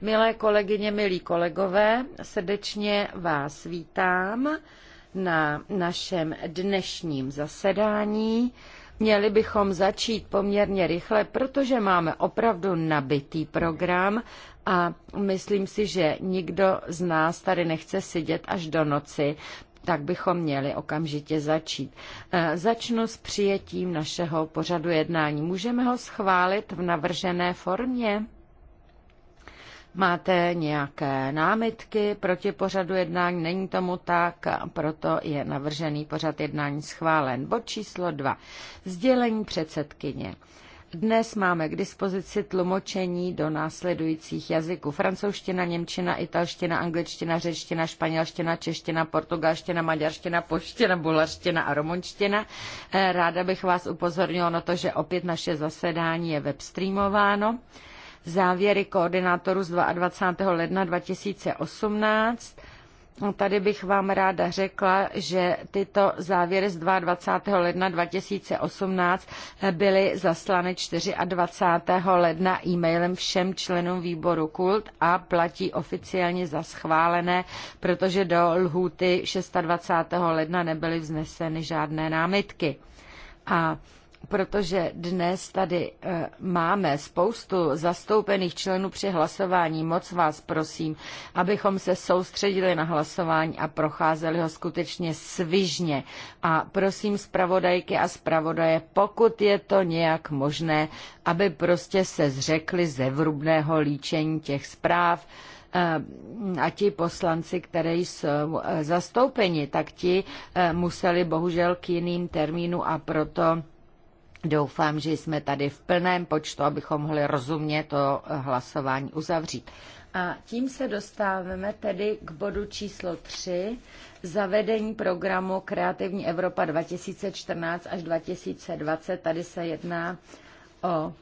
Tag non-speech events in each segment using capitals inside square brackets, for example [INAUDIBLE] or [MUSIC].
Milé kolegyně, milí kolegové, srdečně vás vítám na našem dnešním zasedání. Měli bychom začít poměrně rychle, protože máme opravdu nabitý program a myslím si, že nikdo z nás tady nechce sedět až do noci, tak bychom měli okamžitě začít. Eh, začnu s přijetím našeho pořadu jednání. Můžeme ho schválit v navržené formě? Máte nějaké námitky proti pořadu jednání? Není tomu tak, proto je navržený pořad jednání schválen. Bod číslo 2. Sdělení předsedkyně. Dnes máme k dispozici tlumočení do následujících jazyků. Francouzština, němčina, italština, angličtina, řečtina, španělština, čeština, portugalština, maďarština, poština, bulharština a romonština. Eh, ráda bych vás upozornila na to, že opět naše zasedání je webstreamováno závěry koordinátoru z 22. ledna 2018. Tady bych vám ráda řekla, že tyto závěry z 22. ledna 2018 byly zaslany 24. ledna e-mailem všem členům výboru KULT a platí oficiálně za schválené, protože do lhůty 26. ledna nebyly vzneseny žádné námitky. A protože dnes tady eh, máme spoustu zastoupených členů při hlasování. Moc vás prosím, abychom se soustředili na hlasování a procházeli ho skutečně svižně. A prosím zpravodajky a zpravodaje, pokud je to nějak možné, aby prostě se zřekli zevrubného líčení těch zpráv, eh, a ti poslanci, které jsou eh, zastoupeni, tak ti museli bohužel k jiným termínu a proto Doufám, že jsme tady v plném počtu, abychom mohli rozumně to hlasování uzavřít. A tím se dostáváme tedy k bodu číslo 3, zavedení programu Kreativní Evropa 2014 až 2020. Tady se jedná o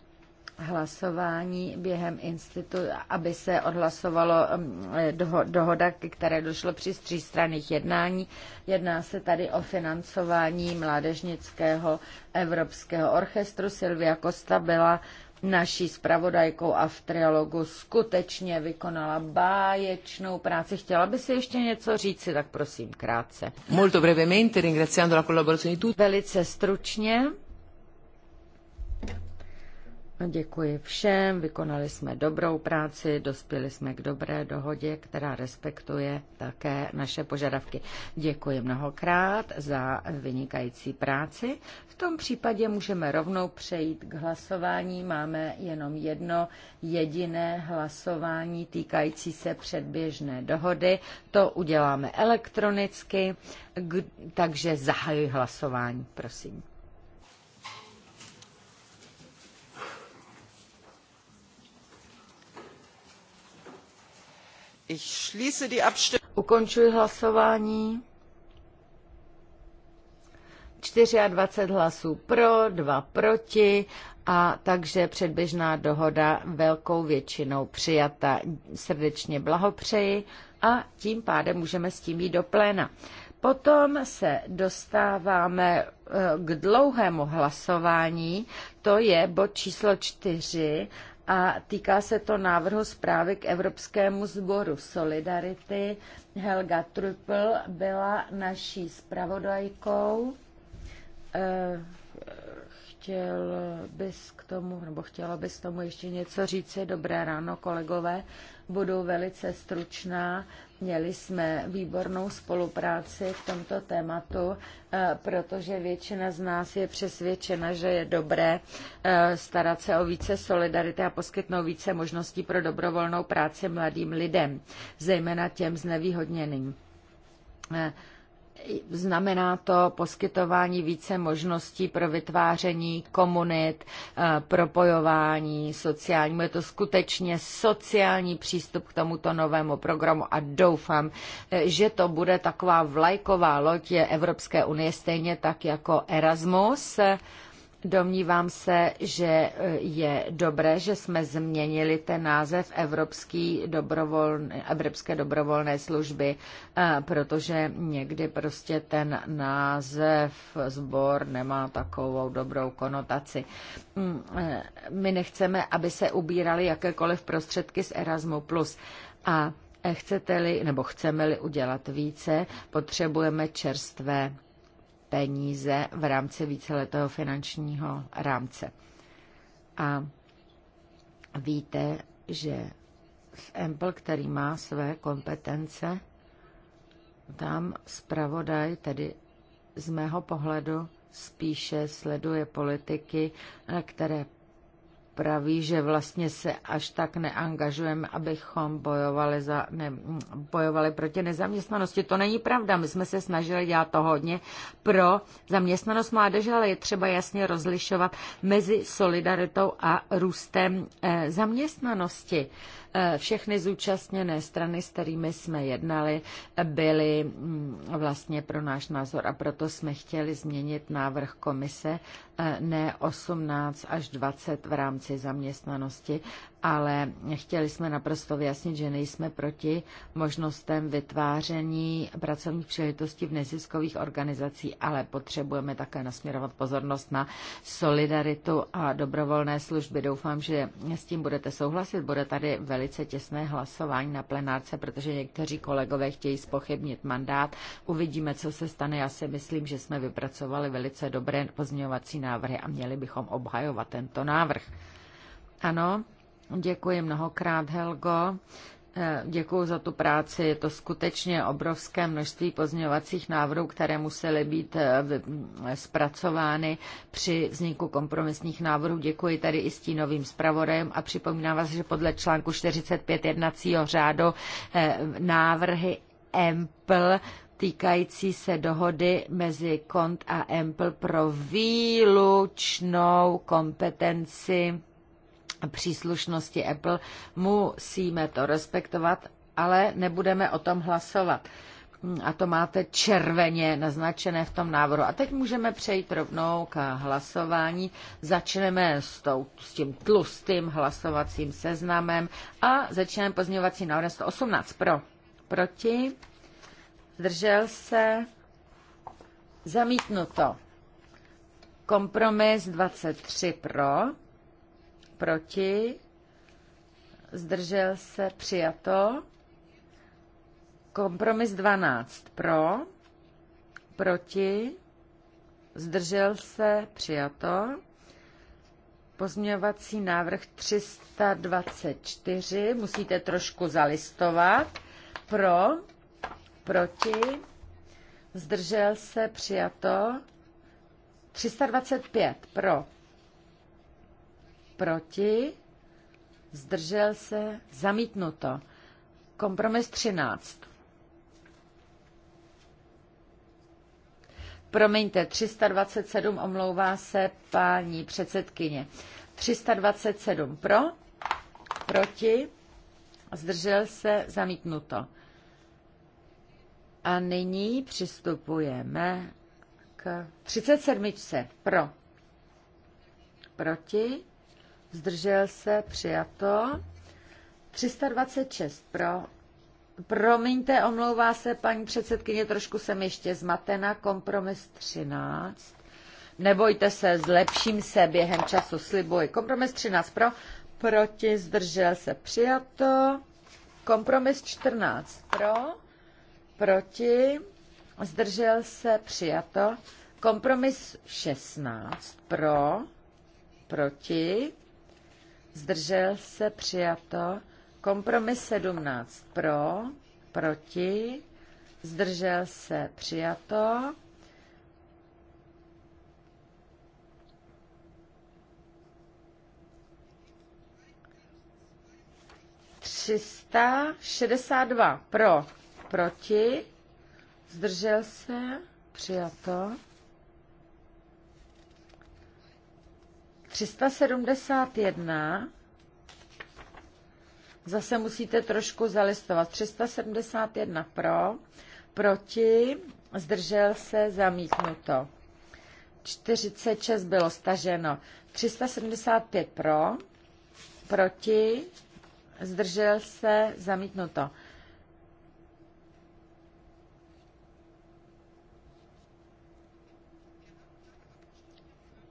hlasování během institutu, aby se odhlasovalo um, dohoda, které došlo při třístranných jednání. Jedná se tady o financování Mládežnického evropského orchestru. Silvia Costa byla naší zpravodajkou a v trialogu skutečně vykonala báječnou práci. Chtěla by si ještě něco říci, tak prosím krátce. Molto brevemente, ringraziando la collaborazione di tutti. Velice stručně Děkuji všem, vykonali jsme dobrou práci, dospěli jsme k dobré dohodě, která respektuje také naše požadavky. Děkuji mnohokrát za vynikající práci. V tom případě můžeme rovnou přejít k hlasování. Máme jenom jedno jediné hlasování týkající se předběžné dohody. To uděláme elektronicky, takže zahajuji hlasování, prosím. Ukončuji hlasování. 24 hlasů pro, 2 proti a takže předběžná dohoda velkou většinou přijata. Srdečně blahopřeji a tím pádem můžeme s tím jít do pléna. Potom se dostáváme eh, k dlouhému hlasování, to je bod číslo 4 a týká se to návrhu zprávy k Evropskému sboru Solidarity. Helga Trupl byla naší zpravodajkou. Eh, chtěl bys k tomu, nebo chtěla bys tomu ještě něco říci? Dobré ráno, kolegové. Budu velice stručná. Měli jsme výbornou spolupráci v tomto tématu, eh, protože většina z nás je přesvědčena, že je dobré eh, starat se o více solidarity a poskytnout více možností pro dobrovolnou práci mladým lidem, zejména těm znevýhodněným eh, Znamená to poskytování více možností pro vytváření komunit, eh, propojování sociální. Je to skutečně sociální přístup k tomuto novému programu a doufám, eh, že to bude taková vlajková loď Evropské unie, stejně tak jako Erasmus Domnívám se, že e, je dobré, že jsme změnili ten název Evropský dobrovolné, Evropské dobrovolné služby, e, protože někdy prostě ten název sbor nemá takovou dobrou konotaci. Mm, e, my nechceme, aby se ubírali jakékoliv prostředky z Erasmu+. A chcete-li, nebo chceme-li udělat více, potřebujeme čerstvé peníze v rámci víceletého finančního rámce. A víte, že v Apple, který má své kompetence, tam zpravodaj, tedy z mého pohledu, spíše sleduje politiky, které praví, že vlastně se až tak neangažujeme, abychom bojovali, za, ne, bojovali proti nezaměstnanosti. To není pravda. My jsme se snažili dělat to hodně pro zaměstnanost mládeže, ale je třeba jasně rozlišovat mezi solidaritou a růstem eh, zaměstnanosti. Eh, Eh, všechny zúčastněné strany, s kterými jsme jednali, byly mm, vlastně pro náš názor a proto jsme chtěli změnit návrh komise eh, ne 18 až 20 v rámci zaměstnanosti, ale chtěli jsme naprosto vyjasnit, že nejsme proti možnostem vytváření pracovních příležitostí v neziskových organizací, ale potřebujeme také nasměrovat pozornost na solidaritu a dobrovolné služby. Doufám, že s tím budete souhlasit. Bude tady velice těsné hlasování na plenárce, protože někteří kolegové chtějí spochybnit mandát. Uvidíme, co se stane. Já si myslím, že jsme vypracovali velice dobré pozměňovací návrhy a měli bychom obhajovat tento návrh. Ano, Děkuji mnohokrát, Helgo. Eh, děkuji za tu práci. Je to skutečně obrovské množství pozměňovacích návrhů, které musely být eh, eh, zpracovány při vzniku kompromisních návrhů. Děkuji tady i stínovým zpravodajem a připomínám vás, že podle článku 45 jednacího řádu návrhy EMPL týkající se dohody mezi KONT a EMPL pro výlučnou kompetenci příslušnosti Apple, musíme to respektovat, ale nebudeme o tom hlasovat. A to máte červeně naznačené v tom návrhu. A teď můžeme přejít rovnou k hlasování. Začneme s, tou, s tím tlustým hlasovacím seznamem a začneme pozměňovací návrh 118 pro. Proti. Zdržel se. Zamítnuto. Kompromis 23 pro proti, zdržel se, přijato. Kompromis 12 pro, proti, zdržel se, přijato. Pozměňovací návrh 324, musíte trošku zalistovat. Pro, proti, zdržel se, přijato. 325 pro, proti, zdržel se, zamítnuto. Kompromis 13. Promiňte, 327 omlouvá se paní předsedkyně. 327 pro, proti, zdržel se, zamítnuto. A nyní přistupujeme k 37. pro, proti, zdržel se, přijato. 326 pro. Promiňte, omlouvá se paní předsedkyně, trošku jsem ještě zmatena. Kompromis 13. Nebojte se, zlepším se během času, slibuji. Kompromis 13 pro, proti, zdržel se, přijato. Kompromis 14 pro, proti, zdržel se, přijato. Kompromis 16 pro, proti, zdržel se, přijato. Kompromis 17 pro, proti, zdržel se, přijato. Třista šedesát dva pro, proti, zdržel se, přijato. 371. Zase musíte trošku zalistovat. 371 pro, proti, zdržel se, zamítnuto. 46 bylo staženo. 375 pro, proti, zdržel se, zamítnuto.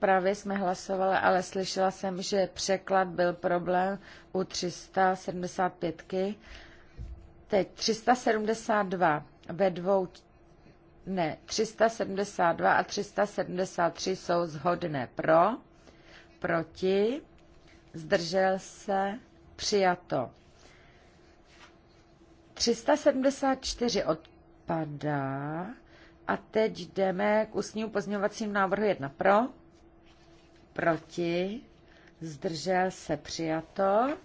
dopravy jsme hlasovali, ale slyšela jsem, že překlad byl problém u 375. Teď 372 ve dvou ne, 372 a 373 jsou zhodné pro, proti, zdržel se, přijato. 374 odpadá a teď jdeme k ústnímu pozměňovacím návrhu 1 pro, proti, zdržel se přijato.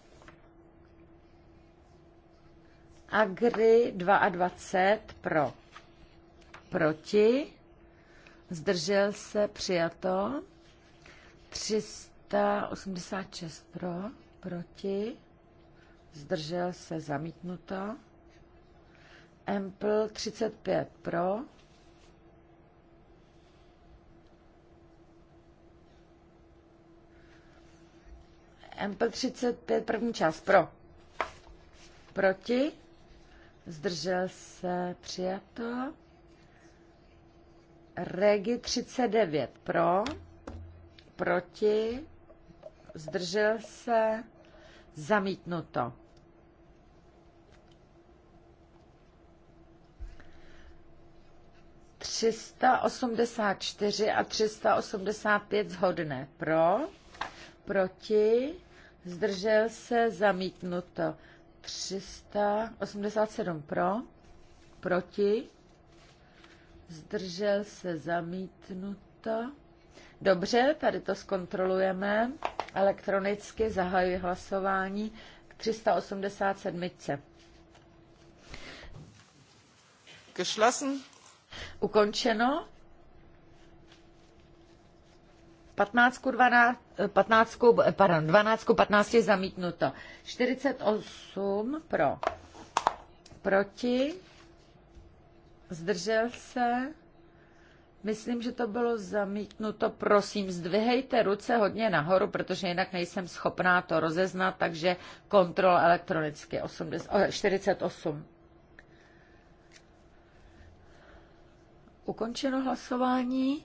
Agri 22 pro, proti, zdržel se přijato. 386 pro, proti, zdržel se zamítnuto. Empl 35 pro, MP35, první část pro. Proti. Zdržel se přijato. Regi 39 pro. Proti. Zdržel se. Zamítnuto. Třista osmdesát čtyři a třista osmdesát pět zhodné pro, proti zdržel se, zamítnuto. 387 pro, proti, zdržel se, zamítnuto. Dobře, tady to zkontrolujeme. Elektronicky zahajuji hlasování k 387. Geschlossen. Ukončeno. 15, 12, 15, pardon, 12, 15 je zamítnuto. 48 pro, proti, zdržel se. Myslím, že to bylo zamítnuto. Prosím, zdvihejte ruce hodně nahoru, protože jinak nejsem schopná to rozeznat, takže kontrol elektronicky 80, 48. Ukončeno hlasování.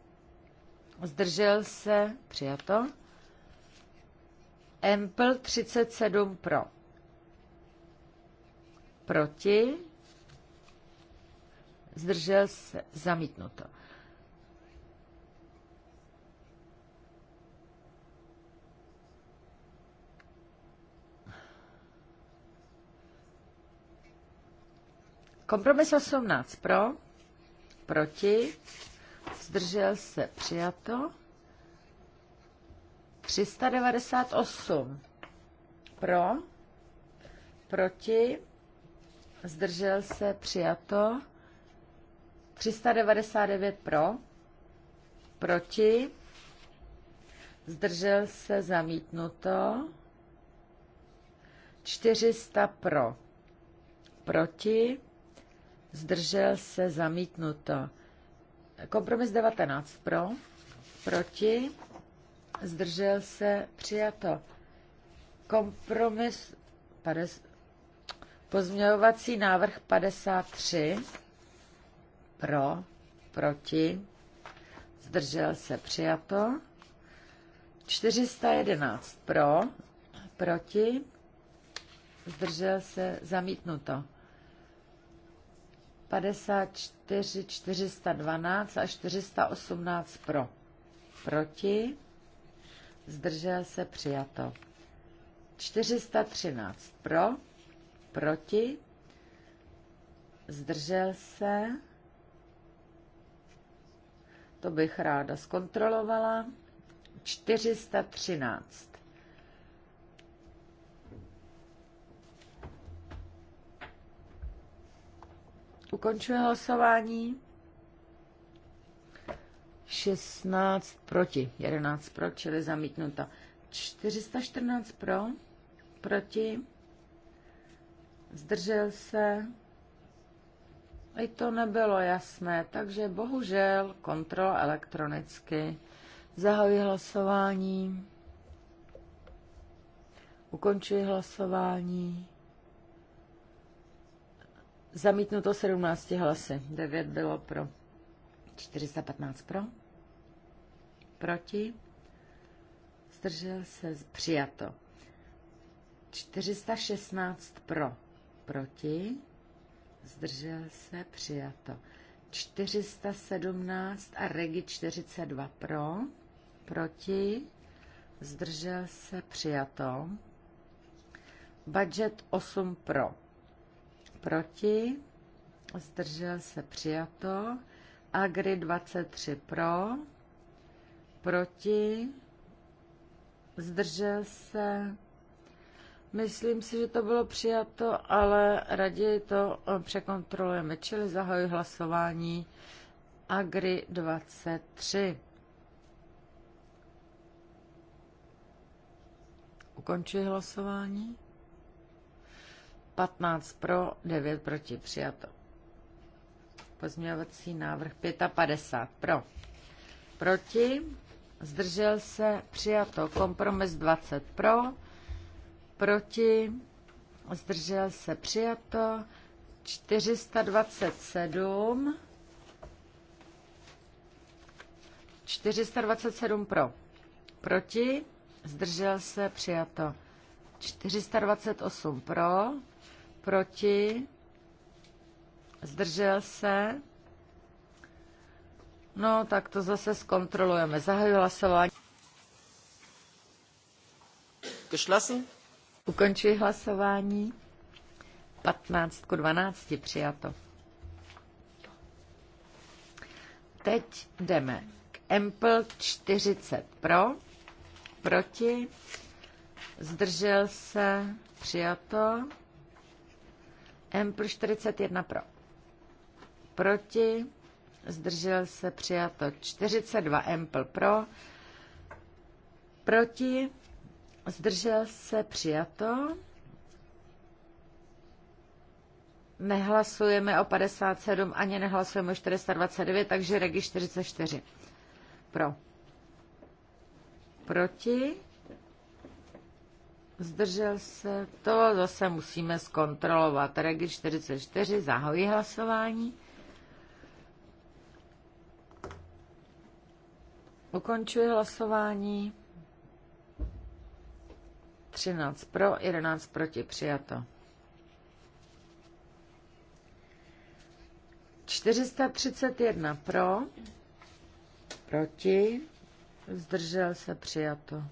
zdržel se, přijato. Empl 37 pro. Proti, zdržel se, zamítnuto. Kompromis 18 pro, proti, zdržel se, přijato. 398 pro, proti, zdržel se, přijato. 399 pro, proti, zdržel se, zamítnuto. 400 pro, proti, zdržel se, zamítnuto. Kompromis 19 pro, proti, zdržel se, přijato. Kompromis, pades, pozměňovací návrh 53 pro, proti, zdržel se, přijato. 411 pro, proti, zdržel se, zamítnuto. 54, 412 a 418 pro. Proti. Zdržel se přijato. 413 pro. Proti. Zdržel se. To bych ráda zkontrolovala. 413. Ukončuji hlasování. 16 proti, 11 pro, čili zamítnuta. 414 pro, proti, zdržel se. I to nebylo jasné, takže bohužel kontrola elektronicky. Zahajuji hlasování. Ukončuji hlasování. Zamítnuto 17 hlasy. 9 bylo pro. 415 pro. Proti. Zdržel se. Přijato. 416 pro. Proti. Zdržel se. Přijato. 417 a Regi 42 pro. Proti. Zdržel se. Přijato. Budget 8 pro proti, zdržel se přijato. Agri 23 pro, proti, zdržel se. Myslím si, že to bylo přijato, ale raději to eh, překontrolujeme, čili zahajuji hlasování Agri 23. Ukončuji hlasování. 15 pro, 9 proti, přijato. Pozměňovací návrh 55 pro. Proti, zdržel se, přijato. Kompromis 20 pro, proti, zdržel se, přijato. 427 427 pro. Proti, zdržel se, přijato. 428 pro, proti, zdržel se. No, tak to zase zkontrolujeme. Zahajuji hlasování. Geschlossen. Ukončuji hlasování. 15 k 12 přijato. Teď jdeme k Empl 40 Pro. Proti. Zdržel se. Přijato. M plus 41 pro. Proti. Zdržel se přijato 42 M pro. Proti. Zdržel se přijato. Nehlasujeme o 57, ani nehlasujeme o 429, takže regi 44. Pro. Proti zdržel se, to zase musíme zkontrolovat. Regi 44, zahojí hlasování. Ukončuji hlasování. 13 pro, 11 proti, přijato. 431 pro, proti, zdržel se, přijato.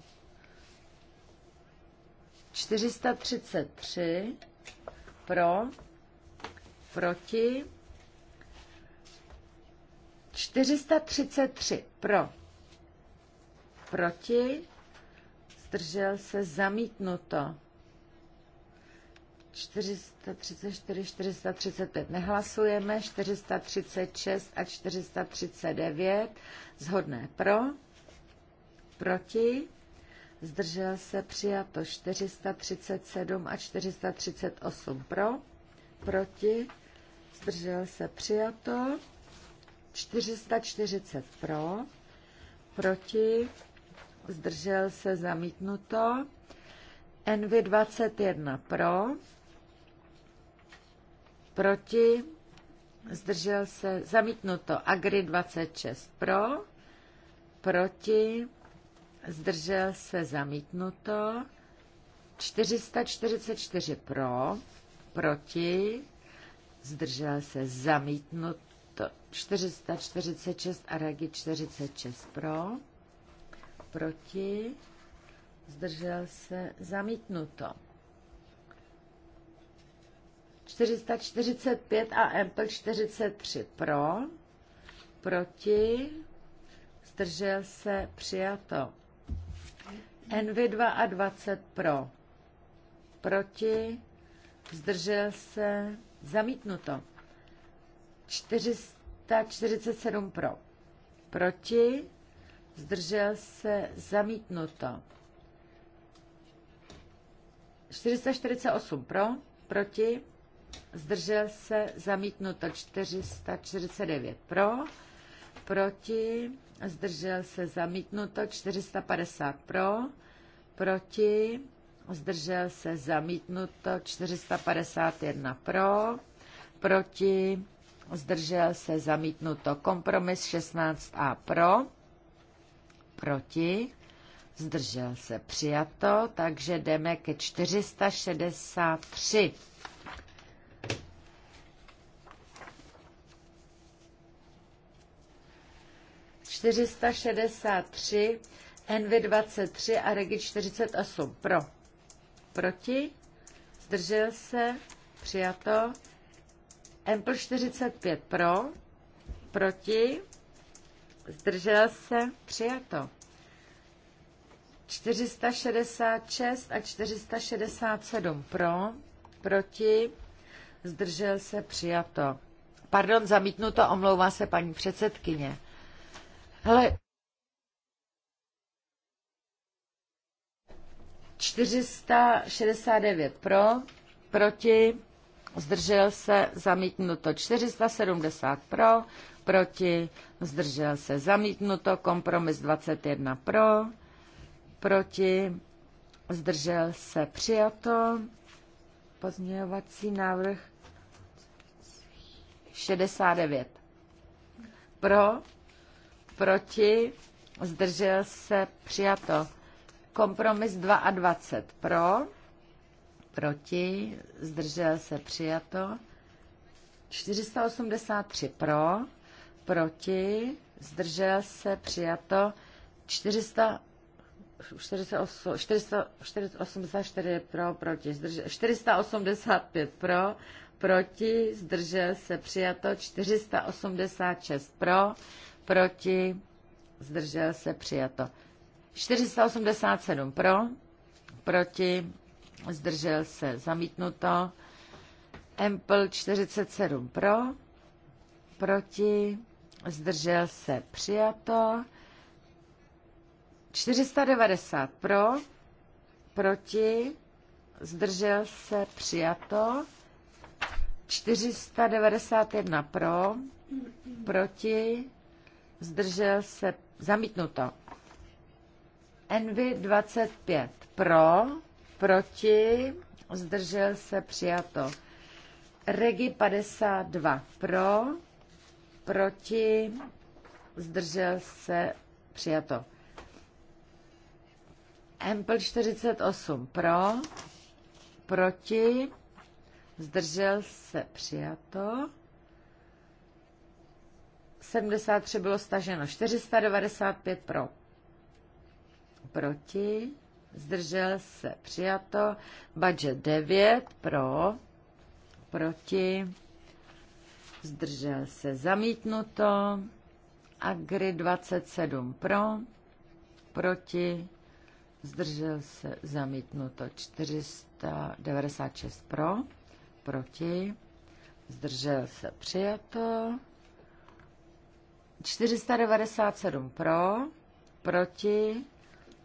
433 pro, proti, 433 pro, proti, zdržel se zamítnuto. 434, 435 nehlasujeme, 436 a 439 zhodné pro, proti, zdržel se přijato 437 a 438 pro, proti, zdržel se přijato 440 pro, proti, zdržel se zamítnuto, NV21 pro, proti, zdržel se zamítnuto, Agri 26 pro, proti, zdržel se zamítnuto, 444 pro, proti, zdržel se zamítnuto, 446 a Regi 46 pro, proti, zdržel se zamítnuto. 445 a Empl 43 pro, proti, zdržel se přijato nv 22 pro. Proti. Zdržel se. Zamítnuto. 447 pro. Proti. Zdržel se. Zamítnuto. 448 pro. Proti. Zdržel se. Zamítnuto. 449 pro. Proti zdržel se zamítnuto, 450 pro, proti, zdržel se zamítnuto, 451 pro, proti, zdržel se zamítnuto, kompromis 16a pro, proti, zdržel se přijato, takže jdeme ke 463 463, NV23 a Regi 48 pro. Proti, zdržel se, přijato. Empl 45 pro, proti, zdržel se, přijato. 466 a 467 pro, proti, zdržel se, přijato. Pardon, zamítnuto, omlouvá se paní předsedkyně. Hele, 469 pro, proti, zdržel se, zamítnuto 470 pro, proti, zdržel se, zamítnuto, kompromis 21 pro, proti, zdržel se, přijato, pozměňovací návrh 69 pro, proti, zdržel se, přijato. Kompromis 22 pro, proti, zdržel se, přijato. 483 pro, proti, zdržel se, přijato. 484 pro, proti, zdržel, 485 pro, proti, zdržel se přijato, 486 pro, proti, zdržel se, přijato. 487 pro, proti, zdržel se, zamítnuto. Ample 47 pro, proti, zdržel se, přijato. 490 pro, proti, zdržel se, přijato. 491 pro, proti, zdržel se, zamítnuto. Envy 25 pro, proti, zdržel se, přijato. Regi 52 pro, proti, zdržel se, přijato. Ample 48 pro, proti, zdržel se, přijato. 73 bylo staženo, 495 pro. Proti, zdržel se, přijato. Budget 9 pro, proti, zdržel se, zamítnuto. Agri 27 pro, proti, zdržel se, zamítnuto. 496 pro, proti, zdržel se, přijato. 497 pro, proti,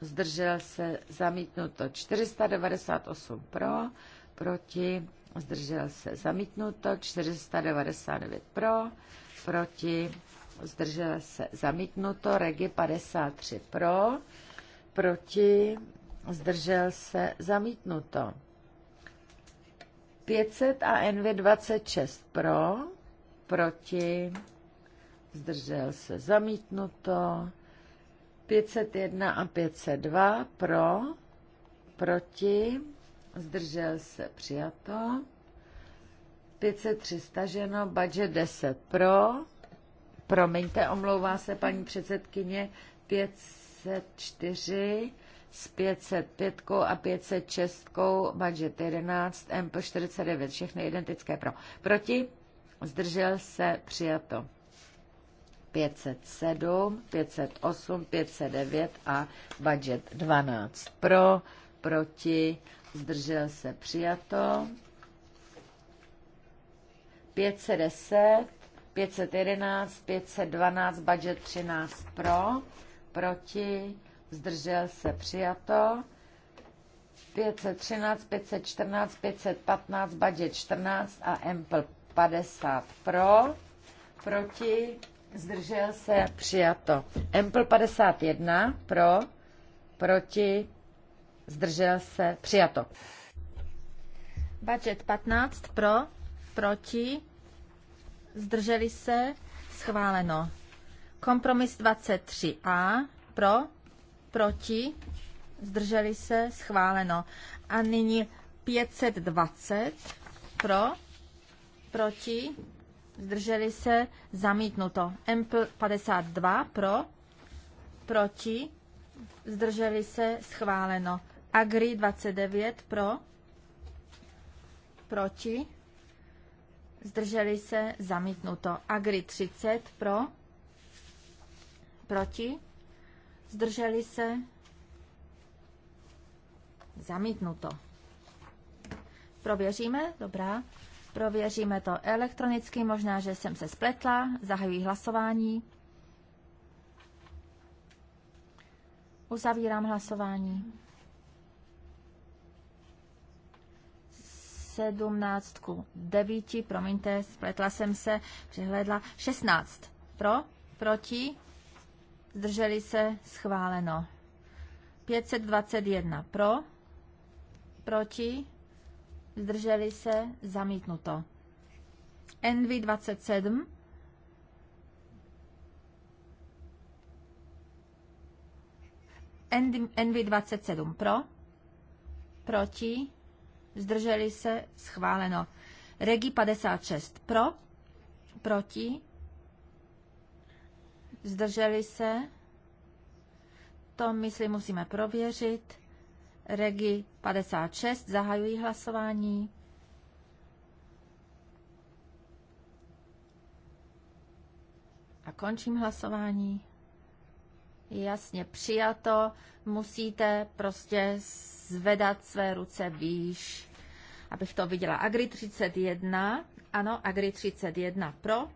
zdržel se zamítnuto 498 pro, proti, zdržel se zamítnuto 499 pro, proti, zdržel se zamítnuto Regi 53 pro, proti, zdržel se zamítnuto 500 a NV 26 pro, proti, zdržel se zamítnuto. 501 a 502 pro, proti, zdržel se přijato. 503 staženo, badže 10 pro, promiňte, omlouvá se paní předsedkyně, 504 s 505 a 506, budget 11, MP49, všechny identické pro. Proti, zdržel se přijato. 507, 508, 509 a budget 12 pro, proti, zdržel se přijato. 510, 511, 512, budget 13 pro, proti, zdržel se přijato. 513, 514, 515, budget 14 a Ample 50 pro, proti, zdržel se, přijato. Empl 51 pro, proti, zdržel se, přijato. Budget 15 pro, proti, zdrželi se, schváleno. Kompromis 23a pro, proti, zdrželi se, schváleno. A nyní 520 pro, proti, zdrželi se, zamítnuto. MP 52 pro, proti, zdrželi se, schváleno. Agri 29 pro, proti, zdrželi se, zamítnuto. Agri 30 pro, proti, zdrželi se, zamítnuto. Prověříme, dobrá. Prověříme to elektronicky, možná, že jsem se spletla. Zahajuji hlasování. Uzavírám hlasování. 17 ku 9, promiňte, spletla jsem se, přehlédla. 16 pro, proti, zdrželi se, schváleno. 521 pro, proti, zdrželi se, zamítnuto. nv 27, nv 27 pro, proti, zdrželi se, schváleno. Regi 56 pro, proti, zdrželi se, to myslím musíme prověřit. Regi 56. zahajují hlasování. A končím hlasování. Jasně přijato. Musíte prostě zvedat své ruce výš, abych to viděla. Agri 31. Ano, Agri 31 pro.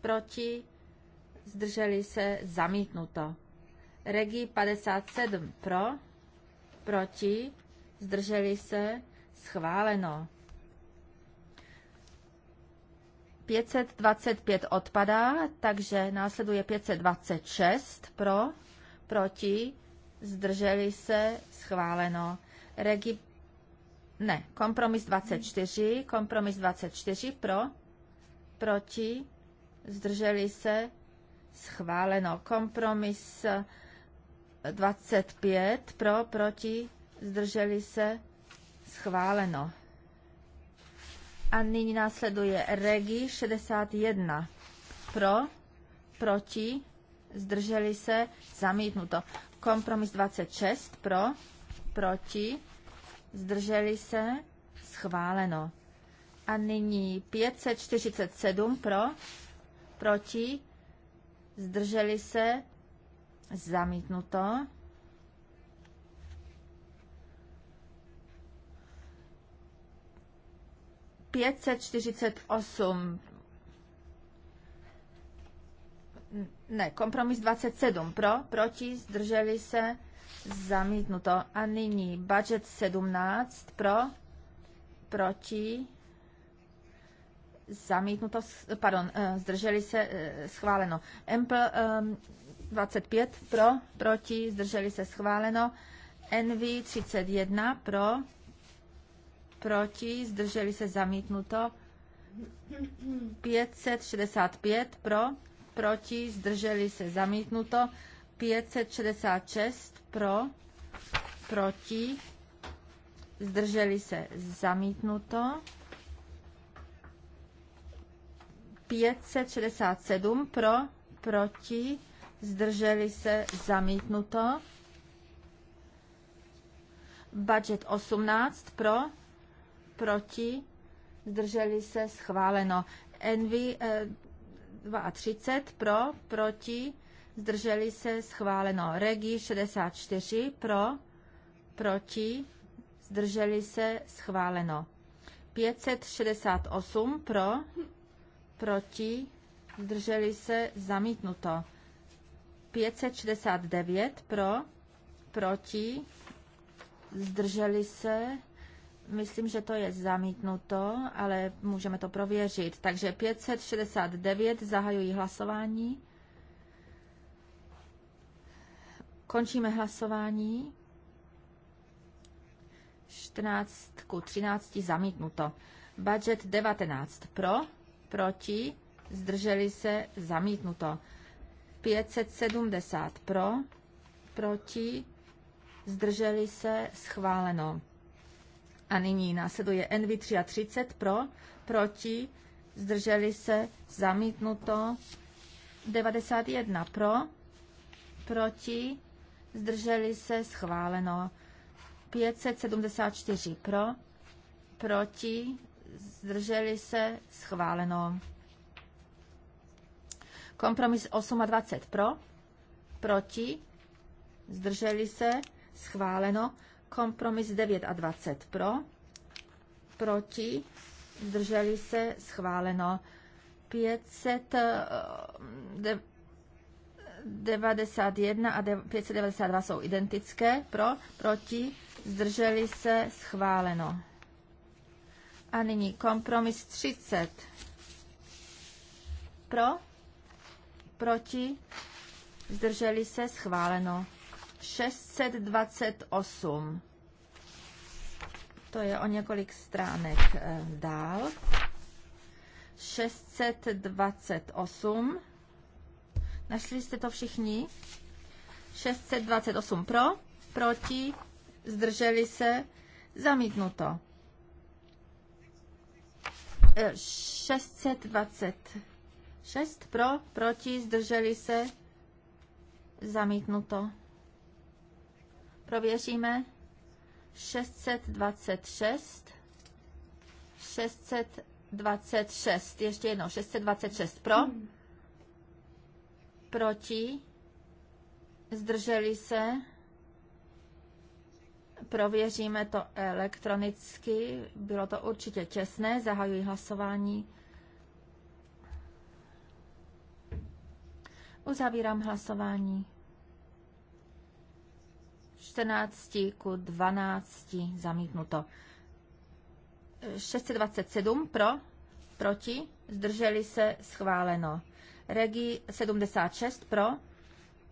Proti. Zdrželi se zamítnuto. Regi 57 pro proti, zdrželi se, schváleno. 525 odpadá, takže následuje 526 pro, proti, zdrželi se, schváleno. Regi... Ne, kompromis 24, kompromis 24 pro, proti, zdrželi se, schváleno. Kompromis 25 pro, proti, zdrželi se, schváleno. A nyní následuje Regi 61 pro, proti, zdrželi se, zamítnuto. Kompromis 26 pro, proti, zdrželi se, schváleno. A nyní 547 pro, proti, zdrželi se, Zamítnuto. Pětset Ne, kompromis 27 pro, proti, zdrželi se, zamítnuto. A nyní budget 17 pro, proti, zamítnuto, pardon, eh, zdrželi se, eh, schváleno. Empl 25 eh, pro, proti, zdrželi se, schváleno. NV 31 pro, proti, zdrželi se, zamítnuto. 565 pro, proti, zdrželi se, zamítnuto. 566 pro, proti, zdrželi se, zamítnuto. 567 pro, proti, zdrželi se, zamítnuto. Budget 18 pro, proti, zdrželi se, schváleno. Envy 32 eh, pro, proti, zdrželi se, schváleno. Regi 64 pro, proti, zdrželi se, schváleno. 568 pro, proti, zdrželi se, zamítnuto. 569 pro, proti, zdrželi se, myslím, že to je zamítnuto, ale můžeme to prověřit. Takže 569, zahajují hlasování. Končíme hlasování. 14 ku 13 zamítnuto. Budget 19 pro proti, zdrželi se, zamítnuto. 570 pro, proti, zdrželi se, schváleno. A nyní následuje NV 33 pro, proti, zdrželi se, zamítnuto. 91 pro, proti, zdrželi se, schváleno. 574 pro, proti, zdrželi se, schváleno. Kompromis 28 pro, proti, zdrželi se, schváleno. Kompromis 29 pro, proti, zdrželi se, schváleno. 591 eh, a 592 jsou identické, pro, proti, zdrželi se, schváleno. A nyní kompromis 30. Pro? Proti? Zdrželi se? Schváleno. 628. To je o několik stránek eh, dál. 628. Našli jste to všichni? 628 pro, proti, zdrželi se, zamítnuto. 626 eh, pro, proti, zdrželi se, zamítnuto. Prověříme. 626. 626. Ještě jednou. 626 pro. Hmm. Proti. Zdrželi se. Prověříme to elektronicky. Bylo to určitě těsné. Zahajuji hlasování. Uzavírám hlasování. 14 ku 12 zamítnuto. 627 pro, proti, zdrželi se, schváleno. Regi 76 pro,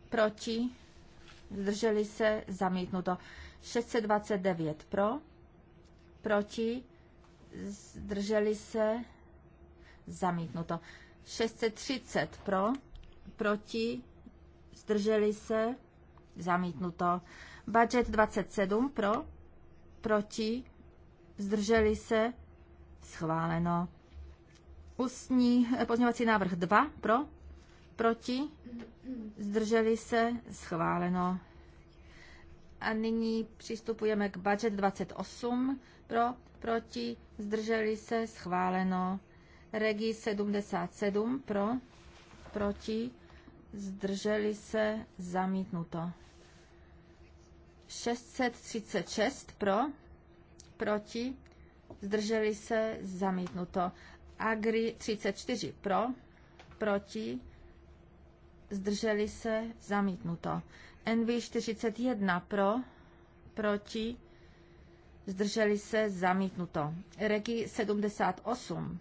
proti, zdrželi se, zamítnuto. 629 pro, proti, zdrželi se, zamítnuto. 630 pro, proti, zdrželi se, zamítnuto. Budget 27 pro, proti, zdrželi se, schváleno. Ústní pozměňovací návrh 2 pro, proti, zdrželi se, schváleno. A nyní přistupujeme k budget 28 pro, proti, zdrželi se, schváleno. Regi 77 pro, proti, zdrželi se, zamítnuto. 636 pro, proti, zdrželi se, zamítnuto. Agri 34 pro, proti, zdrželi se, zamítnuto. NV 41 pro, proti, zdrželi se, zamítnuto. Regi 78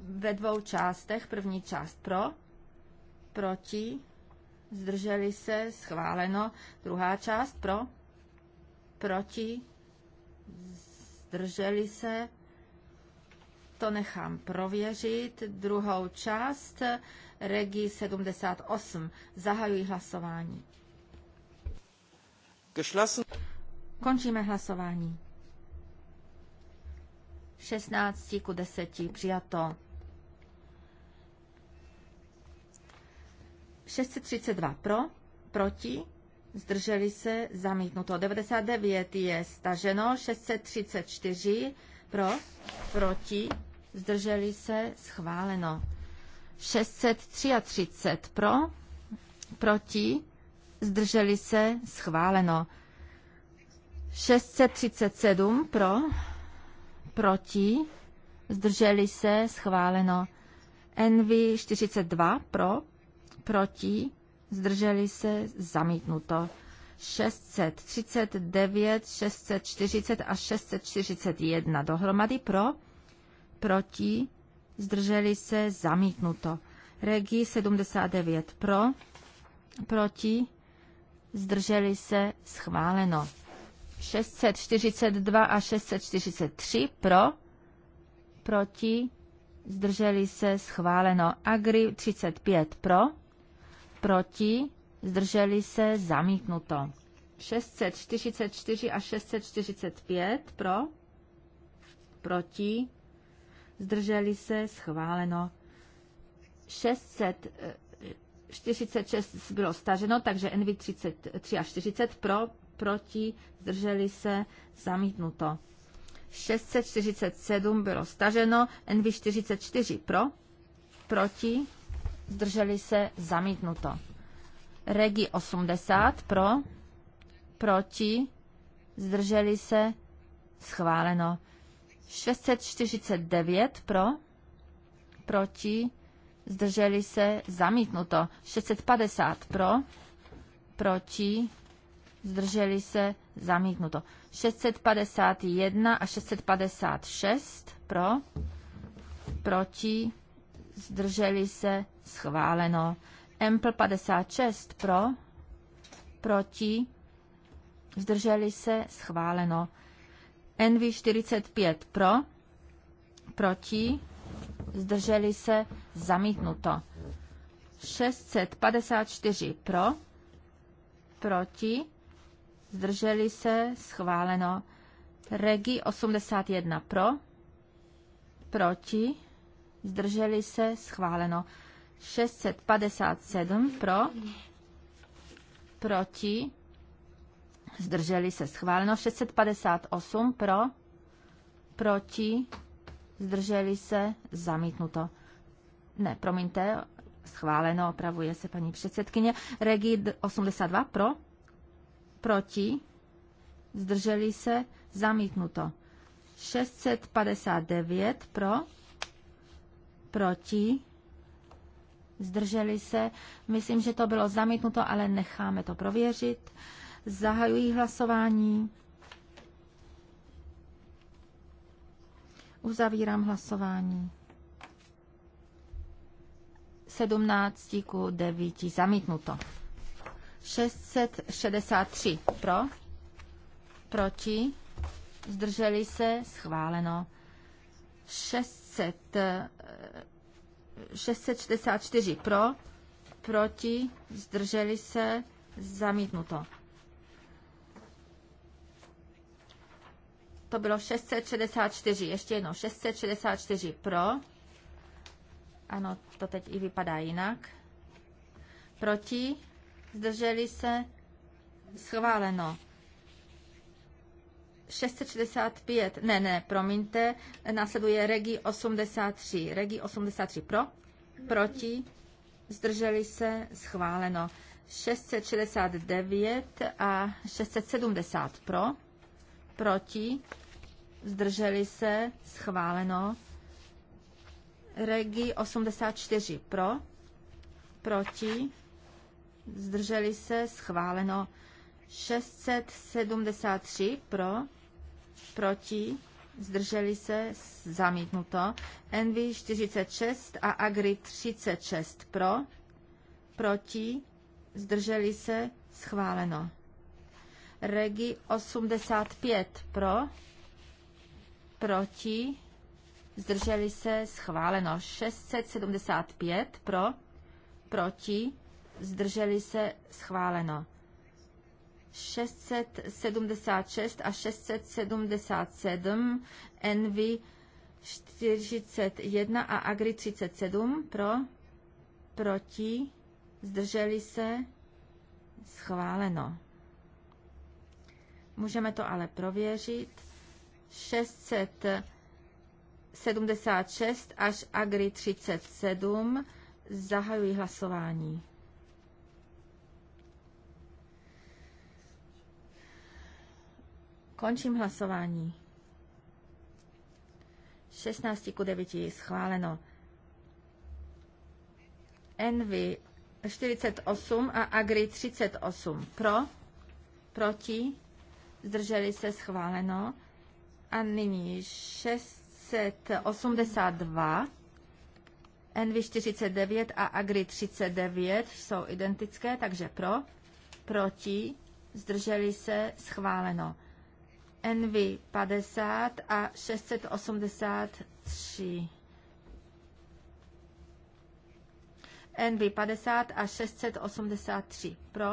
ve dvou částech, první část pro, proti, zdrželi se, schváleno, druhá část pro, proti, zdrželi se, to nechám prověřit, druhou část Regi 78. Zahajuji hlasování. Geschlossen. Končíme hlasování. 16 ku 10 přijato. 632 pro, proti, zdrželi se, zamítnuto. 99 je staženo, 634 pro, proti, zdrželi se, schváleno. 633 pro, proti, zdrželi se, schváleno. 637 pro, proti, zdrželi se, schváleno. NV 42 pro, proti, zdrželi se, zamítnuto. 639, 640 a 641 dohromady pro, proti, zdrželi se, zamítnuto. Regi 79 pro, proti, zdrželi se, schváleno. 642 a 643 pro, proti, zdrželi se, schváleno. Agri 35 pro, proti, zdrželi se, zamítnuto. 644 a 645 pro, proti, zdrželi se, schváleno. 646 eh, bylo staženo, takže NV 33 a 40 pro, proti, zdrželi se, zamítnuto. 647 bylo staženo, NV 44 pro, proti, zdrželi se, zamítnuto. Regi 80 pro, proti, zdrželi se, schváleno. 649 pro, proti, zdrželi se, zamítnuto. 650 pro, proti, zdrželi se, zamítnuto. 651 a 656 pro, proti, zdrželi se, schváleno. Empl 56 pro, proti, zdrželi se, schváleno. NV 45 pro, proti, zdrželi se, zamítnuto. 654 pro, proti, zdrželi se, schváleno. Regi 81 pro, proti, zdrželi se, schváleno. 657 pro, proti, zdrželi se schváleno. 658 pro, proti, zdrželi se zamítnuto. Ne, promiňte, schváleno, opravuje se paní předsedkyně. Regi 82 pro, proti, zdrželi se zamítnuto. 659 pro, proti, zdrželi se. Myslím, že to bylo zamítnuto, ale necháme to prověřit. Zahajuji hlasování. Uzavírám hlasování. 17 ku 9 zamítnuto. 663 pro, proti, zdrželi se, schváleno. 600, 664 eh, pro, proti, zdrželi se, zamítnuto. to bylo 664, ještě jednou 664 pro, ano, to teď i vypadá jinak, proti, zdrželi se, schváleno. 665, ne, ne, promiňte, následuje Regi 83. Regi 83 pro, proti, zdrželi se, schváleno. 669 a 670 pro, proti, zdrželi se, schváleno. Regi 84 pro, proti, zdrželi se, schváleno. 673 pro, proti, zdrželi se, zamítnuto. Envy 46 a Agri 36 pro, proti, zdrželi se, schváleno. Regi 85 pro, proti, zdrželi se, schváleno 675 pro, proti, zdrželi se, schváleno 676 a 677, Envy 41 a Agri 37 pro, proti, zdrželi se, schváleno. Můžeme to ale prověřit. 676 až Agri 37. zahajují hlasování. Končím hlasování. 16 ku 9 je schváleno. Envy 48 a Agri 38 pro, proti zdrželi se schváleno. A nyní 682, nv 49 a Agri 39 jsou identické, takže pro, proti, zdrželi se schváleno. nv 50 a 683. NV 50 a 683 pro,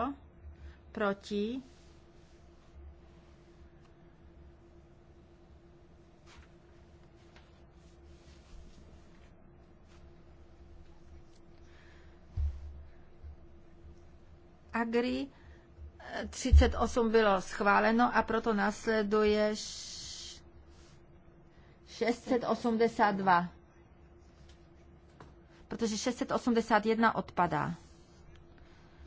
proti, Agri 38 eh, bylo schváleno a proto následuje 682. Protože 681 odpadá.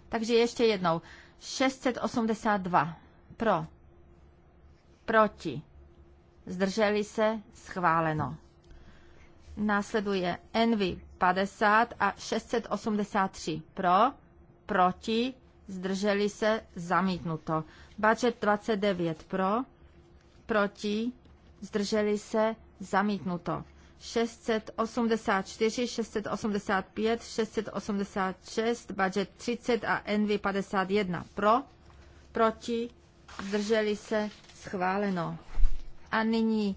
Takže ještě jednou. 682. Pro. Proti. Zdrželi se. Schváleno. Následuje Envy 50 a 683. Pro. Proti zdrželi se, zamítnuto. Bačet 29 pro, proti, zdrželi se, zamítnuto. 684, 685, 686, budget 30 a NV 51 pro, proti, zdrželi se, schváleno. A nyní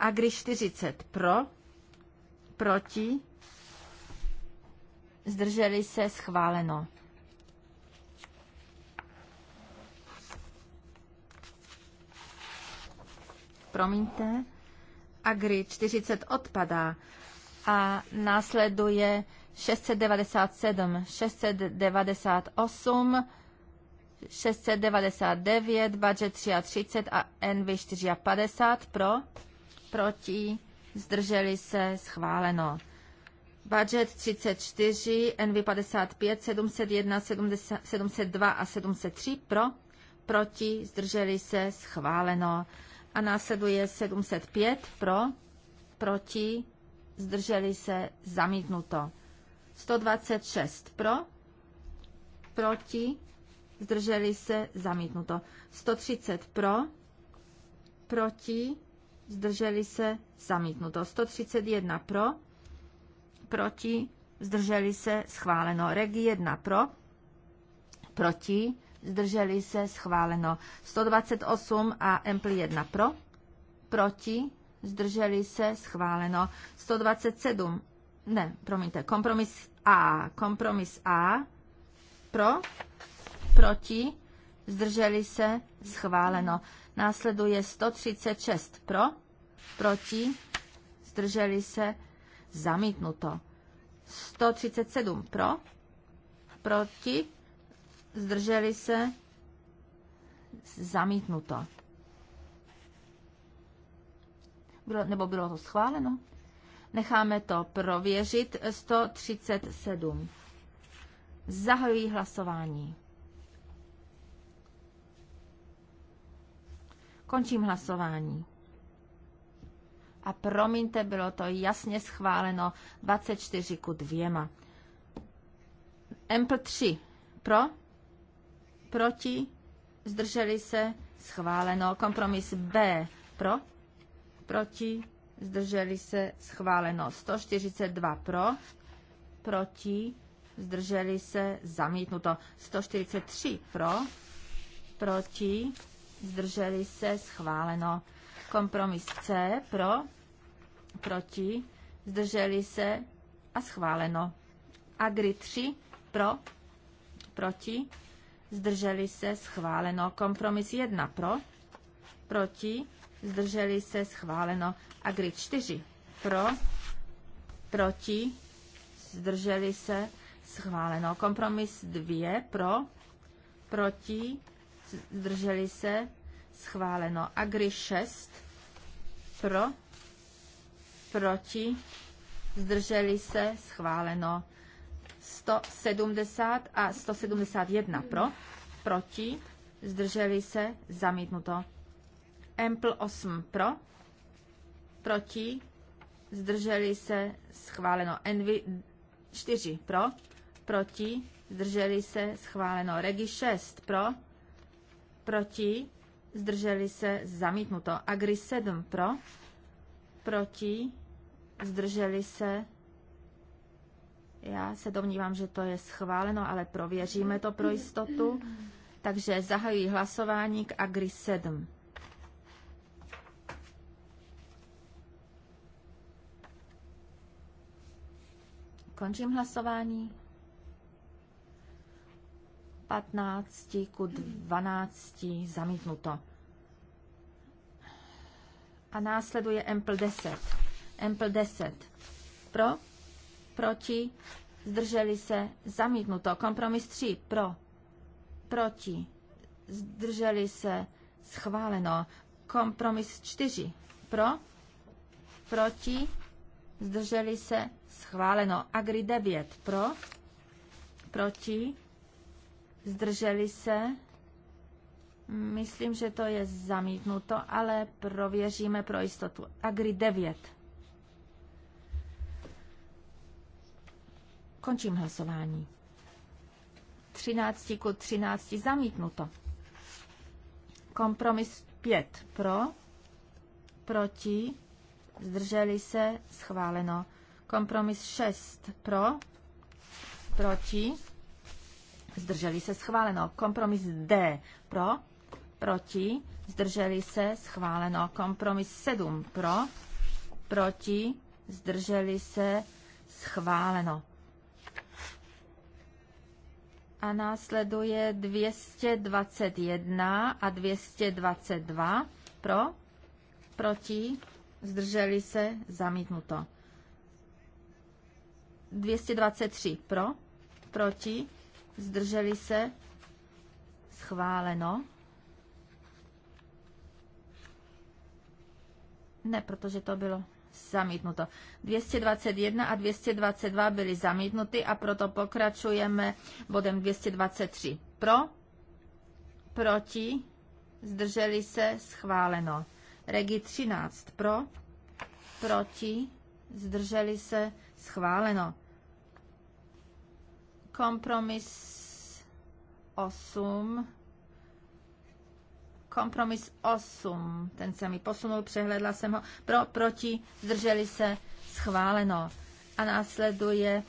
Agri 40 pro, proti, zdrželi se schváleno. Promiňte, Agri 40 odpadá a následuje 697, 698, 699, budget 33 a NV 54 pro proti, zdrželi se, schváleno. Budget 34, NV 55, 701, 702 a 703 pro, proti, zdrželi se, schváleno. A následuje 705 pro, proti, zdrželi se, zamítnuto. 126 pro, proti, zdrželi se, zamítnuto. 130 pro, proti, zdrželi se, zamítnuto. 131 pro, proti, zdrželi se, schváleno. Regi 1 pro, proti, zdrželi se, schváleno. 128 a Empl 1 pro, proti, zdrželi se, schváleno. 127, ne, promiňte, kompromis A, kompromis A, pro, proti, zdrželi se, schváleno. Následuje 136 pro, proti, zdrželi se, zamítnuto. 137 pro, proti, zdrželi se, zamítnuto. Bylo, nebo bylo to schváleno? Necháme to prověřit. 137. Zahajuji hlasování. Končím hlasování. A promiňte, bylo to jasně schváleno 24 ku dvěma. Ample 3. Pro? Proti? Zdrželi se? Schváleno. Kompromis B. Pro? Proti? Zdrželi se? Schváleno. 142 pro? Proti? Zdrželi se? Zamítnuto. 143 pro? Proti? zdrželi se, schváleno. Kompromis C pro, proti, zdrželi se a schváleno. Agri 3 pro, proti, zdrželi se, schváleno. Kompromis 1 pro, proti, zdrželi se, schváleno. Agri 4 pro, proti, zdrželi se, schváleno. Kompromis 2 pro, proti, zdrželi se, schváleno. Agri 6, pro, proti, zdrželi se, schváleno. 170 a 171 pro, proti, zdrželi se, zamítnuto. Empl 8 pro, proti, zdrželi se, schváleno. Envy 4 pro, proti, zdrželi se, schváleno. Regi 6 pro, proti, zdrželi se, zamítnuto. Agri 7 pro, proti, zdrželi se, já se domnívám, že to je schváleno, ale prověříme to pro jistotu. Takže zahajuji hlasování k Agri 7. Končím hlasování. 15 ku 12 zamítnuto. A následuje Empl 10. Empl 10. Pro, proti, zdrželi se, zamítnuto. Kompromis 3. Pro, proti, zdrželi se, schváleno. Kompromis 4. Pro, proti, zdrželi se, schváleno. Agri 9. Pro, proti, zdrželi se. Myslím, že to je zamítnuto, ale prověříme pro jistotu. Agri 9. Končím hlasování. 13 ku 13 zamítnuto. Kompromis 5 pro, proti, zdrželi se, schváleno. Kompromis 6 pro, proti, zdrželi se, schváleno. Kompromis D pro, proti, zdrželi se, schváleno. Kompromis 7 pro, proti, zdrželi se, schváleno. A následuje 221 a 222 pro, proti, zdrželi se, zamítnuto. 223 pro, proti, zdrželi se, schváleno. Ne, protože to bylo zamítnuto. 221 a 222 byly zamítnuty a proto pokračujeme bodem 223. Pro, proti, zdrželi se, schváleno. Regi 13 pro, proti, zdrželi se, schváleno. Kompromis 8. Kompromis 8. Ten se mi posunul, přehledla jsem ho. Pro, proti, zdrželi se, schváleno. A následuje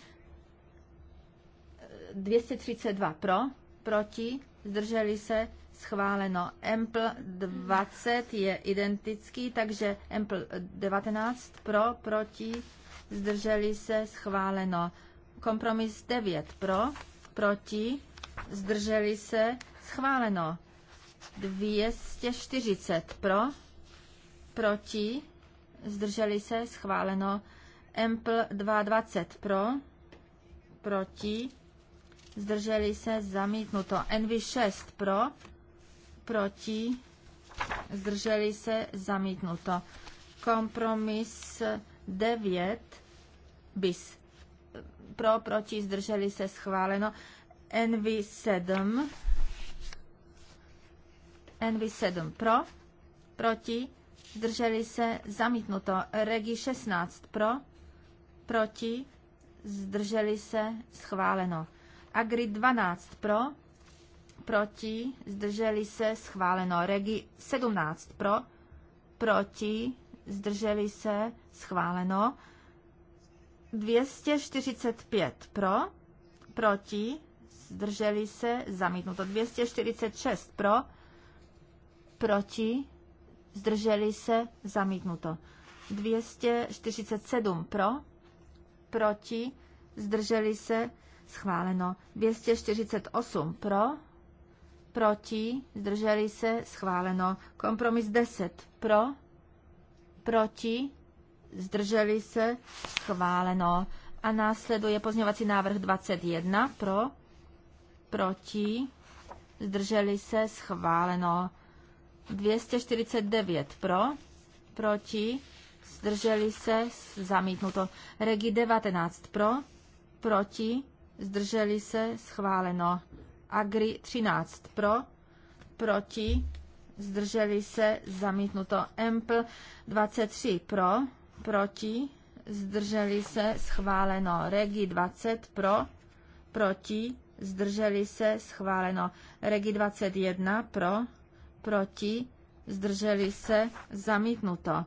232 eh, pro, proti, zdrželi se, schváleno. Empl 20 je identický, takže Empl 19 pro, proti, zdrželi se, schváleno. Kompromis 9 pro, proti, zdrželi se, schváleno. 240 pro, proti, zdrželi se, schváleno. Empl 220 pro, proti, zdrželi se, zamítnuto. NV6 pro, proti, zdrželi se, zamítnuto. Kompromis 9 bis pro, proti, zdrželi se schváleno. NV7. NV7 pro, proti, zdrželi se zamítnuto. Regi 16 pro, proti, zdrželi se schváleno. Agri 12 pro, proti, zdrželi se schváleno. Regi 17 pro, proti, zdrželi se schváleno. 245 pro, proti, zdrželi se, zamítnuto. 246 pro, proti, zdrželi se, zamítnuto. 247 pro, proti, zdrželi se, schváleno. 248 pro, proti, zdrželi se, schváleno. Kompromis 10 pro, proti, zdrželi se, schváleno. A následuje pozměňovací návrh 21 pro, proti, zdrželi se, schváleno. 249 pro, proti, zdrželi se, zamítnuto. Regi 19 pro, proti, zdrželi se, schváleno. Agri 13 pro, proti, zdrželi se, zamítnuto. Empl 23 pro, proti, zdrželi se, schváleno. Regi 20 pro, proti, zdrželi se, schváleno. Regi 21 pro, proti, zdrželi se, zamítnuto.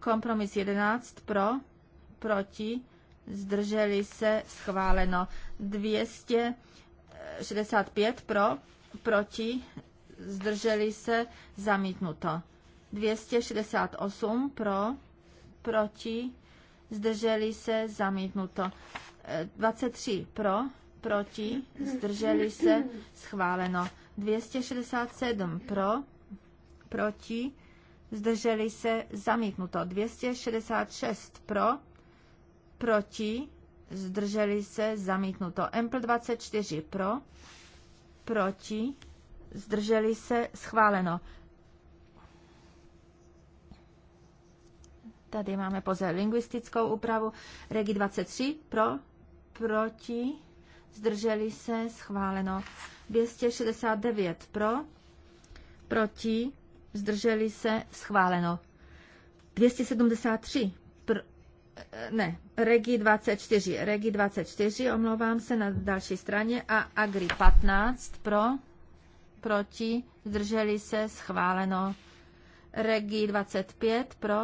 Kompromis 11 pro, proti, zdrželi se, schváleno. 265 pro, proti, zdrželi se, zamítnuto. 268 pro, proti, zdrželi se, zamítnuto. 23 eh, pro, proti, zdrželi se, schváleno. 267 pro, proti, zdrželi se, zamítnuto. 266 pro, proti, zdrželi se, zamítnuto. Empl 24 pro, proti, zdrželi se, schváleno. Tady máme pouze lingvistickou úpravu. Regi 23 pro, proti, zdrželi se, schváleno. 269 pro, proti, zdrželi se, schváleno. 273 pr, ne, Regi 24, Regi 24, omlouvám se na další straně a Agri 15 pro, proti, zdrželi se, schváleno. Regi 25 pro,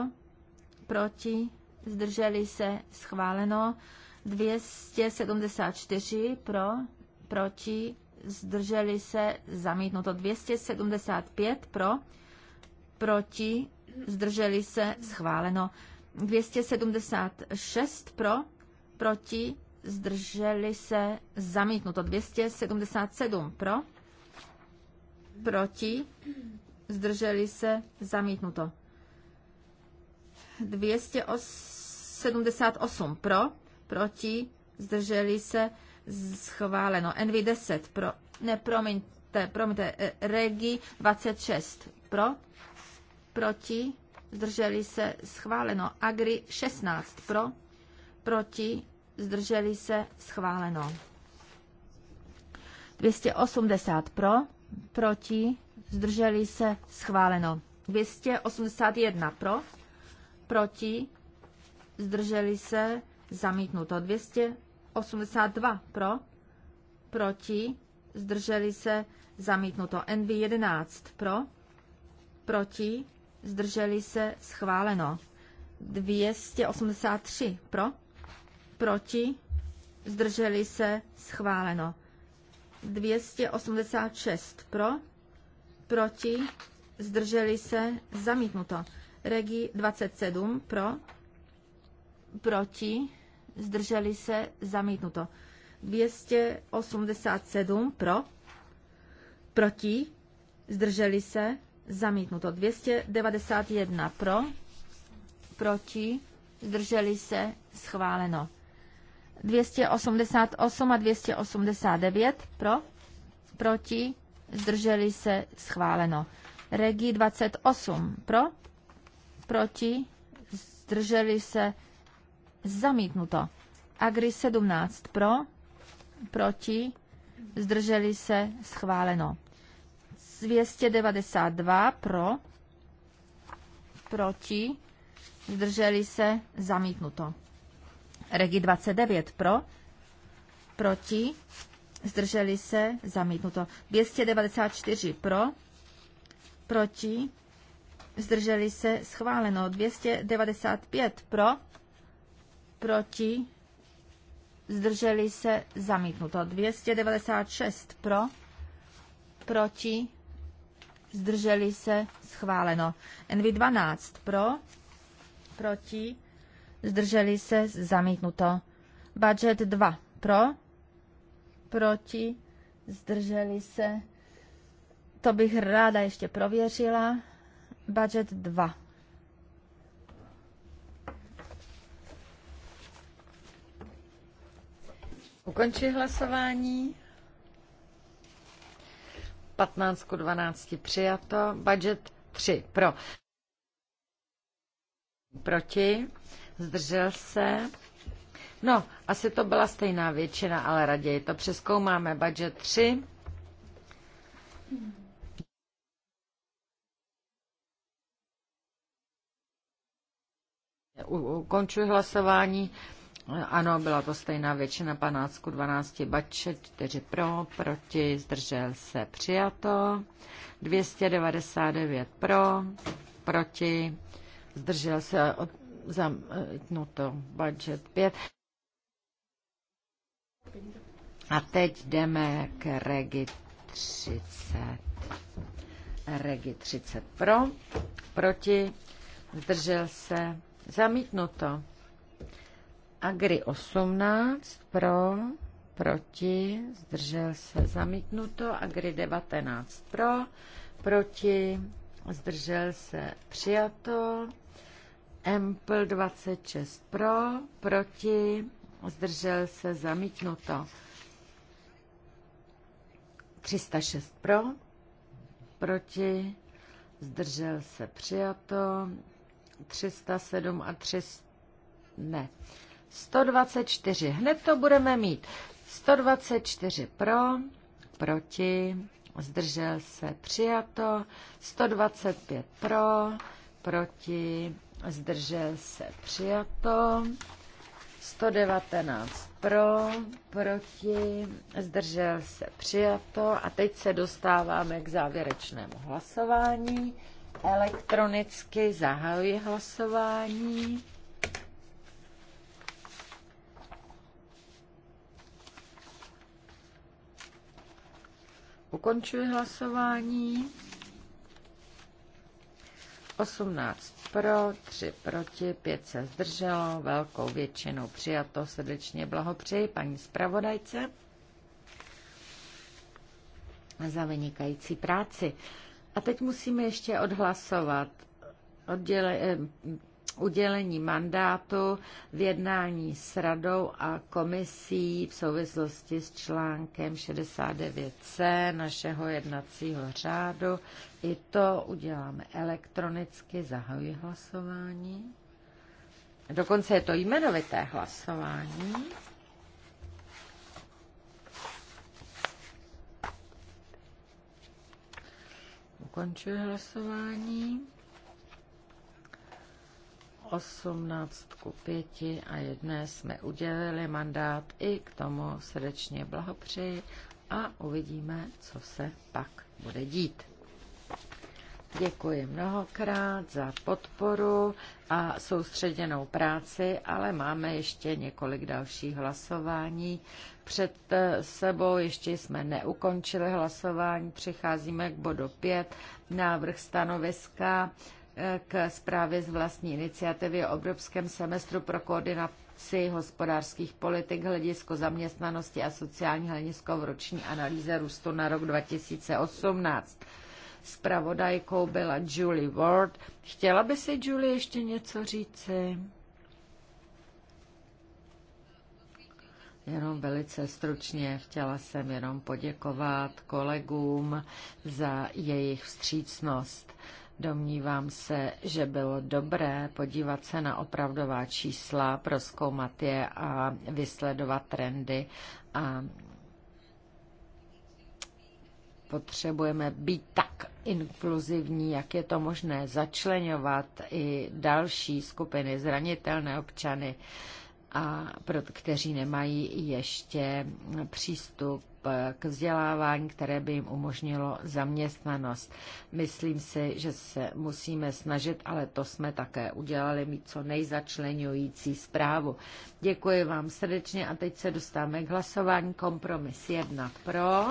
proti, zdrželi se, schváleno. 274 pro, proti, zdrželi se, zamítnuto. 275 pro, proti, zdrželi se, schváleno. 276 pro, proti, zdrželi se, zamítnuto. 277 pro, proti, zdrželi se, zamítnuto. 278 pro, proti, zdrželi se, schváleno. NV10 pro, ne, promiňte, promiňte, eh, Regi 26 pro, proti, zdrželi se, schváleno. Agri 16 pro, proti, zdrželi se, schváleno. 280 pro, proti, zdrželi se, schváleno. 281 pro, proti, zdrželi se, zamítnuto. 282 pro, proti, zdrželi se, zamítnuto. NV11 pro, proti, zdrželi se, schváleno. 283 pro, proti, zdrželi se, schváleno. 286 pro, proti, zdrželi se, zamítnuto. Regi 27 pro, proti, zdrželi se, zamítnuto. 287 pro, proti, zdrželi se, zamítnuto. 291 pro, proti, zdrželi se, schváleno. 288 a 289 pro, proti, zdrželi se, schváleno. Regi 28 pro, proti, zdrželi se, zamítnuto. Agri 17 pro, proti, zdrželi se, schváleno. 292 pro, proti, zdrželi se, zamítnuto. Regi 29 pro, proti, zdrželi se, zamítnuto. 294 pro, proti, zdrželi se, schváleno. 295 pro, proti, zdrželi se, zamítnuto. 296 pro, proti, zdrželi se, schváleno. NV12 pro, proti, zdrželi se, zamítnuto. Budget 2 pro, proti, zdrželi se. To bych ráda ještě prověřila. Budget 2. Ukončí hlasování. 15 k 12 přijato. Budget 3 pro. Proti. Zdržel se. No, asi to byla stejná většina, ale raději to přeskoumáme. Budget 3. Hmm. Ukončuji hlasování. Ano, byla to stejná většina, 15 12, Bače, 4 pro, proti, zdržel se, přijato. 299 pro, proti, zdržel se, od, zamknuto, budget 5. A teď jdeme k regi 30. Regi 30 pro, proti, zdržel se, Zamítnuto. Agri 18 pro, proti, zdržel se zamítnuto. Agri 19 pro, proti, zdržel se přijato. Empl 26 pro, proti, zdržel se zamítnuto. 306 pro, proti, zdržel se přijato. 307 a 3... ne, 124. Hned to budeme mít. 124 pro, proti, zdržel se, přijato. 125 pro, proti, zdržel se, přijato. 119 pro, proti, zdržel se, přijato. A teď se dostáváme k závěrečnému hlasování. Elektronicky zahajuji hlasování. Ukončuji hlasování. 18 pro, 3 proti, 5 se zdrželo, velkou většinou přijato, srdečně blahopřeji paní zpravodajce za vynikající práci. A teď musíme ještě odhlasovat odděle, eh, udělení mandátu v jednání s radou a komisí v souvislosti s článkem 69c našeho jednacího řádu. I to uděláme elektronicky, zahajuji hlasování. Dokonce je to jmenovité hlasování. Ukončuji hlasování. 18 ku 5 a 1 jsme udělili mandát i k tomu srdečně blahopřeji a uvidíme, co se pak bude dít. Děkuji mnohokrát za podporu a soustředěnou práci, ale máme ještě několik dalších hlasování. Před eh, sebou ještě jsme neukončili hlasování, přicházíme k bodu 5, návrh stanoviska eh, k zprávě z vlastní iniciativy o Evropském semestru pro koordinaci hospodářských politik, hledisko zaměstnanosti a sociální hledisko v roční analýze růstu na rok 2018. Spravodajkou byla Julie Ward. Chtěla by si Julie ještě něco říci? Jenom velice stručně chtěla jsem jenom poděkovat kolegům za jejich vstřícnost. Domnívám se, že bylo dobré podívat se na opravdová čísla, proskoumat je a vysledovat trendy a potřebujeme být tak inkluzivní, jak je to možné, začlenovat i další skupiny, zranitelné občany, a pro, kteří nemají ještě přístup k vzdělávání, které by jim umožnilo zaměstnanost. Myslím si, že se musíme snažit, ale to jsme také udělali, mít co nejzačlenující zprávu. Děkuji vám srdečně a teď se dostáváme k hlasování. Kompromis 1 pro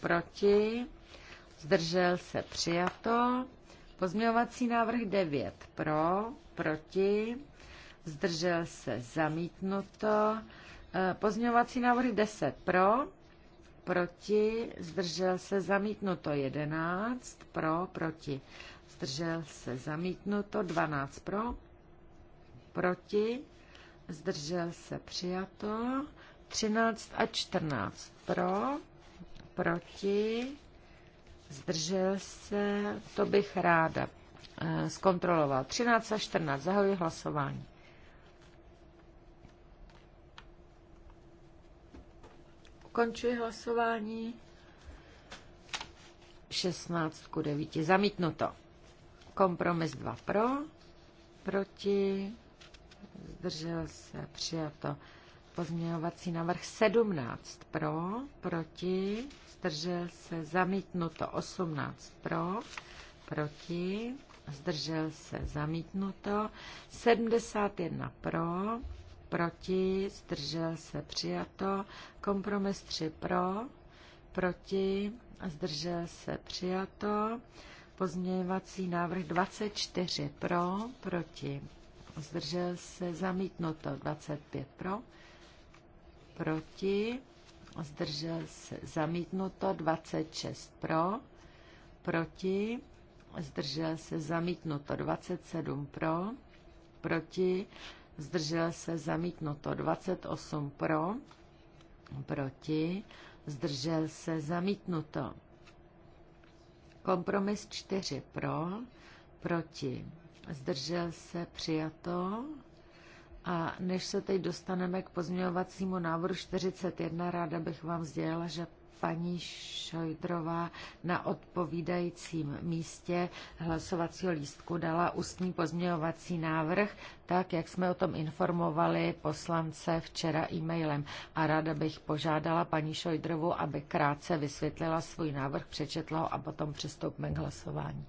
proti, zdržel se přijato. Pozměňovací návrh 9 pro, proti, zdržel se zamítnuto. E, pozměňovací návrh 10 pro, proti, zdržel se zamítnuto 11 pro, proti, zdržel se zamítnuto 12 pro, proti, zdržel se přijato 13 a 14 pro, proti? Zdržel se? To bych ráda eh, zkontroloval. 13 a 14. Zahajuji hlasování. Ukončuji hlasování. 16 ku 9. Zamítnuto. Kompromis 2 pro, proti, zdržel se, přijato. Pozměňovací návrh 17 pro, proti, zdržel se zamítnuto 18 pro, proti, zdržel se zamítnuto 71 pro, proti, zdržel se přijato, kompromis 3 pro, proti, zdržel se přijato, pozměňovací návrh 24 pro, proti, zdržel se zamítnuto 25 pro, proti, zdržel se zamítnuto, 26 pro, proti, zdržel se zamítnuto, 27 pro, proti, zdržel se zamítnuto, 28 pro, proti, zdržel se zamítnuto. Kompromis 4 pro, proti, zdržel se přijato, a než se teď dostaneme k pozměňovacímu návrhu 41, ráda bych vám sdělila, že paní Šojdrová na odpovídajícím místě hlasovacího lístku dala ústní pozměňovací návrh, tak jak jsme o tom informovali poslance včera e-mailem. A ráda bych požádala paní Šojdrovu, aby krátce vysvětlila svůj návrh, přečetla ho a potom přistoupme k hlasování.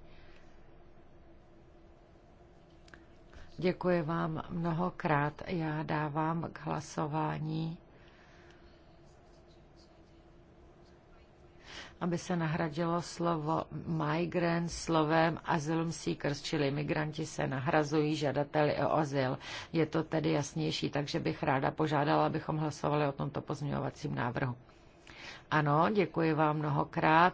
Děkuji vám mnohokrát. Já dávám k hlasování, aby se nahradilo slovo migrant slovem asylum seekers, čili migranti se nahrazují žadateli o azyl. Je to tedy jasnější, takže bych ráda požádala, abychom hlasovali o tomto pozměňovacím návrhu. Ano, děkuji vám mnohokrát,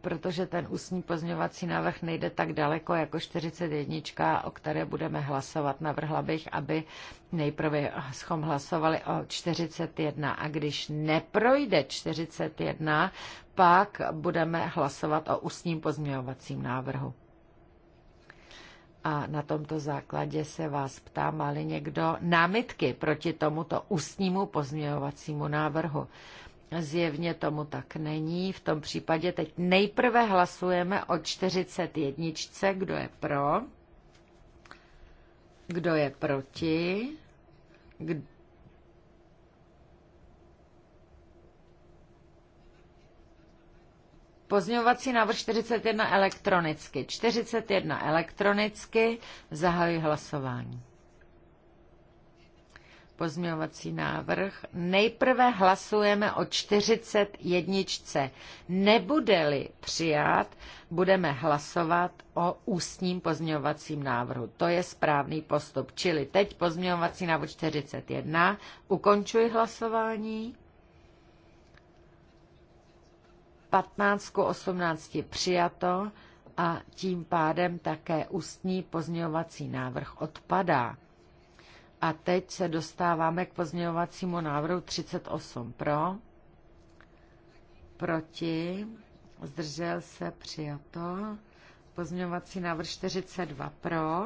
protože ten ústní pozměňovací návrh nejde tak daleko jako 41, o které budeme hlasovat. Navrhla bych, aby nejprve schom hlasovali o 41 a když neprojde 41, pak budeme hlasovat o ústním pozměňovacím návrhu. A na tomto základě se vás ptá, má-li někdo námitky proti tomuto ústnímu pozměňovacímu návrhu. Zjevně tomu tak není. V tom případě teď nejprve hlasujeme o 41. Kdo je pro? Kdo je proti? Kdo... Pozňovací návrh 41 elektronicky. 41 elektronicky. Zahajuji hlasování pozměňovací návrh. Nejprve hlasujeme o 41. Nebude-li přijat, budeme hlasovat o ústním pozměňovacím návrhu. To je správný postup. Čili teď pozměňovací návrh 41. Ukončuji hlasování. 15 18 přijato a tím pádem také ústní pozměňovací návrh odpadá. A teď se dostáváme k pozměňovacímu návrhu 38. Pro? Proti? Zdržel se? Přijato. Pozměňovací návrh 42. Pro?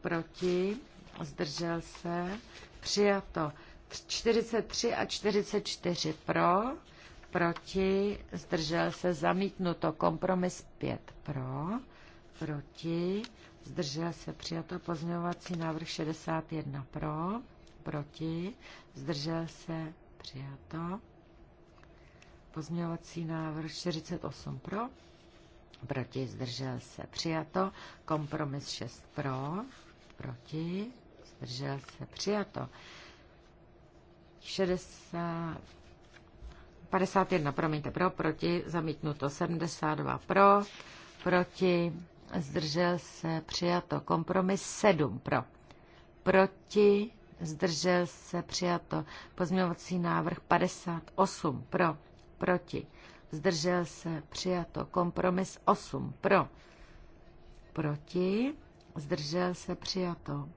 Proti? Zdržel se? Přijato. 43 a 44 pro, proti, zdržel se zamítnuto, kompromis 5 pro, proti, zdržel se přijato pozměňovací návrh 61 pro, proti, zdržel se přijato pozměňovací návrh 48 pro, proti, zdržel se přijato, kompromis 6 pro, proti, zdržel se přijato. 60, 51, promiňte, pro, proti, zamítnuto, 72 pro, proti, zdržel se, přijato. Kompromis 7 pro, proti, zdržel se, přijato. Pozměňovací návrh 58 pro, proti, zdržel se, přijato. Kompromis 8 pro, proti, zdržel se, přijato.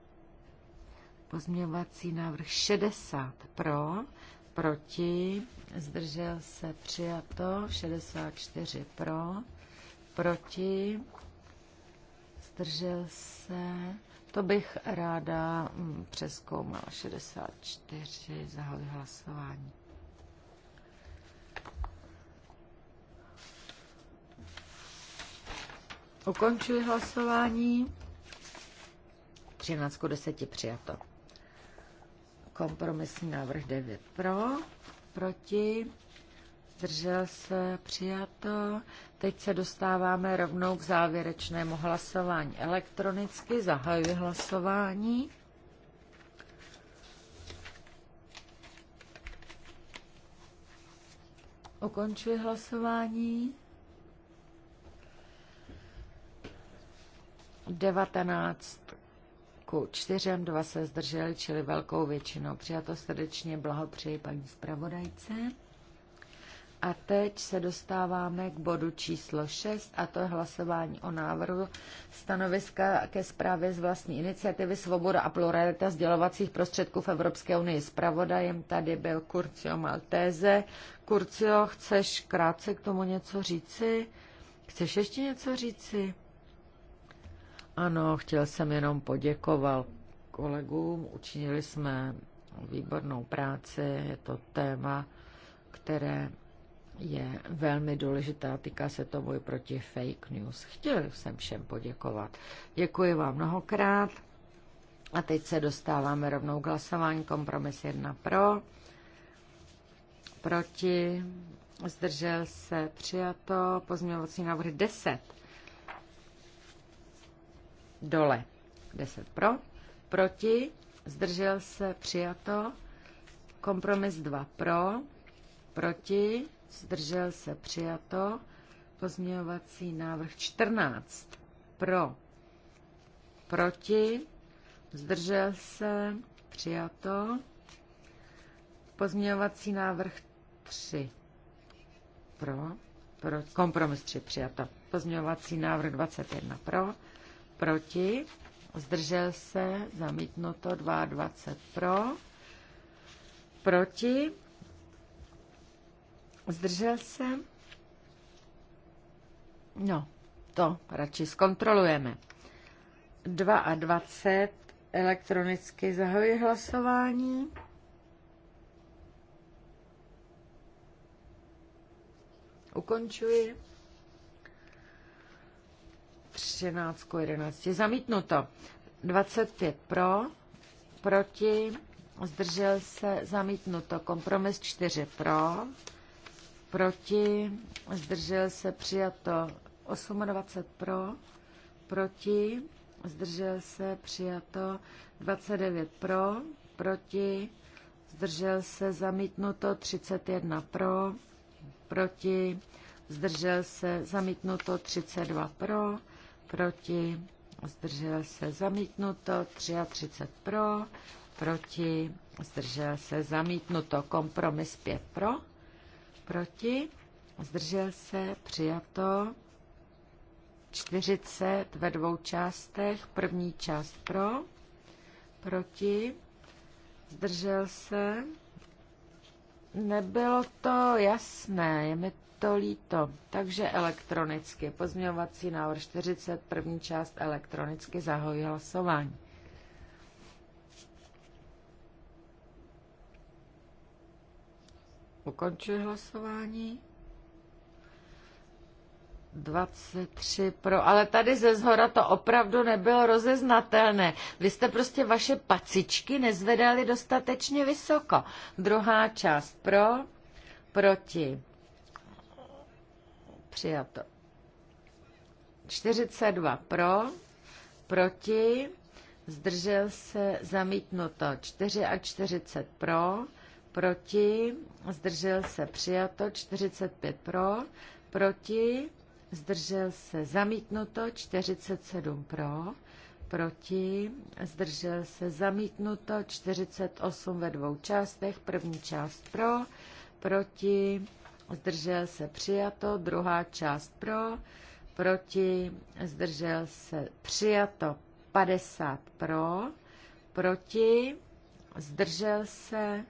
Pozměňovací návrh 60 pro, proti, zdržel se přijato, 64 pro, proti, zdržel se. To bych ráda mm, přeskoumala. 64, zahajuji hlasování. Ukončuji hlasování. 13 10 přijato. Kompromisní návrh 9 pro, proti, zdržel se, přijato. Teď se dostáváme rovnou k závěrečnému hlasování. Elektronicky zahajuji hlasování. Ukončuji hlasování. 19 ku 4, 2 se zdrželi, čili velkou většinou. Přijato srdečně blahopřeji paní zpravodajce. A teď se dostáváme k bodu číslo 6, a to je hlasování o návrhu stanoviska ke zprávě z vlastní iniciativy Svoboda a pluralita sdělovacích prostředků v Evropské unii. Spravodajem tady byl Curcio Maltese. Curcio, chceš krátce k tomu něco říci? Chceš ještě něco říci? Ano, chtěl jsem jenom poděkoval kolegům. Učinili jsme výbornou práci. Je to téma, které je velmi důležitá, týká se to boj proti fake news. Chtěl jsem všem poděkovat. Děkuji vám mnohokrát. A teď se dostáváme rovnou k hlasování. Kompromis 1 pro, proti, zdržel se, přijato, pozměňovací návrh 10 dole, 10 pro, proti, zdržel se, přijato, kompromis 2 pro, proti, zdržel se, přijato. Pozměňovací návrh 14 pro, proti, zdržel se, přijato. Pozměňovací návrh 3 pro, pro kompromis 3 přijato. Pozměňovací návrh 21 pro, proti, zdržel se, zamítnuto 22 pro, proti, Zdržel se? No, to radši zkontrolujeme. 22 elektronicky zahajuji hlasování. Ukončuji. 13 k 11. Zamítnuto. 25 pro, proti, zdržel se, zamítnuto. Kompromis 4 pro, proti, zdržel se přijato 28 pro, proti, zdržel se přijato 29 pro, proti, zdržel se zamítnuto 31 pro, proti, zdržel se zamítnuto 32 pro, proti, zdržel se zamítnuto 33 pro, proti, zdržel se zamítnuto kompromis 5 pro, Proti? Zdržel se? Přijato. 40 ve dvou částech. První část pro. Proti? Zdržel se? Nebylo to jasné, je mi to líto. Takže elektronicky. Pozměňovací návrh 40, první část elektronicky zahojil hlasování. Ukončuji hlasování. 23 pro, ale tady ze zhora to opravdu nebylo rozeznatelné. Vy jste prostě vaše pacičky nezvedali dostatečně vysoko. Druhá část pro, proti. Přijato. 42 pro, proti, zdržel se zamítnuto 44 pro, proti, zdržel se přijato, 45 pro, proti, zdržel se zamítnuto, 47 pro, proti, zdržel se zamítnuto, 48 ve dvou částech, první část pro, proti, zdržel se přijato, druhá část pro, proti, zdržel se přijato, 50 pro, proti, zdržel se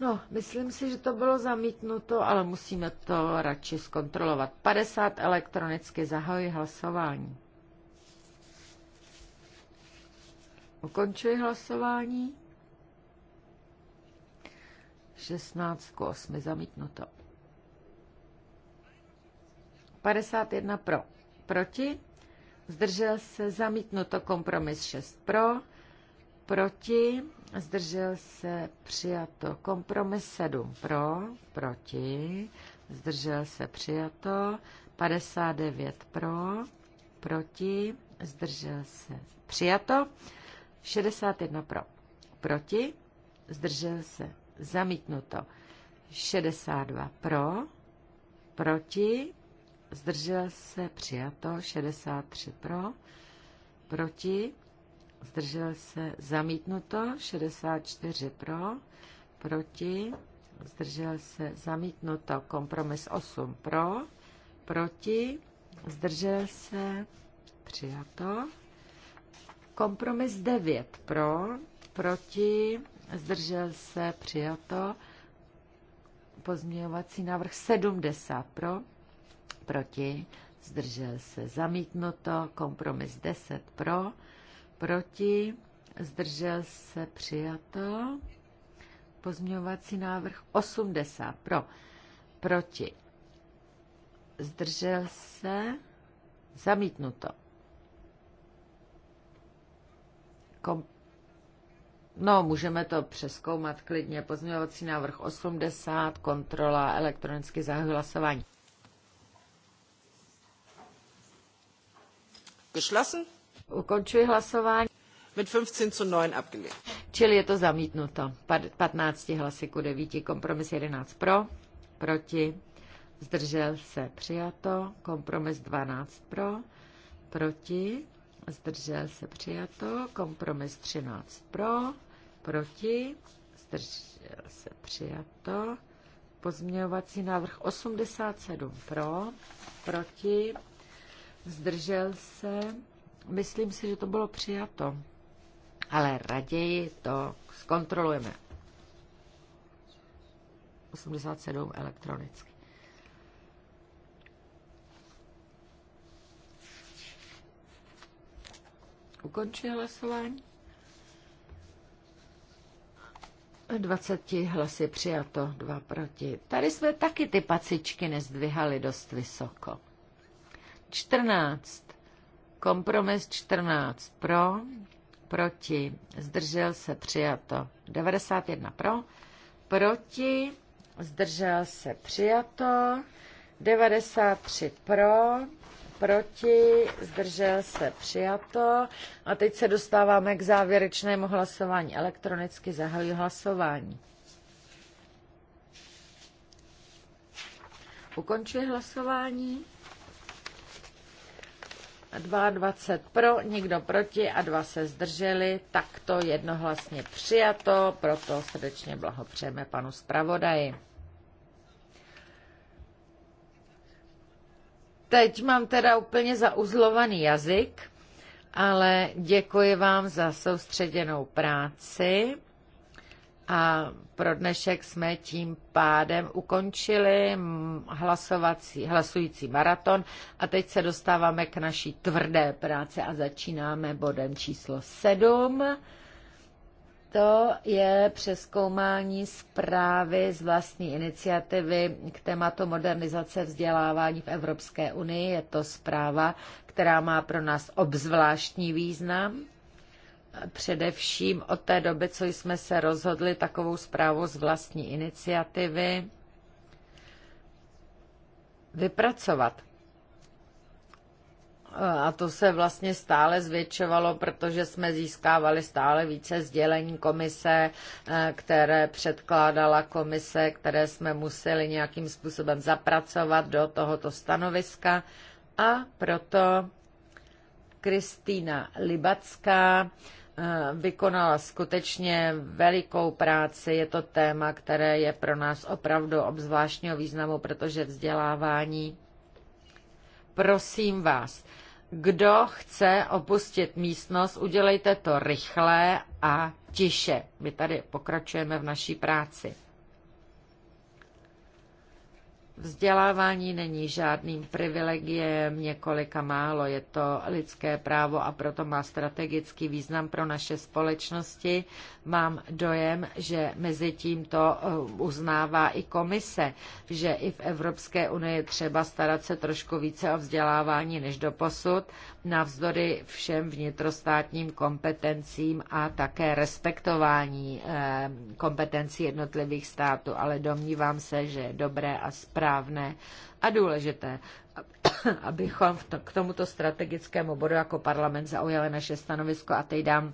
No, myslím si, že to bylo zamítnuto, ale musíme to radši zkontrolovat. 50 elektronicky zahajuji hlasování. Ukončuji hlasování. 16 k 8 zamítnuto. 51 pro. Proti. Zdržel se zamítnuto kompromis 6 pro. Proti zdržel se přijato. Kompromis 7 pro, proti, zdržel se přijato. 59 pro, proti, zdržel se přijato. 61 pro, proti, zdržel se zamítnuto. 62 pro, proti, zdržel se přijato. 63 pro, proti, zdržel se zamítnuto, 64 pro, proti, zdržel se zamítnuto, kompromis 8 pro, proti, zdržel se přijato, kompromis 9 pro, proti, zdržel se přijato, pozměňovací návrh 70 pro, proti, zdržel se zamítnuto, kompromis 10 pro, proti, zdržel se přijato. Pozměňovací návrh 80 pro, proti, zdržel se, zamítnuto. Kom- no, můžeme to přeskoumat klidně. Pozměňovací návrh 80, kontrola elektronicky zahajuji hlasování. Geschlossen? Ukončuji hlasování. Mit 15 zu 9 abgelehnt. Čili je to zamítnuto. 15 hlasy ku 9, kompromis 11 pro, proti, zdržel se přijato, kompromis 12 pro, proti, zdržel se přijato, kompromis 13 pro, proti, zdržel se přijato, pozměňovací návrh 87 pro, proti, zdržel se Myslím si, že to bylo přijato, ale raději to zkontrolujeme. 87 elektronicky. Ukončí hlasování. 20 hlasy přijato, 2 proti. Tady jsme taky ty pacičky nezdvihali dost vysoko. 14. Kompromis 14 pro, proti, zdržel se, přijato. 91 pro, proti, zdržel se, přijato. 93 pro, proti, zdržel se, přijato. A teď se dostáváme k závěrečnému hlasování. Elektronicky zahajuji hlasování. Ukončuji hlasování. 22 pro, nikdo proti a dva se zdrželi, Tak to jednohlasně přijato, proto srdečně blahopřejeme panu zpravodaji. Teď mám teda úplně zauzlovaný jazyk, ale děkuji vám za soustředěnou práci. A pro dnešek jsme tím pádem ukončili hlasovací, hlasující maraton a teď se dostáváme k naší tvrdé práci a začínáme bodem číslo 7. To je přeskoumání zprávy z vlastní iniciativy k tématu modernizace vzdělávání v Evropské unii. Je to zpráva, která má pro nás obzvláštní význam především od té doby, co jsme se rozhodli takovou zprávu z vlastní iniciativy vypracovat. A to se vlastně stále zvětšovalo, protože jsme získávali stále více sdělení komise, eh, které předkládala komise, které jsme museli nějakým způsobem zapracovat do tohoto stanoviska. A proto Kristýna Libacká Eh, vykonala skutečně velikou práci. Je to téma, které je pro nás opravdu obzvláštního významu, protože vzdělávání. Prosím vás, kdo chce opustit místnost, udělejte to rychle a tiše. My tady pokračujeme v naší práci. Vzdělávání není žádným privilegiem několika málo, je to lidské právo a proto má strategický význam pro naše společnosti. Mám dojem, že mezi tím to eh, uznává i komise, že i v Evropské unii je třeba starat se trošku více o vzdělávání než do posud navzdory všem vnitrostátním kompetencím a také respektování eh, kompetencí jednotlivých států, ale domnívám se, že je dobré a správné a důležité, [COUGHS] abychom k tomuto strategickému bodu jako parlament zaujali naše stanovisko a teď dám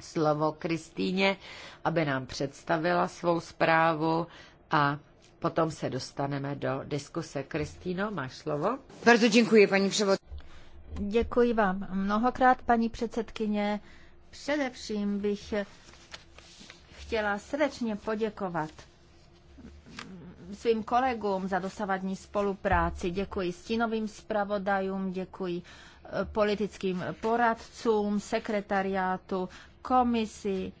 slovo Kristýně, aby nám představila svou zprávu a potom se dostaneme do diskuse. Kristýno, máš slovo. Bardzo děkuji, paní převodnice. Děkuji vám mnohokrát, paní předsedkyně. Především bych chtěla srdečně poděkovat svým kolegům za dosavadní spolupráci. Děkuji stínovým zpravodajům, děkuji eh, politickým poradcům, sekretariátu, komisi,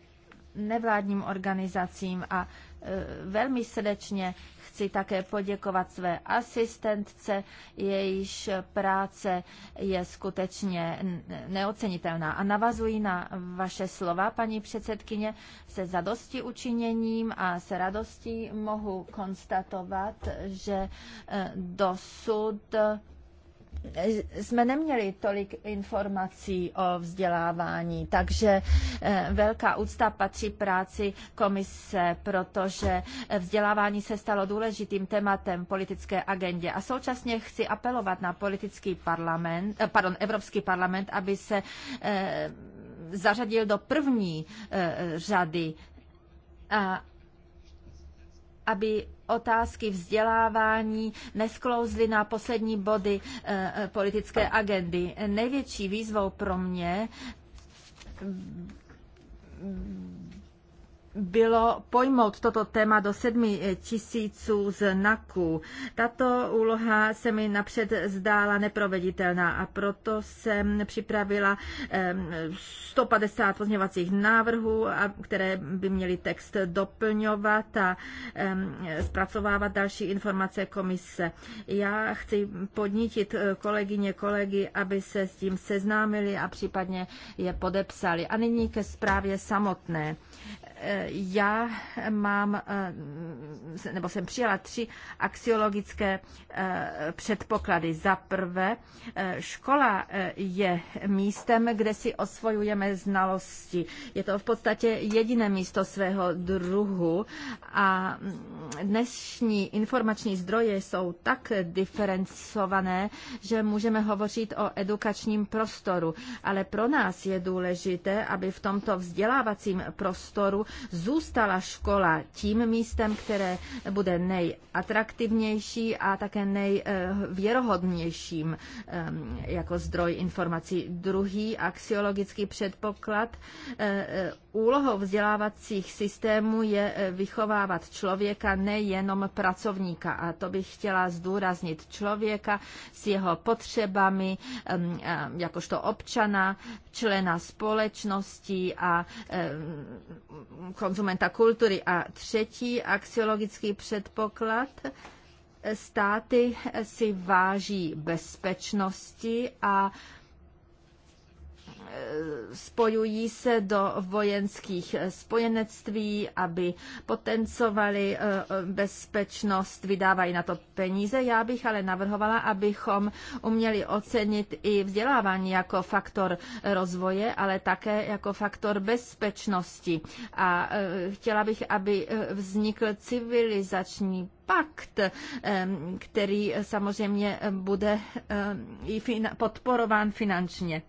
nevládním organizacím a Eh, velmi srdečně chci také poděkovat své asistentce, jejíž práce je skutečně neocenitelná. A navazuji na vaše slova, paní předsedkyně, se zadosti učiněním a se radostí mohu konstatovat, že eh, dosud jsme neměli tolik informací o vzdělávání, takže eh, velká úcta patří práci komise, protože vzdělávání se stalo důležitým tématem politické agendě. A současně chci apelovat na politický parlament, eh, pardon, Evropský parlament, aby se eh, zařadil do první řady a aby otázky vzdělávání nesklouzly na poslední body eh, eh, politické agendy. Největší výzvou pro mě bylo pojmout toto téma do sedmi tisíců znaků. Tato úloha se mi napřed zdála neproveditelná a proto jsem připravila 150 pozměvacích návrhů, které by měly text doplňovat a zpracovávat další informace komise. Já chci podnítit eh, kolegyně kolegy, aby se s tím seznámili a případně je podepsali. A nyní ke zprávě samotné já mám, eh, nebo jsem přijala tři axiologické eh, předpoklady. Za prvé, eh, škola je místem, kde si osvojujeme znalosti. Je to v podstatě jediné místo svého druhu a mm, dnešní informační zdroje jsou tak diferencované, že můžeme hovořit o edukačním prostoru. Ale pro nás je důležité, aby v tomto vzdělávacím prostoru zůstala škola tím místem, které bude nejatraktivnější a také nejvěrohodnějším ehm, jako zdroj informací. Druhý axiologický předpoklad eh, úlohou vzdělávacích systémů je eh, vychovávat člověka, nejenom pracovníka. A to bych chtěla zdůraznit člověka s jeho potřebami, ehm, ehm, jakožto občana, člena společnosti a konzumenta kultury. A třetí axiologický předpoklad, státy si váží bezpečnosti a spojují se do vojenských spojenectví, aby potencovali eh, bezpečnost, vydávají na to peníze. Já bych ale navrhovala, abychom uměli ocenit i vzdělávání jako faktor rozvoje, ale také jako faktor bezpečnosti. A eh, chtěla bych, aby eh, vznikl civilizační pakt, který samozřejmě bude i podporován finančně.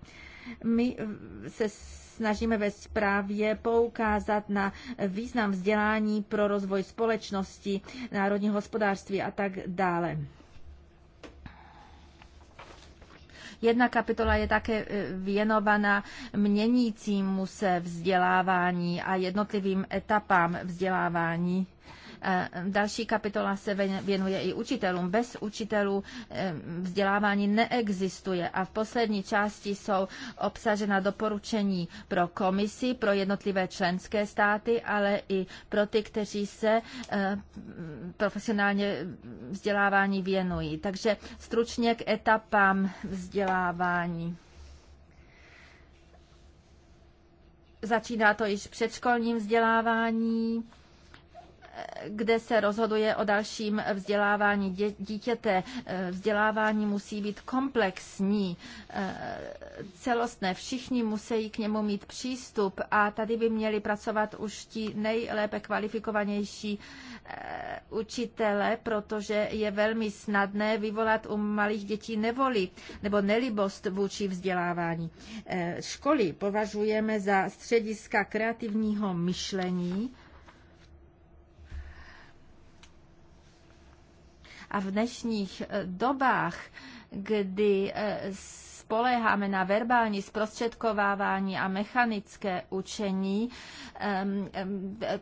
My eh, se snažíme ve zprávě poukázat na význam vzdělání pro rozvoj společnosti, národní hospodářství a tak dále. Jedna kapitola je také eh, věnovaná měnícímu se vzdělávání a jednotlivým etapám vzdělávání. E, další kapitola se věnuje i učitelům. Bez učitelů e, vzdělávání neexistuje a v poslední části jsou obsažena doporučení pro komisi, pro jednotlivé členské státy, ale i pro ty, kteří se e, profesionálně vzdělávání věnují. Takže stručně k etapám vzdělávání. Začíná to již předškolním vzdělávání, kde se rozhoduje o dalším vzdělávání dítěte. Eh, vzdělávání musí být komplexní, eh, celostné. Všichni musí k němu mít přístup a tady by měli pracovat už ti nejlépe kvalifikovanější eh, učitele, protože je velmi snadné vyvolat u malých dětí nevoli nebo nelibost vůči vzdělávání. Školy považujeme za střediska kreativního myšlení, A v dnešních eh, dobách, kdy eh, spoléháme na verbální zprostředkovávání a mechanické učení.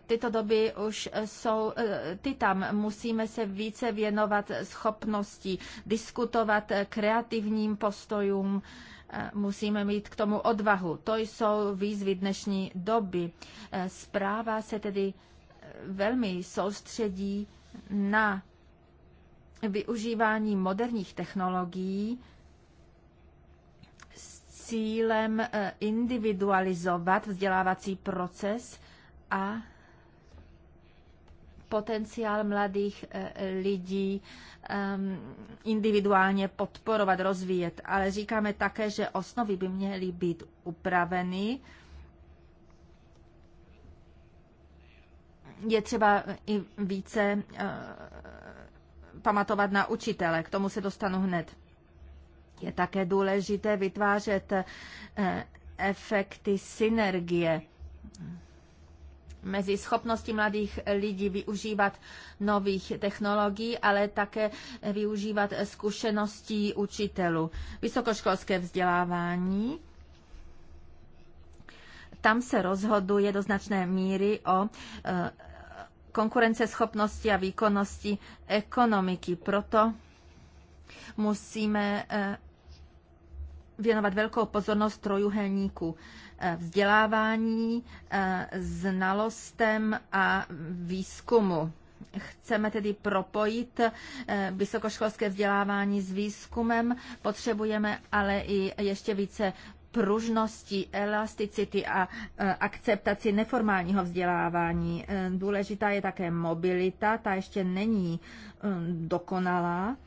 Tyto doby už jsou, eh, ty tam musíme se více věnovat schopnosti diskutovat kreativním postojům, musíme mít k tomu odvahu. To jsou výzvy dnešní doby. Zpráva se tedy velmi soustředí na využívání moderních technologií s cílem eh, individualizovat vzdělávací proces a potenciál mladých eh, lidí ehm, individuálně podporovat, rozvíjet. Ale říkáme také, že osnovy by měly být upraveny. Je třeba i více eh, pamatovat na učitele. K tomu se dostanu hned. Je také důležité vytvářet eh, efekty synergie mezi schopností mladých lidí využívat nových technologií, ale také využívat zkušeností učitelů. Vysokoškolské vzdělávání. Tam se rozhoduje do značné míry o eh, konkurenceschopnosti a výkonnosti ekonomiky. Proto musíme eh, věnovat velkou pozornost trojuhelníku eh, vzdělávání, eh, znalostem a výzkumu. Chceme tedy propojit vysokoškolské vzdělávání s výzkumem, potřebujeme ale i ještě více pružnosti, elasticity a e, akceptaci neformálního vzdělávání. E, důležitá je také mobilita, ta ještě není e, dokonalá.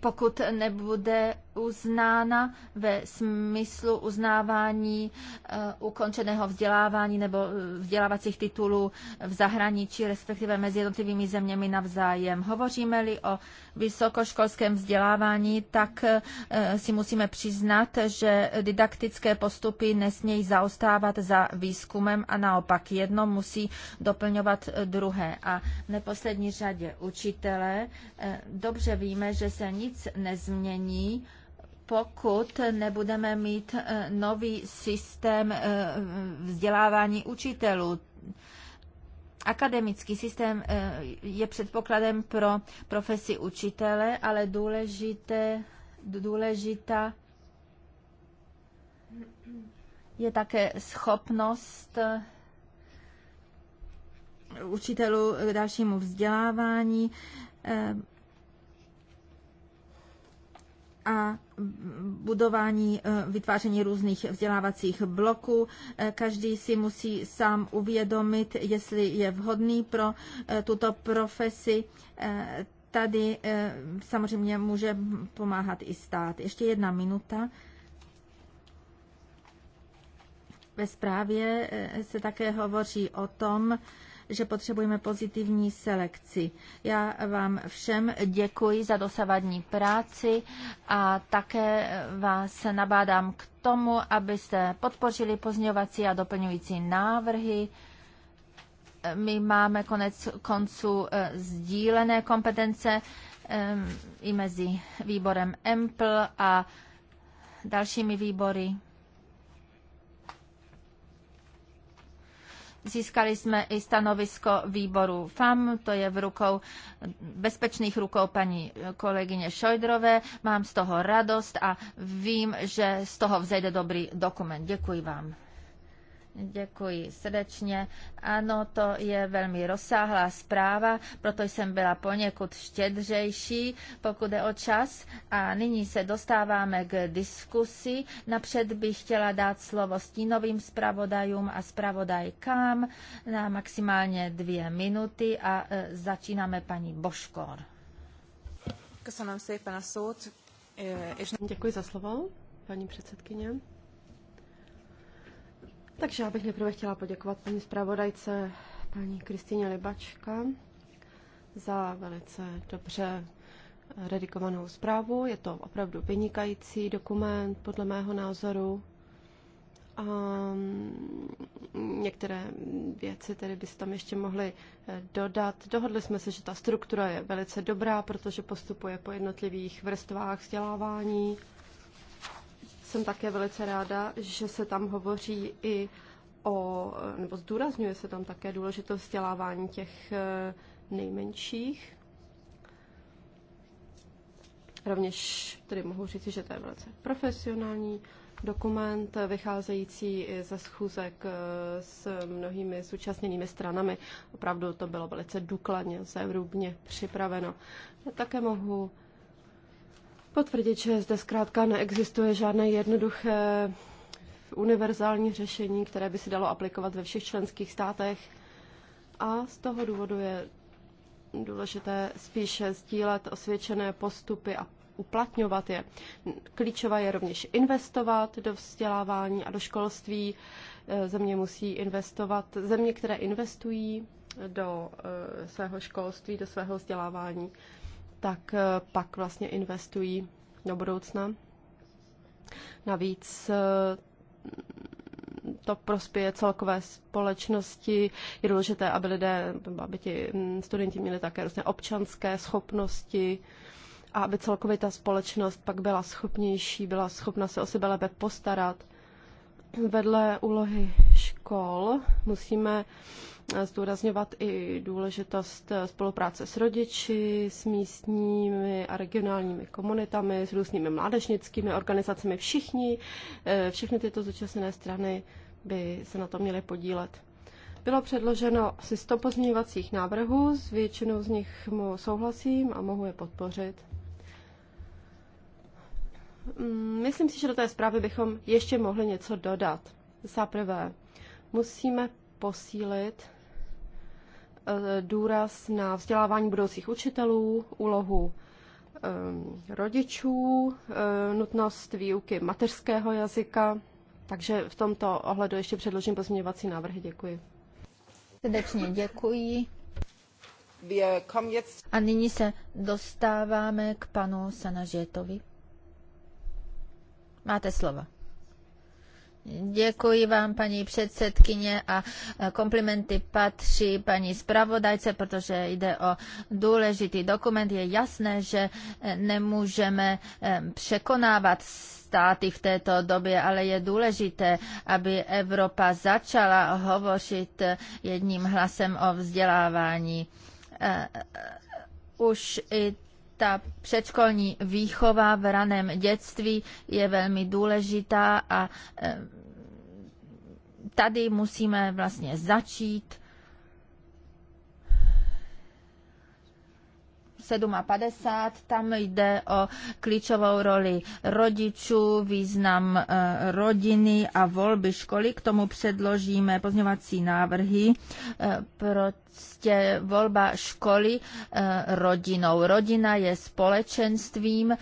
Pokud nebude uznána ve smyslu uznávání eh, ukončeného vzdělávání nebo eh, vzdělávacích titulů v zahraničí, respektive mezi jednotlivými zeměmi navzájem. Hovoříme-li o vysokoškolském vzdělávání, tak eh, si musíme přiznat, že didaktické postupy nesmějí zaostávat za výzkumem a naopak jedno musí doplňovat druhé. A v neposlední řadě učitelé dobře víme, že se nic nezmění, pokud nebudeme mít eh, nový systém eh, vzdělávání učitelů. Akademický systém eh, je předpokladem pro profesi učitele, ale důležité, důležitá je také schopnost učitelů k dalšímu vzdělávání a budování, e, vytváření různých vzdělávacích bloků. E, každý si musí sám uvědomit, jestli je vhodný pro e, tuto profesi. Tady samozřejmě může pomáhat i stát. Ještě jedna minuta. Ve zprávě se také hovoří o tom, že potřebujeme pozitivní selekci. Já vám všem děkuji za dosavadní práci a také vás nabádám k tomu, abyste podpořili pozňovací a doplňující návrhy my máme konec konců eh, sdílené kompetence eh, i mezi výborem EMPL a dalšími výbory. Získali jsme i stanovisko výboru FAM, to je v rukou, bezpečných rukou paní kolegyně Šojdrové. Mám z toho radost a vím, že z toho vzejde dobrý dokument. Děkuji vám. Děkuji srdečně. Ano, to je velmi rozsáhlá zpráva, proto jsem byla poněkud štědřejší, pokud je o čas. A nyní se dostáváme k diskusi. Napřed bych chtěla dát slovo stínovým zpravodajům a zpravodajkám na maximálně dvě minuty a e, začínáme paní Boškor. E, Děkuji za slovo, paní předsedkyně. Takže já bych nejprve chtěla poděkovat paní zpravodajce, paní Kristýně Libačka, za velice dobře redikovanou zprávu. Je to opravdu vynikající dokument, podle mého názoru. A mm, některé věci tedy by se tam ještě mohly eh, dodat. Dohodli jsme se, že ta struktura je velice dobrá, protože postupuje po jednotlivých vrstvách vzdělávání. Jsem také velice ráda, že se tam hovoří i o, nebo zdůrazňuje se tam také důležitost vzdělávání těch eh, nejmenších. Rovněž tedy mohu říct, že to je velice profesionální dokument, vycházející ze schůzek eh, s mnohými současněnými stranami. Opravdu to bylo velice důkladně, zevrubně připraveno. Já také mohu potvrdit, že zde zkrátka neexistuje žádné jednoduché univerzální řešení, které by se dalo aplikovat ve všech členských státech. A z toho důvodu je důležité spíše sdílet osvědčené postupy a uplatňovat je. Klíčové je rovněž investovat do vzdělávání a do školství. Země musí investovat, země, které investují do eh, svého školství, do svého vzdělávání, tak eh, pak vlastně investují do budoucna. Navíc eh, to prospěje celkové společnosti. Je důležité, aby lidé, aby ti mm, studenti měli také různé občanské schopnosti a aby celkově ta společnost pak byla schopnější, byla schopna se o sebe lépe postarat. Vedle úlohy úkol. Musíme eh, zdůrazňovat i důležitost eh, spolupráce s rodiči, s místními a regionálními komunitami, s různými mládežnickými organizacemi. Všichni, eh, všechny tyto zúčastněné strany by se na to měly podílet. Bylo předloženo asi 100 pozměňovacích návrhů, s většinou z nich mu souhlasím a mohu je podpořit. Mm, myslím si, že do té zprávy bychom ještě mohli něco dodat. Za prvé, Musíme posílit eh, důraz na vzdělávání budoucích učitelů, úlohu eh, rodičů, eh, nutnost výuky mateřského jazyka. Takže v tomto ohledu ještě předložím pozměňovací návrhy. Děkuji. Srdečně děkuji. A nyní se dostáváme k panu Sanažetovi. Máte slovo. Děkuji vám, paní předsedkyně, a e, komplimenty patří paní zpravodajce, protože jde o důležitý dokument. Je jasné, že e, nemůžeme e, překonávat státy v této době, ale je důležité, aby Evropa začala hovořit jedním hlasem o vzdělávání. Už i ta předškolní výchova v raném dětství je velmi důležitá a eh, tady musíme vlastně začít 50. tam jde o klíčovou roli rodičů, význam e, rodiny a volby školy. K tomu předložíme pozměňovací návrhy. E, prostě volba školy e, rodinou. Rodina je společenstvím,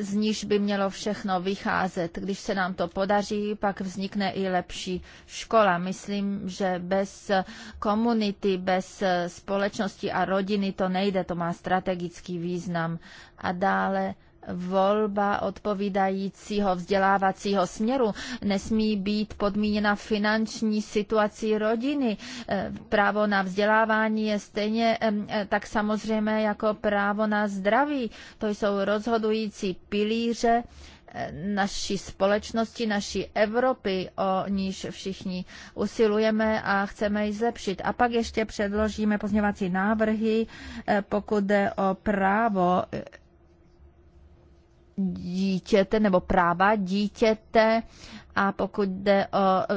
z níž by mělo všechno vycházet. Když se nám to podaří, pak vznikne i lepší škola. Myslím, že bez komunity, bez společnosti a rodiny to nejde, to má strategický význam. A dále volba odpovídajícího vzdělávacího směru nesmí být podmíněna finanční situací rodiny. Eh, právo na vzdělávání je stejně eh, tak samozřejmé jako právo na zdraví. To jsou rozhodující pilíře naší společnosti, naší Evropy, o níž všichni usilujeme a chceme ji zlepšit. A pak ještě předložíme pozměvací návrhy, eh, pokud jde o právo eh, dítěte nebo práva dítěte a pokud jde o e,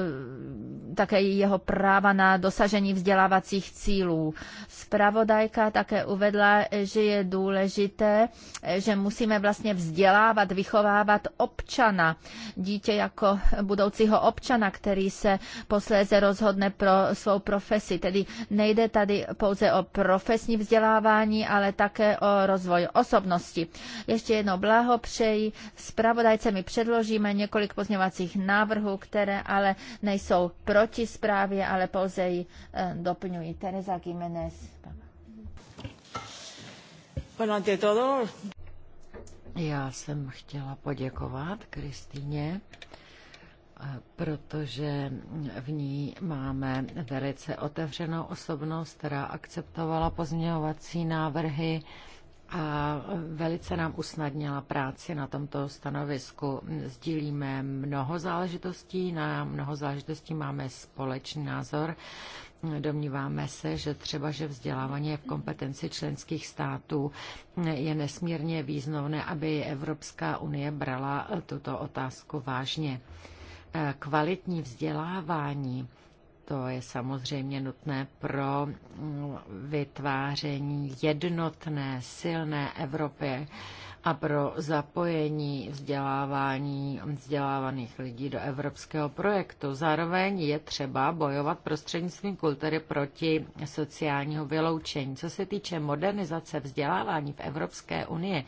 také jeho práva na dosažení vzdělávacích cílů. Spravodajka také uvedla, že je důležité, e, že musíme vlastně vzdělávat, vychovávat občana, dítě jako budoucího občana, který se posléze rozhodne pro svou profesi. Tedy nejde tady pouze o profesní vzdělávání, ale také o rozvoj osobnosti. Ještě jednou blahopřeji. Spravodajce mi předložíme několik pozněvacích návrhů, které ale nejsou proti zprávě, ale pouze ji eh, doplňují. Teresa Jiménez. Já jsem chtěla poděkovat Kristýně, eh, protože v ní máme velice otevřenou osobnost, která akceptovala pozměňovací návrhy a velice nám usnadnila práci na tomto stanovisku. Sdílíme mnoho záležitostí, na mnoho záležitostí máme společný názor. Domníváme se, že třeba, že vzdělávání je v kompetenci členských států, je nesmírně významné, aby Evropská unie brala tuto otázku vážně. Kvalitní vzdělávání to je samozřejmě nutné pro mm, vytváření jednotné, silné Evropy a pro zapojení vzdělávání vzdělávaných lidí do evropského projektu. Zároveň je třeba bojovat prostřednictvím kultury proti sociálního vyloučení. Co se týče modernizace vzdělávání v Evropské unii,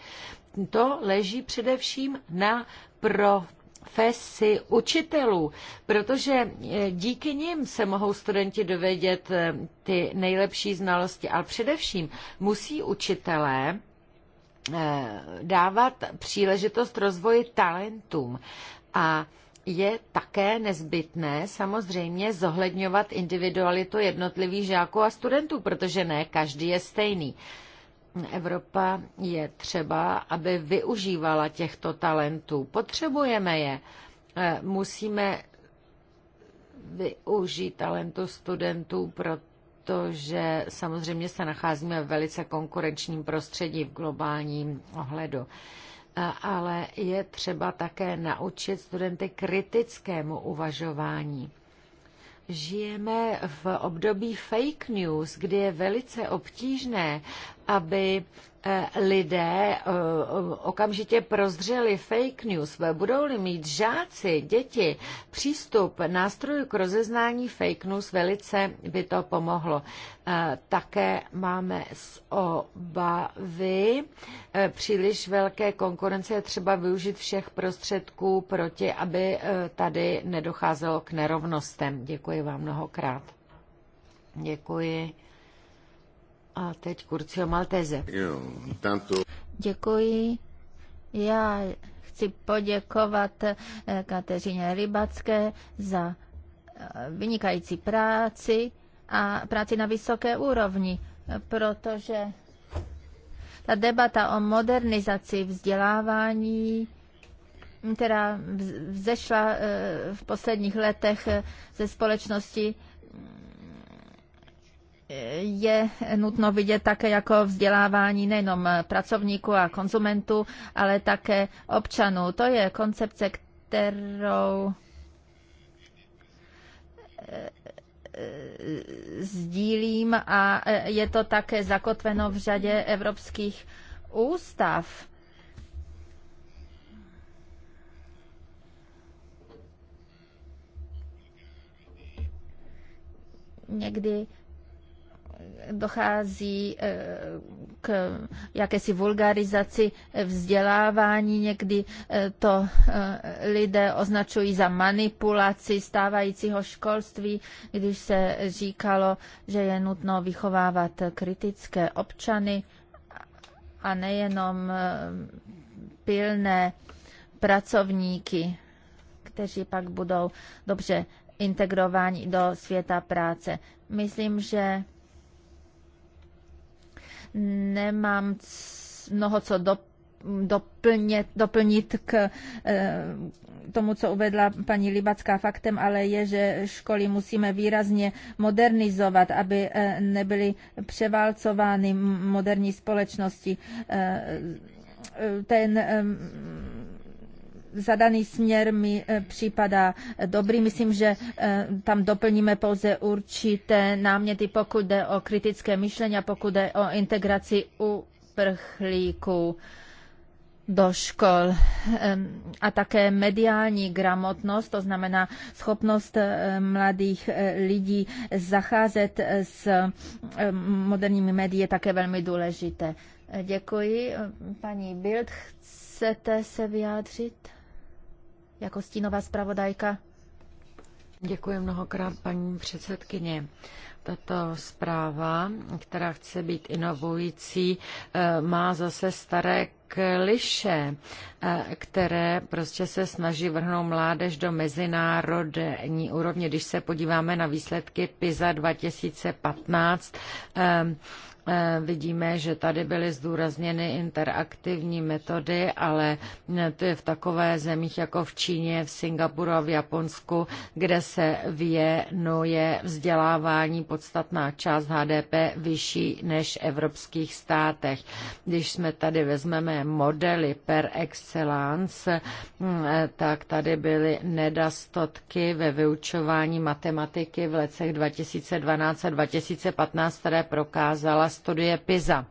to leží především na pro profesi učitelů, protože eh, díky nim se mohou studenti dovědět eh, ty nejlepší znalosti, ale především musí učitelé eh, dávat příležitost rozvoji talentům. A je také nezbytné samozřejmě zohledňovat individualitu jednotlivých žáků a studentů, protože ne každý je stejný. Evropa je třeba, aby využívala těchto talentů. Potřebujeme je. Eh, musíme využít talentu studentů, protože samozřejmě se nacházíme v velice konkurenčním prostředí v globálním ohledu. Eh, ale je třeba také naučit studenty kritickému uvažování žijeme v období fake news, kdy je velice obtížné, aby Eh, lidé eh, okamžitě prozřeli fake news. Budou-li mít žáci, děti přístup nástrojů k rozeznání fake news, velice by to pomohlo. Eh, také máme z obavy příliš velké konkurence. Je třeba využít všech prostředků proti, aby tady nedocházelo k nerovnostem. Děkuji vám mnohokrát. Děkuji. A teď Kurcio Malteze. Jo, tanto... Děkuji. Já chci poděkovat eh, Kateřině Rybacké za eh, vynikající práci a práci na vysoké úrovni, protože ta debata o modernizaci vzdělávání která vzešla eh, v posledních letech ze společnosti je nutno vidět také jako vzdělávání nejenom pracovníků a konzumentů, ale také občanů. To je koncepce, kterou eh, sdílím a eh, je to také zakotveno v řadě evropských ústav. Někdy dochází eh, k jakési vulgarizaci vzdělávání. Někdy eh, to eh, lidé označují za manipulaci stávajícího školství, když se říkalo, že je nutno vychovávat kritické občany a nejenom pilné pracovníky, kteří pak budou dobře integrováni do světa práce. Myslím, že nemám mnoho co do, doplně, doplnit k eh, tomu, co uvedla paní Libacká faktem, ale je, že školy musíme výrazně modernizovat, aby eh, nebyly převálcovány moderní společnosti eh, ten zadaný směr mi eh, připadá dobrý. Myslím, že eh, tam doplníme pouze určité náměty, pokud jde o kritické myšlení a pokud jde o integraci uprchlíků do škol a také mediální gramotnost, to znamená schopnost eh, mladých lidí zacházet s moderními médii je také velmi důležité. Děkuji. Paní Bild, chcete se vyjádřit? jako stínová zpravodajka. Děkuji mnohokrát, paní předsedkyně. Tato zpráva, která chce být inovující, eh, má zase staré kliše, eh, které prostě se snaží vrhnout mládež do mezinárodní úrovně. Když se podíváme na výsledky PISA 2015, Eh, vidíme, že tady byly zdůrazněny interaktivní metody, ale eh, to je v takové zemích jako v Číně, v Singapuru a v Japonsku, kde se věnuje vzdělávání podstatná část HDP vyšší než v evropských státech. Když jsme tady vezmeme modely per excellence, hm, eh, tak tady byly nedostatky ve vyučování matematiky v letech 2012 a 2015, které prokázala studie PISA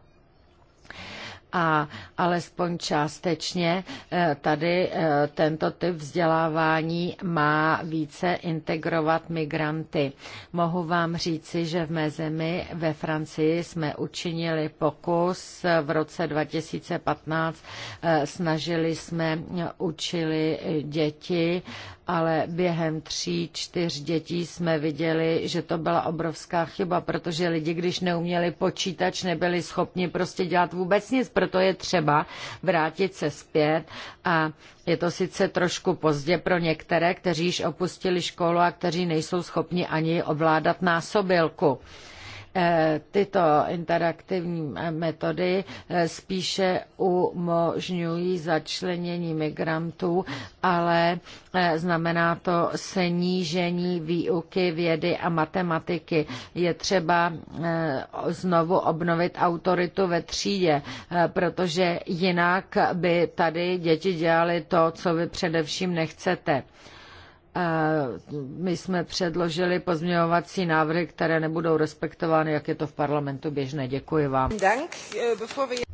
a alespoň částečně eh, tady eh, tento typ vzdělávání má více integrovat migranty. Mohu vám říci, že v mé zemi ve Francii jsme učinili pokus v roce 2015. Eh, snažili jsme učili děti ale během tří, čtyř dětí jsme viděli, že to byla obrovská chyba, protože lidi, když neuměli počítač, nebyli schopni prostě dělat vůbec nic, proto je třeba vrátit se zpět a je to sice trošku pozdě pro některé, kteří již opustili školu a kteří nejsou schopni ani ovládat násobilku. Eh, tyto interaktivní eh, metody eh, spíše umožňují začlenění migrantů, ale znamená to snížení výuky vědy a matematiky. Je třeba znovu obnovit autoritu ve třídě, protože jinak by tady děti dělaly to, co vy především nechcete. My jsme předložili pozměňovací návrhy, které nebudou respektovány, jak je to v parlamentu běžné. Děkuji vám.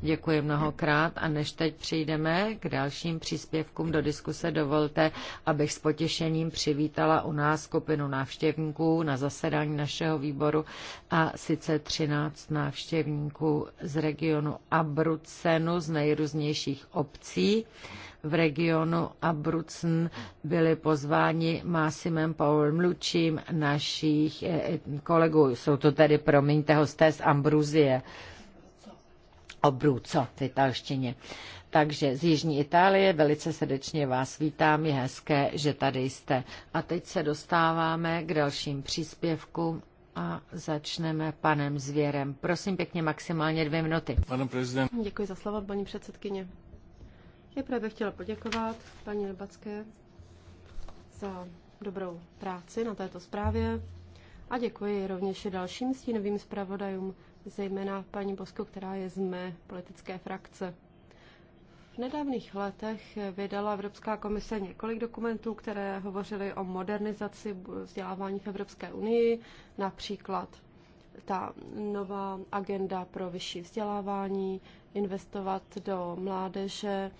Děkuji mnohokrát a než teď přejdeme k dalším příspěvkům do diskuse, dovolte, abych s potěšením přivítala u nás skupinu návštěvníků na zasedání našeho výboru a sice 13 návštěvníků z regionu Abrucenu z nejrůznějších obcí v regionu Abrucn byli pozváni Másimem Paul Mlučím, našich eh, eh, kolegů. Jsou to tedy, promiňte, hosté z Ambruzie. Obruco v italštině. Takže z Jižní Itálie velice srdečně vás vítám, je hezké, že tady jste. A teď se dostáváme k dalším příspěvkům a začneme panem Zvěrem. Prosím pěkně maximálně dvě minuty. Pane prezident. Děkuji za slovo, paní předsedkyně. Nejprve bych chtěla poděkovat paní Lebacké za dobrou práci na této zprávě a děkuji rovněž dalším stínovým zpravodajům, zejména paní Bosko, která je z mé politické frakce. V nedávných letech vydala Evropská komise několik dokumentů, které hovořily o modernizaci vzdělávání v Evropské unii, například ta nová agenda pro vyšší vzdělávání, investovat do mládeže,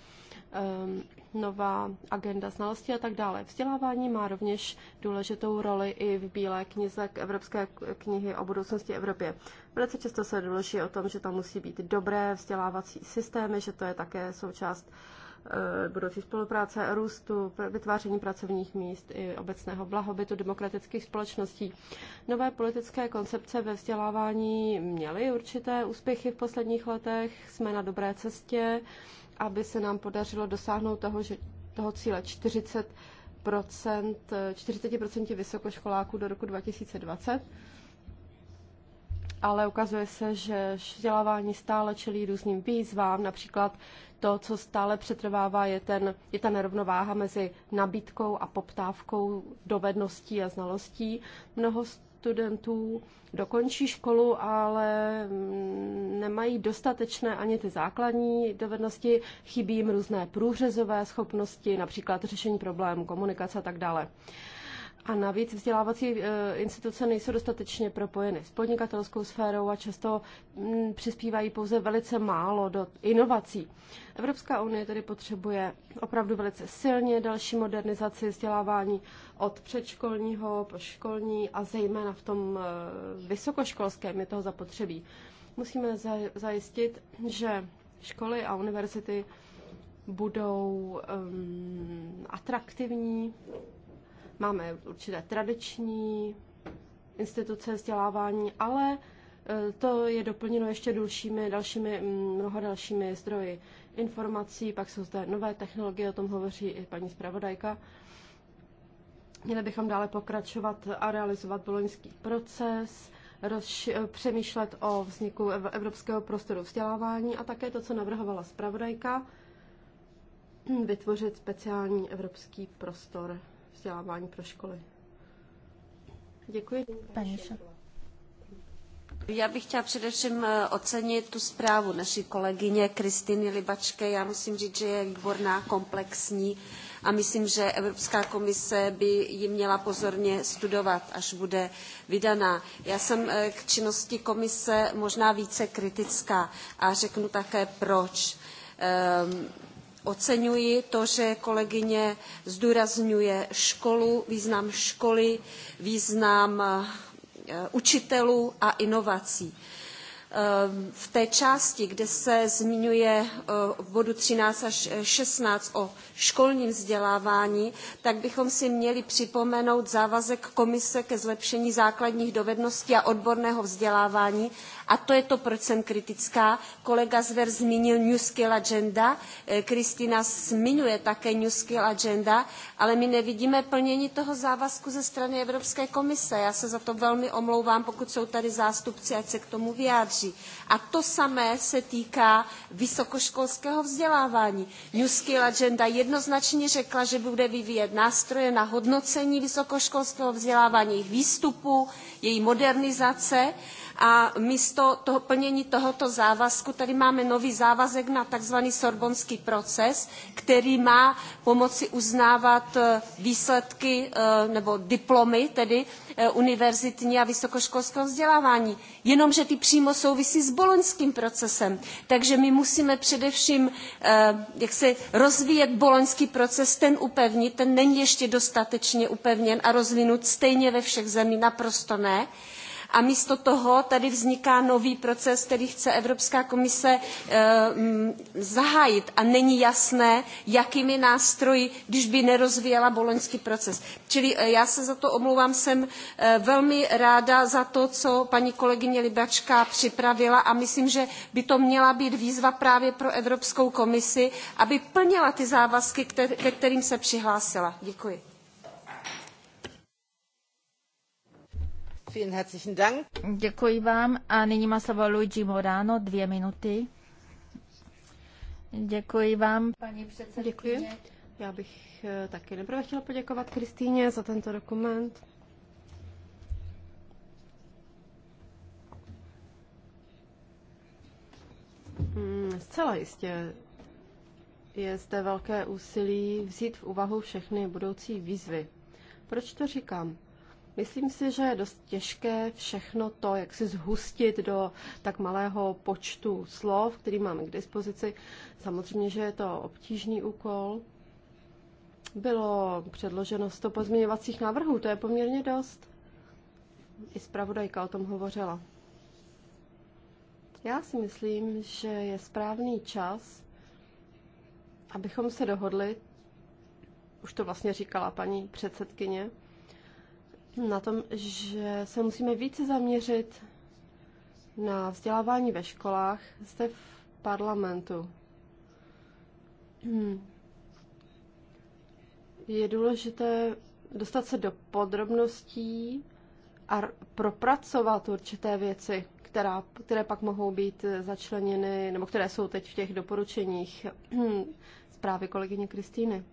Ehm, nová agenda znalosti a tak dále. Vzdělávání má rovněž důležitou roli i v Bílé knize k Evropské knihy o budoucnosti Evropě. Velice často se důleží o tom, že tam musí být dobré vzdělávací systémy, že to je také součást eh, budoucí spolupráce, růstu, vytváření pracovních míst i obecného blahobytu demokratických společností. Nové politické koncepce ve vzdělávání měly určité úspěchy v posledních letech, jsme na dobré cestě aby se nám podařilo dosáhnout toho, že, toho cíle 40 40 vysokoškoláků do roku 2020 ale ukazuje se, že vzdělávání stále čelí různým výzvám. Například to, co stále přetrvává, je, ten, je ta nerovnováha mezi nabídkou a poptávkou dovedností a znalostí. Mnoho z studentů dokončí školu, ale nemají dostatečné ani ty základní dovednosti, chybí jim různé průřezové schopnosti, například řešení problémů, komunikace a tak dále. A navíc vzdělávací eh, instituce nejsou dostatečně propojeny s podnikatelskou sférou a často mm, přispívají pouze velice málo do inovací. Evropská unie tedy potřebuje opravdu velice silně další modernizaci vzdělávání od předškolního po školní a zejména v tom eh, vysokoškolském je toho zapotřebí. Musíme zajistit, že školy a univerzity budou um, atraktivní Máme určité tradiční instituce vzdělávání, ale e, to je doplněno ještě dalšími, dalšími, mnoha dalšími zdroji informací, pak jsou zde nové technologie, o tom hovoří i paní zpravodajka. Měli bychom dále pokračovat a realizovat boloňský proces, rozši- e, přemýšlet o vzniku evropského prostoru vzdělávání a také to, co navrhovala zpravodajka, vytvořit speciální evropský prostor vzdělávání pro školy. Děkuji. Paní já bych chtěla především eh, ocenit tu zprávu naší kolegyně Kristiny Libačke. Já musím říct, že je výborná, komplexní a myslím, že Evropská komise by ji měla pozorně studovat, až bude vydaná. Já jsem eh, k činnosti komise možná více kritická a řeknu také proč. Ehm, Oceňuji to, že kolegyně zdůrazňuje školu, význam školy, význam eh, učitelů a inovací. Eh, v té části, kde se zmiňuje eh, v bodu 13 až 16 o školním vzdělávání, tak bychom si měli připomenout závazek Komise ke zlepšení základních dovedností a odborného vzdělávání a to je to, proč jsem kritická. Kolega Zver zmínil New Skill Agenda, eh, Kristina zmiňuje také New Skill Agenda, ale my nevidíme plnění toho závazku ze strany Evropské komise. Já se za to velmi omlouvám, pokud jsou tady zástupci, ať se k tomu vyjádří. A to samé se týká vysokoškolského vzdělávání. New Skill Agenda jednoznačně řekla, že bude vyvíjet nástroje na hodnocení vysokoškolského vzdělávání, jejich výstupů, její modernizace a místo toho plnění tohoto závazku tady máme nový závazek na tzv. sorbonský proces, který má pomoci uznávat eh, výsledky eh, nebo diplomy tedy eh, univerzitní a vysokoškolského vzdělávání. Jenomže ty přímo souvisí s boloňským procesem. Takže my musíme především jak se rozvíjet boloňský proces, ten upevnit, ten není ještě dostatečně upevněn a rozvinut stejně ve všech zemích, naprosto ne. A místo toho tady vzniká nový proces, který chce Evropská komise eh, mm, zahájit a není jasné, jakými nástroji, když by nerozvíjela boloňský proces. Čili eh, já se za to omlouvám, jsem eh, velmi ráda za to, co paní kolegyně Libačka připravila a myslím, že by to měla být výzva právě pro Evropskou komisi, aby plnila ty závazky, ke kterým se přihlásila. Děkuji. Děkuji vám a nyní má slovo Luigi Morano, dvě minuty. Děkuji vám, paní předsedkyně. Děkuji. Já bych eh, taky nejprve chtěla poděkovat Kristýně za tento dokument. Hmm, zcela jistě je zde velké úsilí vzít v úvahu všechny budoucí výzvy. Proč to říkám? Myslím si, že je dost těžké všechno to, jak si zhustit do tak malého počtu slov, který máme k dispozici. Samozřejmě, že je to obtížný úkol. Bylo předloženo 100 pozměňovacích návrhů, to je poměrně dost. I zpravodajka o tom hovořila. Já si myslím, že je správný čas, abychom se dohodli, už to vlastně říkala paní předsedkyně, na tom, že se musíme více zaměřit na vzdělávání ve školách Jste v parlamentu. Hmm. Je důležité dostat se do podrobností a propracovat určité věci, která, které pak mohou být začleněny, nebo které jsou teď v těch doporučeních hmm. zprávy kolegyně Kristýny.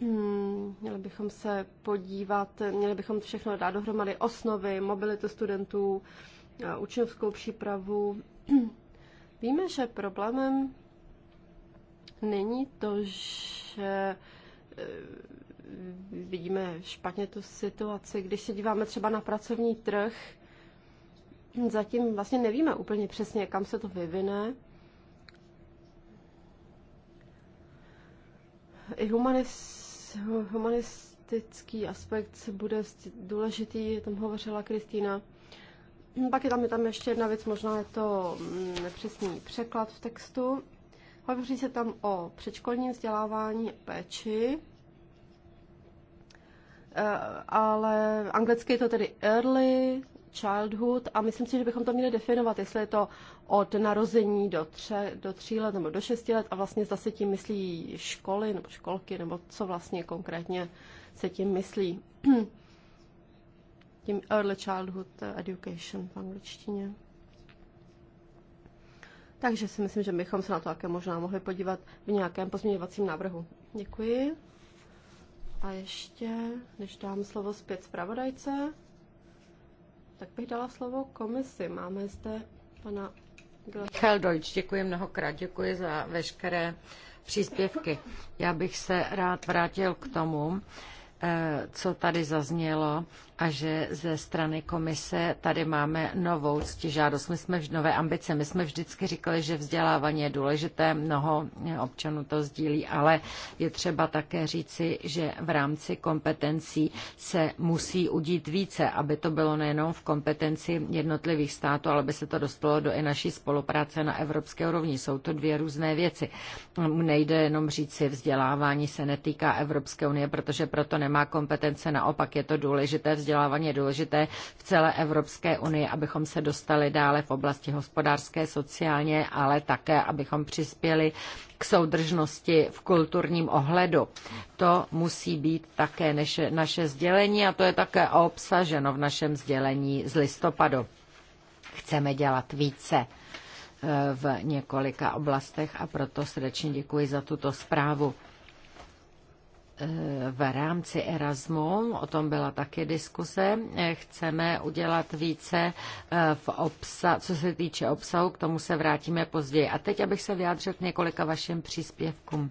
Hmm, měli bychom se podívat, měli bychom všechno dát dohromady, osnovy, mobilitu studentů, učňovskou přípravu. [CLEARS THROAT] Víme, že problémem není to, že e, vidíme špatně tu situaci. Když se díváme třeba na pracovní trh, zatím vlastně nevíme úplně přesně, kam se to vyvine. I humanist humanistický aspekt bude důležitý, tom hovořila Kristýna. Pak je tam, je tam ještě jedna věc, možná je to mm, nepřesný překlad v textu. Hovoří se tam o předškolním vzdělávání a péči, eh, ale anglicky je to tedy early childhood a myslím si, že bychom to měli definovat, jestli je to od narození do, tře, do tří let nebo do šesti let a vlastně zda se tím myslí školy nebo školky nebo co vlastně konkrétně se tím myslí. [CLEARS THROAT] tím early childhood education v angličtině. Takže si myslím, že bychom se na to také možná mohli podívat v nějakém pozměňovacím návrhu. Děkuji. A ještě, než dám slovo zpět zpravodajce, tak bych dala slovo komisi. Máme zde pana... Michal Dojč, děkuji mnohokrát, děkuji za veškeré příspěvky. Já bych se rád vrátil k tomu, Eh, co tady zaznělo a že ze strany komise tady máme novou ctižádost. My jsme v nové ambice. My jsme vždycky říkali, že vzdělávání je důležité, mnoho eh, občanů to sdílí, ale je třeba také říci, že v rámci kompetencí se musí udít více, aby to bylo nejenom v kompetenci jednotlivých států, ale by se to dostalo do i naší spolupráce na evropské úrovni. Jsou to dvě různé věci. Nejde jenom říci, vzdělávání se netýká Evropské unie, protože proto ne nemá kompetence, naopak je to důležité, vzdělávání je důležité v celé Evropské unii, abychom se dostali dále v oblasti hospodářské, sociálně, ale také, abychom přispěli k soudržnosti v kulturním ohledu. To musí být také naše, naše sdělení a to je také obsaženo v našem sdělení z listopadu. Chceme dělat více eh, v několika oblastech a proto srdečně děkuji za tuto zprávu v rámci Erasmu, o tom byla taky diskuse, chceme udělat více eh, v obsa, co se týče obsahu, k tomu se vrátíme později. A teď, abych se vyjádřil k několika vašim příspěvkům.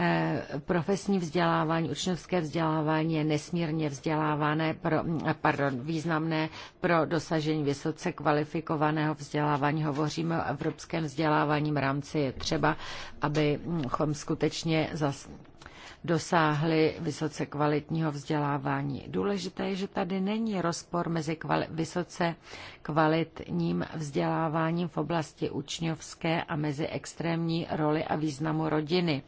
Eh, profesní vzdělávání, učňovské vzdělávání je nesmírně vzdělávané, pro, eh, pardon, významné pro dosažení vysoce kvalifikovaného vzdělávání. Hovoříme o evropském vzdělávání v rámci třeba, abychom skutečně zas, dosáhli vysoce kvalitního vzdělávání. Důležité je, že tady není rozpor mezi kvali- vysoce kvalitním vzděláváním v oblasti učňovské a mezi extrémní roli a významu rodiny,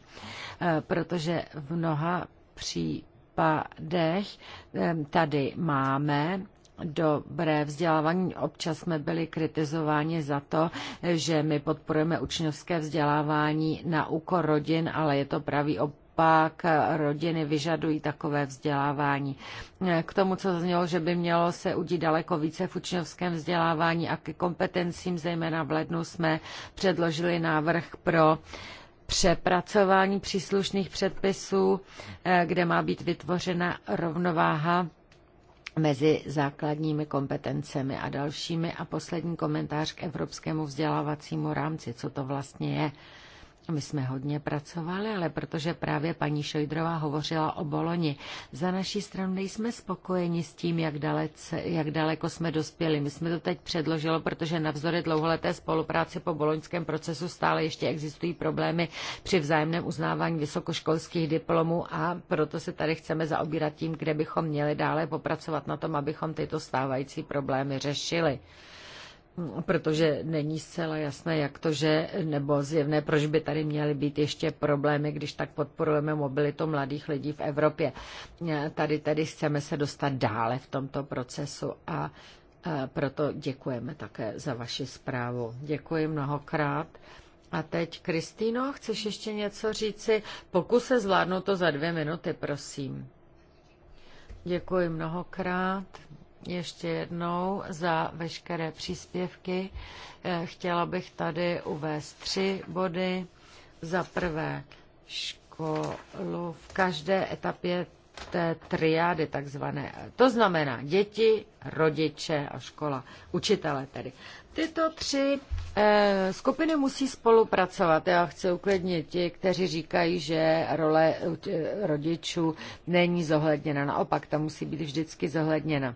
eh, protože v mnoha případech eh, tady máme dobré vzdělávání. Občas jsme byli kritizováni za to, že my podporujeme učňovské vzdělávání na úkor rodin, ale je to pravý op- naopak rodiny vyžadují takové vzdělávání. K tomu, co znělo, že by mělo se udít daleko více v učňovském vzdělávání a ke kompetencím, zejména v lednu jsme předložili návrh pro přepracování příslušných předpisů, eh, kde má být vytvořena rovnováha mezi základními kompetencemi a dalšími. A poslední komentář k evropskému vzdělávacímu rámci, co to vlastně je. My jsme hodně pracovali, ale protože právě paní Šojdrová hovořila o Boloni, za naší stranu nejsme spokojeni s tím, jak, dalece, jak daleko jsme dospěli. My jsme to teď předložilo, protože navzdory dlouholeté spolupráci po boloňském procesu stále ještě existují problémy při vzájemném uznávání vysokoškolských diplomů a proto se tady chceme zaobírat tím, kde bychom měli dále popracovat na tom, abychom tyto stávající problémy řešili protože není zcela jasné, jak to, že nebo zjevné, proč by tady měly být ještě problémy, když tak podporujeme mobilitu mladých lidí v Evropě. Tady tedy chceme se dostat dále v tomto procesu a proto děkujeme také za vaši zprávu. Děkuji mnohokrát. A teď, Kristýno, chceš ještě něco říci? Pokus se zvládnout to za dvě minuty, prosím. Děkuji mnohokrát ještě jednou za veškeré příspěvky. Eh, chtěla bych tady uvést tři body. Za prvé, školu v každé etapě té triády takzvané. To znamená děti, rodiče a škola, učitele tedy. Tyto tři eh, skupiny musí spolupracovat. Já chci uklidnit ti, kteří říkají, že role eh, rodičů není zohledněna. Naopak, ta musí být vždycky zohledněna.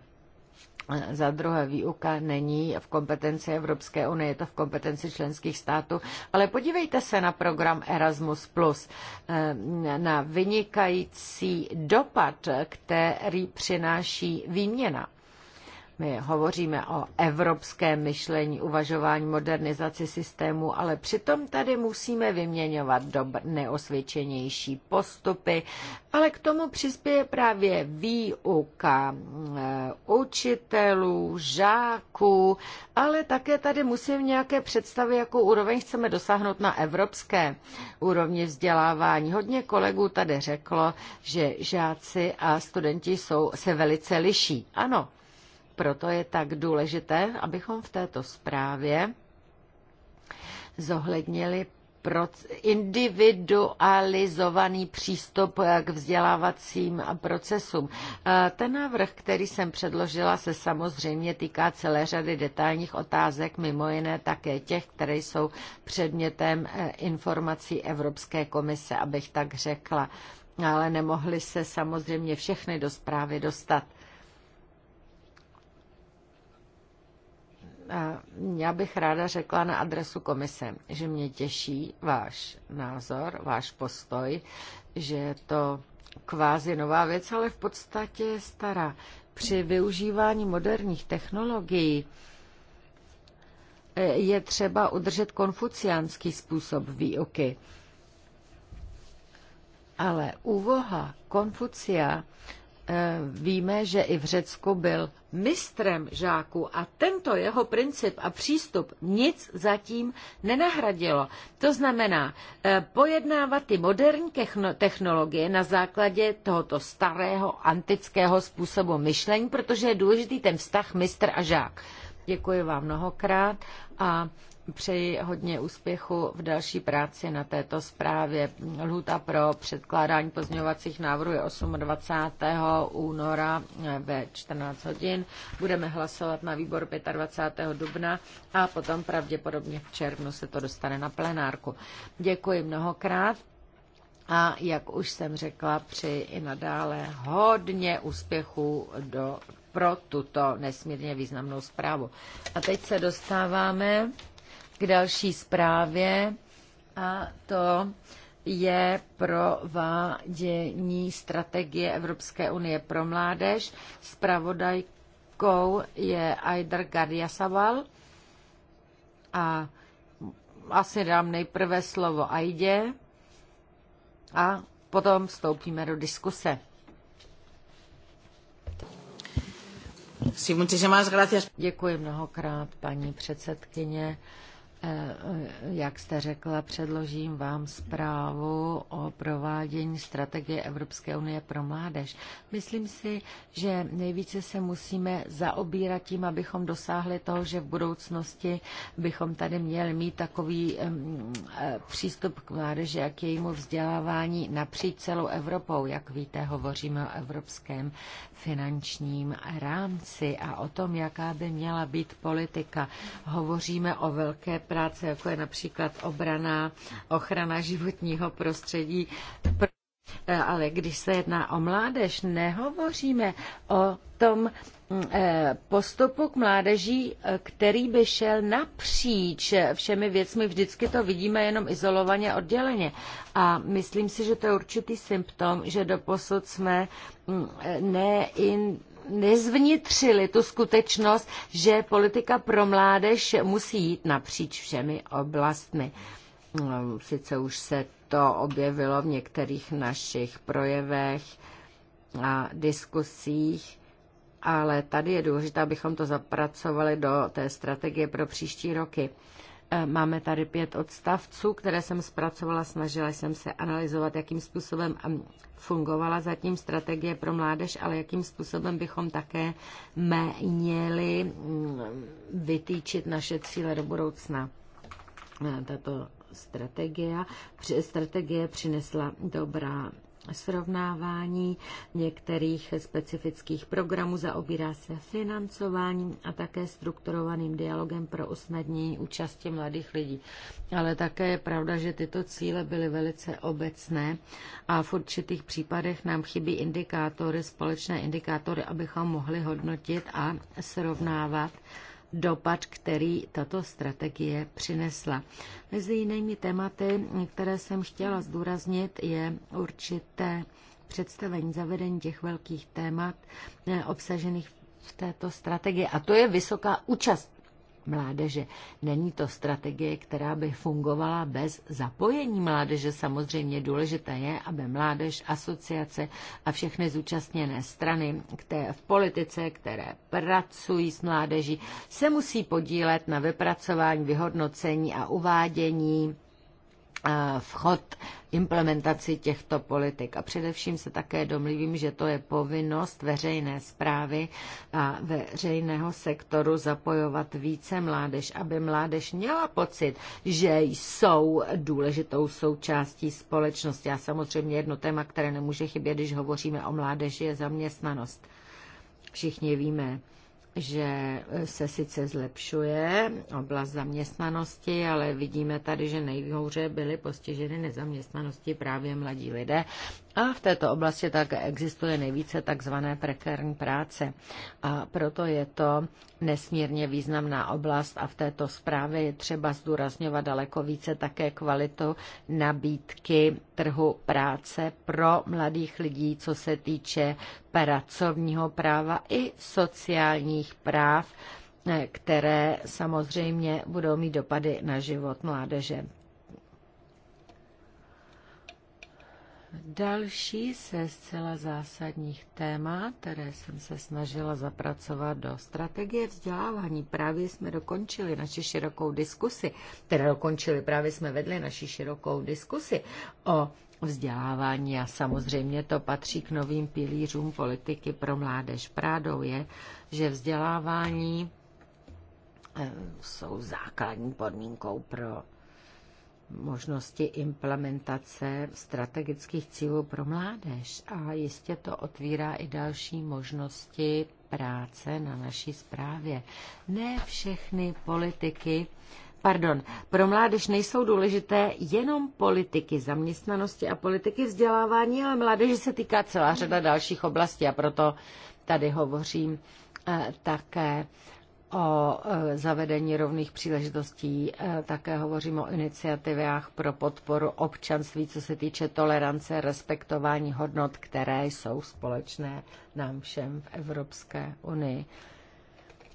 Za druhé, výuka není v kompetenci Evropské unie, je to v kompetenci členských států. Ale podívejte se na program Erasmus+, eh, na vynikající dopad, který přináší výměna. My hovoříme o evropském myšlení, uvažování, modernizaci systému, ale přitom tady musíme vyměňovat dob- neosvědčenější postupy, ale k tomu přispěje právě výuka eh, učitelů, žáků, ale také tady musíme nějaké představy, jakou úroveň chceme dosáhnout na evropské úrovni vzdělávání. Hodně kolegů tady řeklo, že žáci a studenti jsou, se velice liší. Ano, proto je tak důležité, abychom v této zprávě zohlednili individualizovaný přístup k vzdělávacím procesům. Ten návrh, který jsem předložila, se samozřejmě týká celé řady detailních otázek, mimo jiné také těch, které jsou předmětem e, informací Evropské komise, abych tak řekla. Ale nemohly se samozřejmě všechny do zprávy dostat. Já bych ráda řekla na adresu komise, že mě těší váš názor, váš postoj, že je to kvázi nová věc, ale v podstatě je stará. Při využívání moderních technologií eh, je třeba udržet konfuciánský způsob výuky. Ale úvoha Konfucia Eh, víme, že i v Řecku byl mistrem žáků a tento jeho princip a přístup nic zatím nenahradilo. To znamená eh, pojednávat ty moderní technologie na základě tohoto starého antického způsobu myšlení, protože je důležitý ten vztah mistr a žák. Děkuji vám mnohokrát a přeji hodně úspěchu v další práci na této zprávě. Lhuta pro předkládání pozměňovacích návrhů je 28. února ve 14 hodin. Budeme hlasovat na výbor 25. dubna a potom pravděpodobně v červnu se to dostane na plenárku. Děkuji mnohokrát. A jak už jsem řekla, přeji i nadále hodně úspěchů do, pro tuto nesmírně významnou zprávu. A teď se dostáváme k další zprávě a to je provádění strategie Evropské unie pro mládež. Spravodajkou je Aider Gardiasaval a asi dám nejprve slovo Aidě a potom vstoupíme do diskuse. Děkuji mnohokrát, paní předsedkyně. Eh, eh, jak jste řekla, předložím vám zprávu o provádění strategie Evropské unie pro mládež. Myslím si, že nejvíce se musíme zaobírat tím, abychom dosáhli toho, že v budoucnosti bychom tady měli mít takový eh, přístup k mládeži a k jejímu vzdělávání napříč celou Evropou. Jak víte, hovoříme o evropském finančním rámci a o tom, jaká by měla být politika. Hovoříme o velké práce, jako je například obrana, ochrana životního prostředí. Ale když se jedná o mládež, nehovoříme o tom eh, postupu k mládeží, který by šel napříč všemi věcmi. Vždycky to vidíme jenom izolovaně, odděleně. A myslím si, že to je určitý symptom, že doposud jsme mm, eh, nein nezvnitřili tu skutečnost, že politika pro mládež musí jít napříč všemi oblastmi. No, sice už se to objevilo v některých našich projevech a diskusích, ale tady je důležité, abychom to zapracovali do té strategie pro příští roky. Eh, máme tady pět odstavců, které jsem zpracovala, snažila jsem se analyzovat, jakým způsobem fungovala zatím strategie pro mládež, ale jakým způsobem bychom také měli mm, vytýčit naše cíle do budoucna. Eh, tato strategie, strategie přinesla dobrá srovnávání některých specifických programů, zaobírá se financováním a také strukturovaným dialogem pro usnadnění účasti mladých lidí. Ale také je pravda, že tyto cíle byly velice obecné a v určitých případech nám chybí indikátory, společné indikátory, abychom mohli hodnotit a srovnávat dopad, který tato strategie přinesla. Mezi jinými tématy, které jsem chtěla zdůraznit, je určité představení zavedení těch velkých témat eh, obsažených v této strategii. A to je vysoká účast mládeže. Není to strategie, která by fungovala bez zapojení mládeže. Samozřejmě důležité je, aby mládež, asociace a všechny zúčastněné strany které v politice, které pracují s mládeží, se musí podílet na vypracování, vyhodnocení a uvádění eh, vchod implementaci těchto politik. A především se také domluvím, že to je povinnost veřejné zprávy a veřejného sektoru zapojovat více mládež, aby mládež měla pocit, že jsou důležitou součástí společnosti. A samozřejmě jedno téma, které nemůže chybět, když hovoříme o mládeži, je zaměstnanost. Všichni víme, že e, se sice zlepšuje oblast zaměstnanosti, ale vidíme tady, že nejhouře byly postiženy nezaměstnanosti právě mladí lidé a v této oblasti také existuje nejvíce takzvané prekérní práce. A proto je to nesmírně významná oblast a v této zprávě je třeba zdůrazňovat daleko více také kvalitu nabídky trhu práce pro mladých lidí, co se týče pracovního práva i sociálních práv, které samozřejmě budou mít dopady na život mládeže. Další se zcela zásadních témat, které jsem se snažila zapracovat do strategie vzdělávání. Právě jsme dokončili naši širokou diskusi, které dokončili, právě jsme vedli naši širokou diskusi o vzdělávání a samozřejmě to patří k novým pilířům politiky pro mládež. Prádou je, že vzdělávání eh, jsou základní podmínkou pro možnosti implementace strategických cílů pro mládež a jistě to otvírá i další možnosti práce na naší zprávě. Ne všechny politiky Pardon, pro mládež nejsou důležité jenom politiky zaměstnanosti a politiky vzdělávání, ale mládeže se týká celá řada dalších oblastí a proto tady hovořím eh, také o e, zavedení rovných příležitostí, e, také hovořím o iniciativách pro podporu občanství, co se týče tolerance, respektování hodnot, které jsou společné nám všem v Evropské unii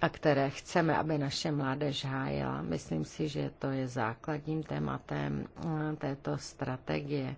a které chceme, aby naše mládež hájila. Myslím si, že to je základním tématem e, této strategie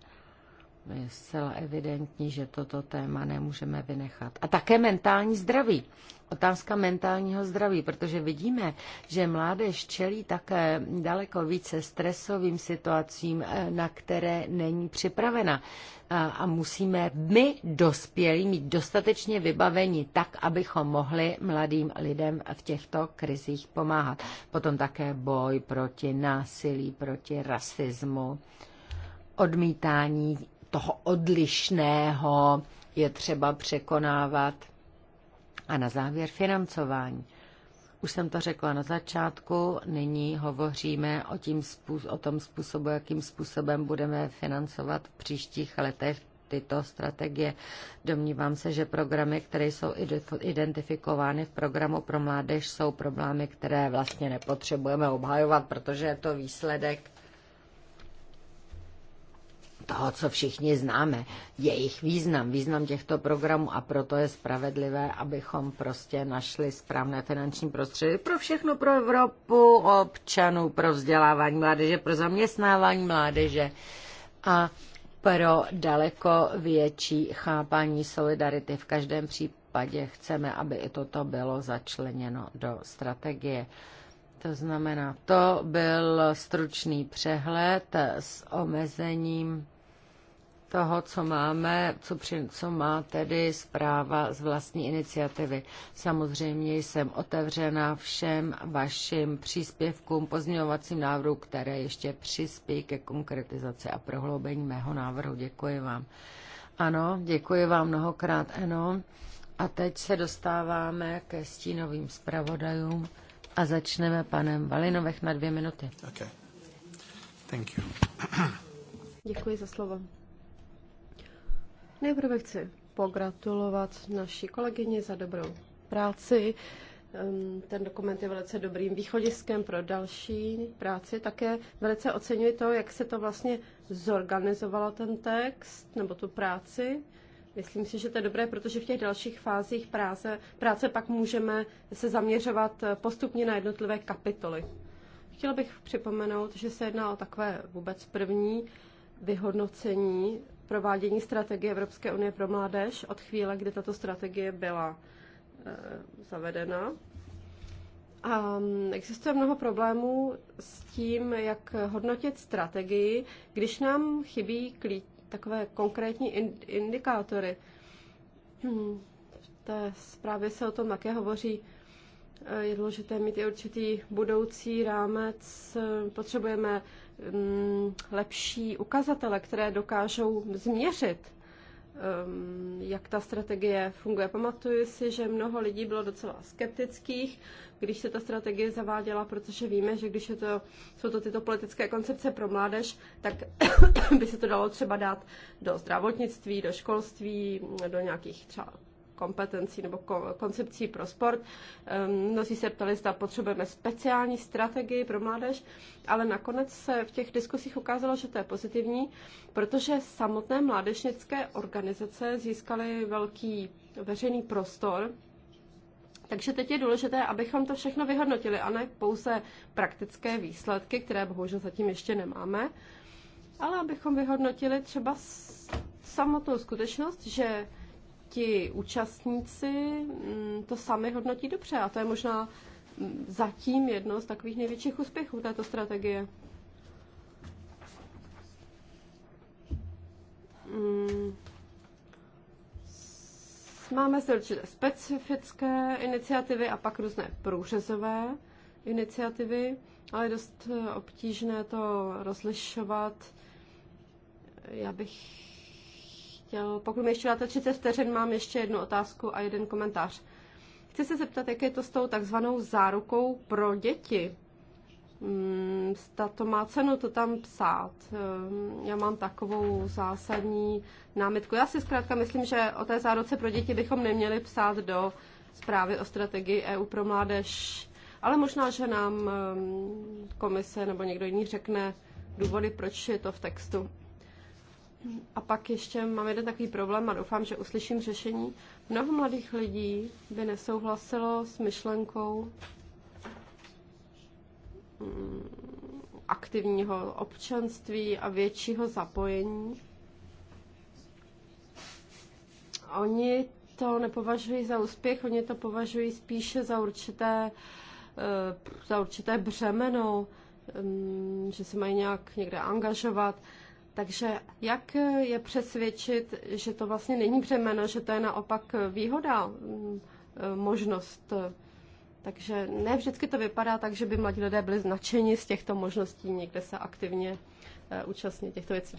je zcela evidentní, že toto téma nemůžeme vynechat. A také mentální zdraví. Otázka mentálního zdraví, protože vidíme, že mládež čelí také daleko více stresovým situacím, eh, na které není připravena. A musíme my, dospělí, mít dostatečně vybavení tak, abychom mohli mladým lidem v těchto krizích pomáhat. Potom také boj proti násilí, proti rasismu odmítání toho odlišného je třeba překonávat. A na závěr financování. Už jsem to řekla na začátku, nyní hovoříme o, tím o tom způsobu, jakým způsobem budeme financovat v příštích letech tyto strategie. Domnívám se, že programy, které jsou identifikovány v programu pro mládež, jsou problémy, které vlastně nepotřebujeme obhajovat, protože je to výsledek toho, co všichni známe, jejich význam, význam těchto programů a proto je spravedlivé, abychom prostě našli správné finanční prostředky pro všechno, pro Evropu, občanů, pro vzdělávání mládeže, pro zaměstnávání mládeže a pro daleko větší chápání solidarity. V každém případě chceme, aby i toto bylo začleněno do strategie. To znamená, to byl stručný přehled s omezením toho, co máme, co, při, co má tedy zpráva z vlastní iniciativy. Samozřejmě jsem otevřena všem vašim příspěvkům, pozměňovacím návrhům, které ještě přispějí ke konkretizaci a prohloubení mého návrhu. Děkuji vám. Ano, děkuji vám mnohokrát, Eno. A teď se dostáváme ke stínovým zpravodajům a začneme panem Valinovech na dvě minuty. Okay. Thank you. Děkuji za slovo. Nejprve chci pogratulovat naší kolegyni za dobrou práci. Ten dokument je velice dobrým východiskem pro další práci. Také velice oceňuji to, jak se to vlastně zorganizovalo ten text nebo tu práci. Myslím si, že to je dobré, protože v těch dalších fázích práce, práce pak můžeme se zaměřovat postupně na jednotlivé kapitoly. Chtěla bych připomenout, že se jedná o takové vůbec první vyhodnocení provádění strategie Evropské unie pro mládež od chvíle, kdy tato strategie byla eh, zavedena. A mm, existuje mnoho problémů s tím, jak hodnotit strategii, když nám chybí klí, takové konkrétní indikátory. Hmm, v té zprávě se o tom také hovoří. Eh, je důležité mít i určitý budoucí rámec. Eh, potřebujeme Mm, lepší ukazatele, které dokážou změřit, mm, jak ta strategie funguje. Pamatuju si, že mnoho lidí bylo docela skeptických, když se ta strategie zaváděla, protože víme, že když je to, jsou to tyto politické koncepce pro mládež, tak [COUGHS] by se to dalo třeba dát do zdravotnictví, do školství, do nějakých třeba kompetencí nebo koncepcí pro sport. Ehm, mnozí se ptali, zda potřebujeme speciální strategii pro mládež, ale nakonec se v těch diskusích ukázalo, že to je pozitivní, protože samotné mládežnické organizace získaly velký veřejný prostor takže teď je důležité, abychom to všechno vyhodnotili a ne pouze praktické výsledky, které bohužel zatím ještě nemáme, ale abychom vyhodnotili třeba samotnou skutečnost, že ti účastníci mm, to sami hodnotí dobře a to je možná mm, zatím jedno z takových největších úspěchů této strategie. Mm. Máme zde určité specifické iniciativy a pak různé průřezové iniciativy, ale je dost obtížné to rozlišovat. Já bych chtěl, pokud mi ještě dáte 30 vteřin, mám ještě jednu otázku a jeden komentář. Chci se zeptat, jak je to s tou takzvanou zárukou pro děti. Hmm, to má cenu to tam psát. Ehm, já mám takovou zásadní námitku. Já si zkrátka myslím, že o té záruce pro děti bychom neměli psát do zprávy o strategii EU pro mládež, ale možná, že nám ehm, komise nebo někdo jiný řekne důvody, proč je to v textu. A pak ještě mám jeden takový problém a doufám, že uslyším řešení. Mnoho mladých lidí by nesouhlasilo s myšlenkou mm, aktivního občanství a většího zapojení. Oni to nepovažují za úspěch, oni to považují spíše za určité, eh, za určité břemeno, mm, že se mají nějak někde angažovat. Takže jak je přesvědčit, že to vlastně není břemeno, že to je naopak výhoda, mm, možnost? Takže ne vždycky to vypadá tak, že by mladí lidé byli značeni z těchto možností někde se aktivně eh, účastnit těchto věcí.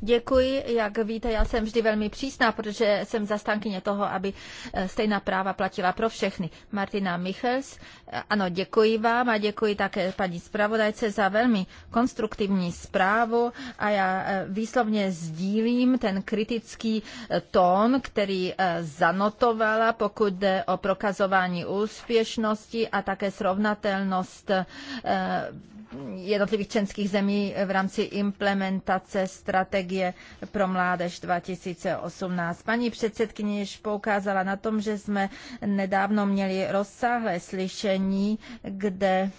Děkuji. Jak víte, já jsem vždy velmi přísná, protože jsem zastánkyně toho, aby eh, stejná práva platila pro všechny. Martina Michels, eh, ano, děkuji vám a děkuji také paní zpravodajce za velmi konstruktivní zprávu a já eh, výslovně sdílím ten kritický tón, který zanotovala, pokud jde o prokazování úspěšnosti a také srovnatelnost jednotlivých členských zemí v rámci implementace strategie pro mládež 2018. Paní předsedkyně již poukázala na tom, že jsme nedávno měli rozsáhlé slyšení, kde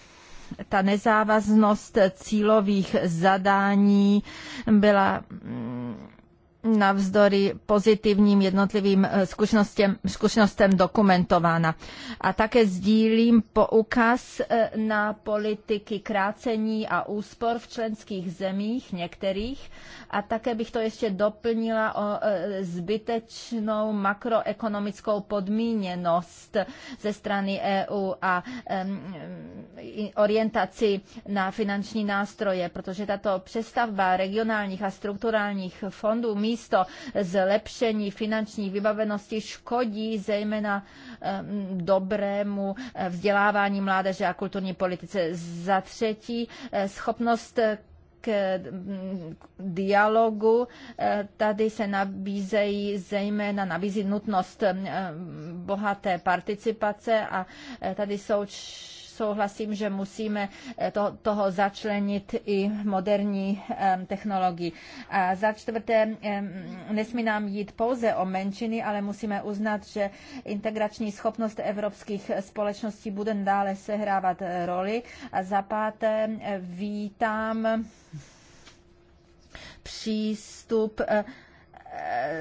ta nezávaznost cílových zadání byla mm, navzdory pozitivním jednotlivým eh, zkušenostem, zkušenostem dokumentována. A také sdílím poukaz eh, na politiky krácení a úspor v členských zemích některých a také bych to ještě doplnila o eh, zbytečnou makroekonomickou podmíněnost ze strany EU a orientaci na finanční nástroje, protože tato přestavba regionálních a strukturálních fondů míst místo zlepšení finanční vybavenosti škodí zejména dobrému eh, vzdělávání mládeže a kulturní politice. Za třetí, eh, schopnost k mm, dialogu. Eh, tady se nabízejí zejména nabízí nutnost bohaté participace a tady jsou č souhlasím, že musíme eh, to, toho začlenit i moderní technologii. A za čtvrté, nesmí nám jít pouze o menšiny, ale musíme uznat, že integrační schopnost evropských společností bude dále sehrávat eh, roli. A za páté, eh, vítám přístup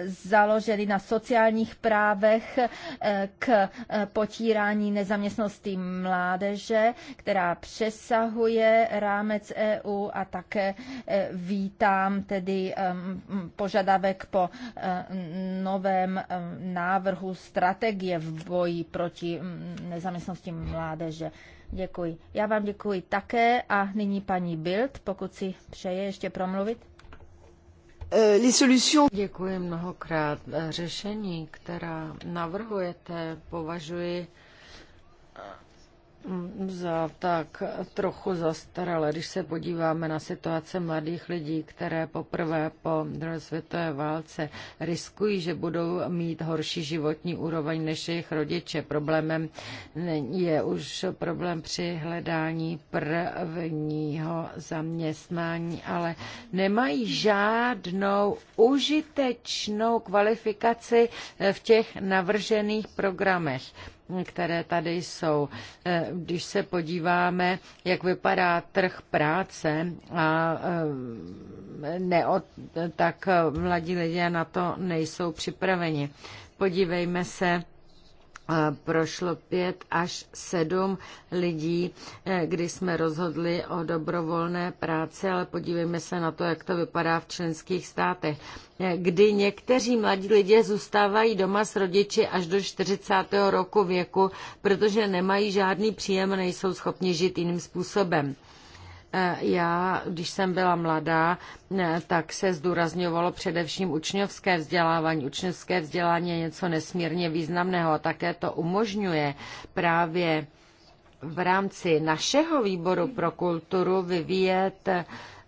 založili na sociálních právech eh, k eh, potírání nezaměstnosti mládeže, která přesahuje rámec EU a také eh, vítám tedy požadavek po novém návrhu strategie v boji proti mm, nezaměstnosti mládeže. Děkuji. Já vám děkuji také a nyní paní Bild, pokud si přeje ještě promluvit. Eh, Děkuji mnohokrát. Eh, řešení, která navrhujete, považuji za tak trochu zastaralé, když se podíváme na situace mladých lidí, které poprvé po druhé světové válce riskují, že budou mít horší životní úroveň než jejich rodiče. Problémem je už problém při hledání prvního zaměstnání, ale nemají žádnou užitečnou kvalifikaci v těch navržených programech které tady jsou. Eh, když se podíváme, jak vypadá trh práce, a eh, neod, tak mladí lidé na to nejsou připraveni. Podívejme se prošlo pět až sedm lidí, eh, kdy jsme rozhodli o dobrovolné práci, ale podívejme se na to, jak to vypadá v členských státech, eh, kdy někteří mladí lidé zůstávají doma s rodiči až do 40. roku věku, protože nemají žádný příjem a nejsou schopni žít jiným způsobem. E, já, když jsem byla mladá, e, tak se zdůrazňovalo především učňovské vzdělávání. Učňovské vzdělání je něco nesmírně významného a také to umožňuje právě v rámci našeho výboru pro kulturu vyvíjet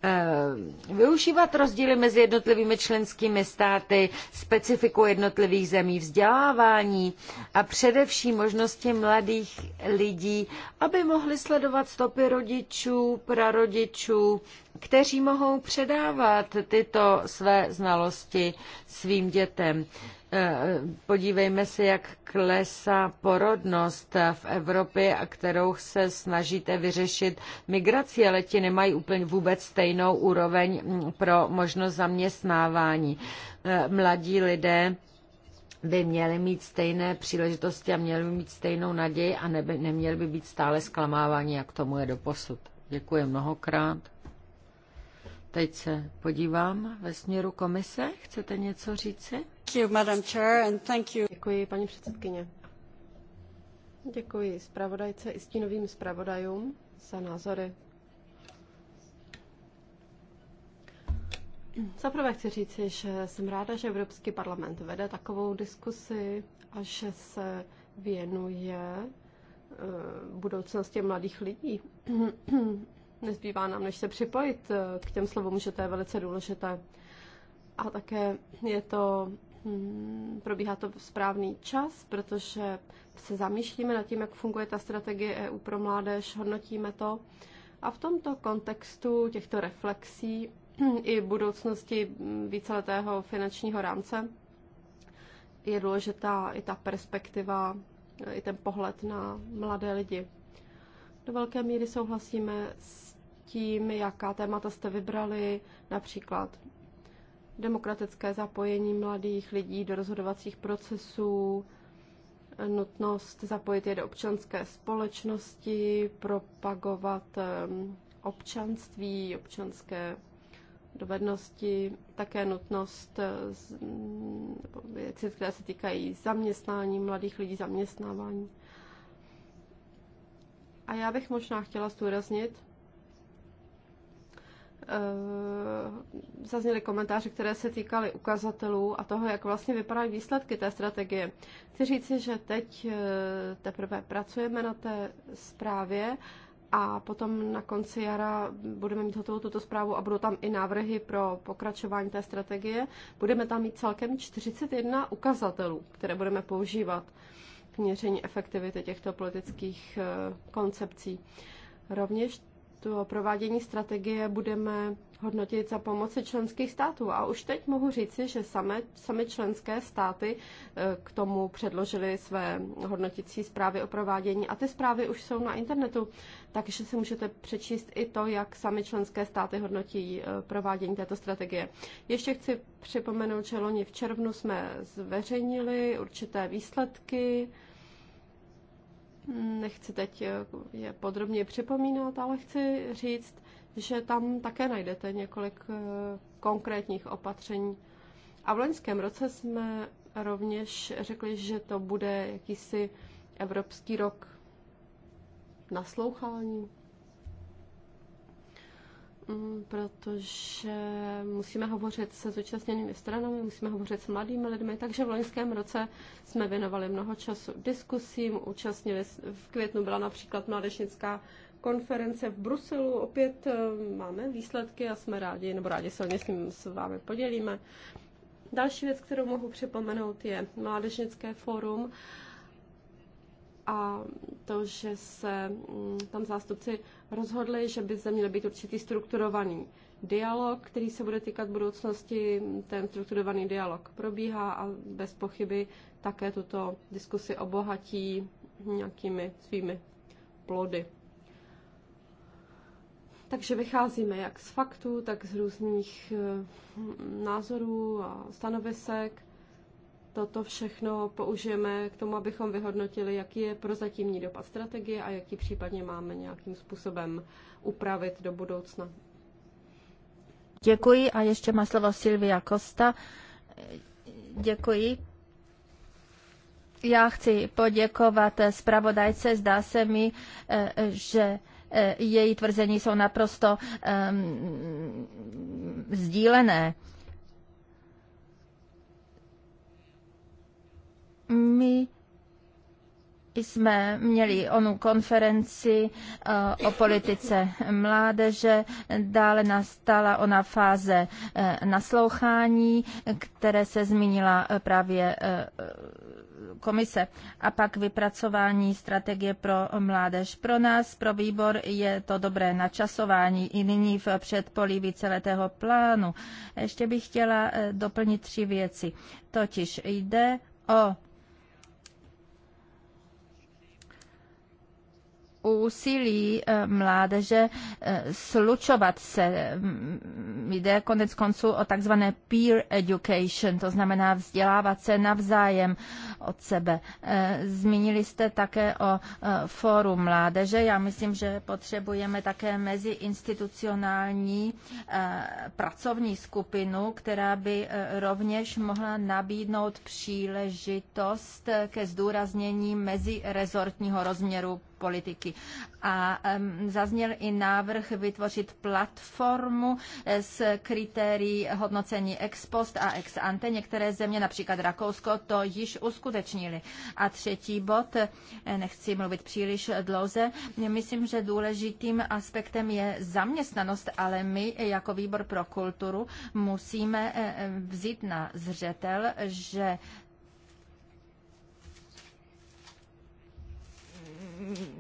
Eh, využívat rozdíly mezi jednotlivými členskými státy, specifiku jednotlivých zemí, vzdělávání a především možnosti mladých lidí, aby mohli sledovat stopy rodičů, prarodičů kteří mohou předávat tyto své znalosti svým dětem. Eh, podívejme se, jak klesá porodnost v Evropě, a kterou se snažíte vyřešit migraci, ale ti nemají úplně vůbec stejnou úroveň mm, pro možnost zaměstnávání. Eh, mladí lidé by měli mít stejné příležitosti a měli by mít stejnou naději a neby, neměli by být stále zklamávání, jak tomu je do posud. Děkuji mnohokrát. Teď se podívám ve směru komise. Chcete něco říci? Děkuji, paní předsedkyně. Děkuji zpravodajce i stínovým zpravodajům za názory. Zaprvé chci říci, že jsem ráda, že Evropský parlament vede takovou diskusi a že se věnuje eh, budoucnosti mladých lidí. Nezbývá nám, než se připojit eh, k těm slovům, že to je velice důležité. A také je to, mm, probíhá to v správný čas, protože se zamýšlíme nad tím, jak funguje ta strategie EU pro mládež, hodnotíme to. A v tomto kontextu těchto reflexí [CLEARS THROAT] i budoucnosti mm, víceletého finančního rámce je důležitá i ta perspektiva, i ten pohled na mladé lidi. Do velké míry souhlasíme s tím, jaká témata jste vybrali, například demokratické zapojení mladých lidí do rozhodovacích procesů, nutnost zapojit je do občanské společnosti, propagovat občanství, občanské dovednosti, také nutnost eh, věci, které se týkají zaměstnání mladých lidí, zaměstnávání. A já bych možná chtěla zdůraznit, Eh, zazněly komentáře, které se týkaly ukazatelů a toho, jak vlastně vypadají výsledky té strategie. Chci říci, že teď eh, teprve pracujeme na té zprávě a potom na konci jara budeme mít hotovou tuto zprávu a budou tam i návrhy pro pokračování té strategie. Budeme tam mít celkem 41 ukazatelů, které budeme používat k měření efektivity těchto politických eh, koncepcí. Rovněž to provádění strategie budeme hodnotit za pomoci členských států. A už teď mohu říci, že sami sami členské státy eh, k tomu předložily své hodnotící zprávy o provádění a ty zprávy už jsou na internetu, takže si můžete přečíst i to, jak sami členské státy hodnotí eh, provádění této strategie. Ještě chci připomenout, že loni v červnu jsme zveřejnili určité výsledky, Nechci teď eh, je podrobně připomínat, ale chci říct, že tam také najdete několik eh, konkrétních opatření. A v loňském roce jsme rovněž řekli, že to bude jakýsi Evropský rok naslouchání. Mm, protože musíme hovořit se zúčastněnými stranami, musíme hovořit s mladými lidmi, takže v loňském roce jsme věnovali mnoho času diskusím, účastnili, v květnu byla například mládežnická konference v Bruselu, opět eh, máme výsledky a jsme rádi, nebo rádi se o ně s, ním, s vámi podělíme. Další věc, kterou mohu připomenout, je Mládežnické fórum, a to, že se mm, tam zástupci rozhodli, že by zde měl být určitý strukturovaný dialog, který se bude týkat budoucnosti. Ten strukturovaný dialog probíhá a bez pochyby také tuto diskusi obohatí nějakými svými plody. Takže vycházíme jak z faktů, tak z různých eh, názorů a stanovisek toto všechno použijeme k tomu, abychom vyhodnotili, jaký je prozatímní dopad strategie a jaký případně máme nějakým způsobem upravit do budoucna. Děkuji a ještě má slovo Silvia Kosta. Děkuji. Já chci poděkovat zpravodajce. Zdá se mi, eh, že eh, její tvrzení jsou naprosto um, sdílené. My jsme měli onu konferenci eh, o politice mládeže, dále nastala ona fáze eh, naslouchání, které se zmínila eh, právě komise a pak vypracování strategie pro mládež. Pro nás, pro výbor, je to dobré načasování i nyní v předpolí víceletého plánu. Ještě bych chtěla doplnit tři věci. Totiž jde o úsilí eh, mládeže eh, slučovat se. Mm, jde konec konců o takzvané peer education, to znamená vzdělávat se navzájem, od sebe. Eh, zmínili jste také o eh, fóru mládeže. Já myslím, že potřebujeme také meziinstitucionální eh, pracovní skupinu, která by rovněž mohla nabídnout příležitost ke zdůraznění mezirezortního rozměru politiky. A zazněl i návrh vytvořit platformu s kritérií hodnocení ex post a ex ante. Některé země, například Rakousko, to již uskutečnilo uskutečnili. A třetí bod, eh, nechci mluvit příliš dlouze, myslím, že důležitým aspektem je zaměstnanost, ale my jako výbor pro kulturu musíme eh, eh, vzít na zřetel, že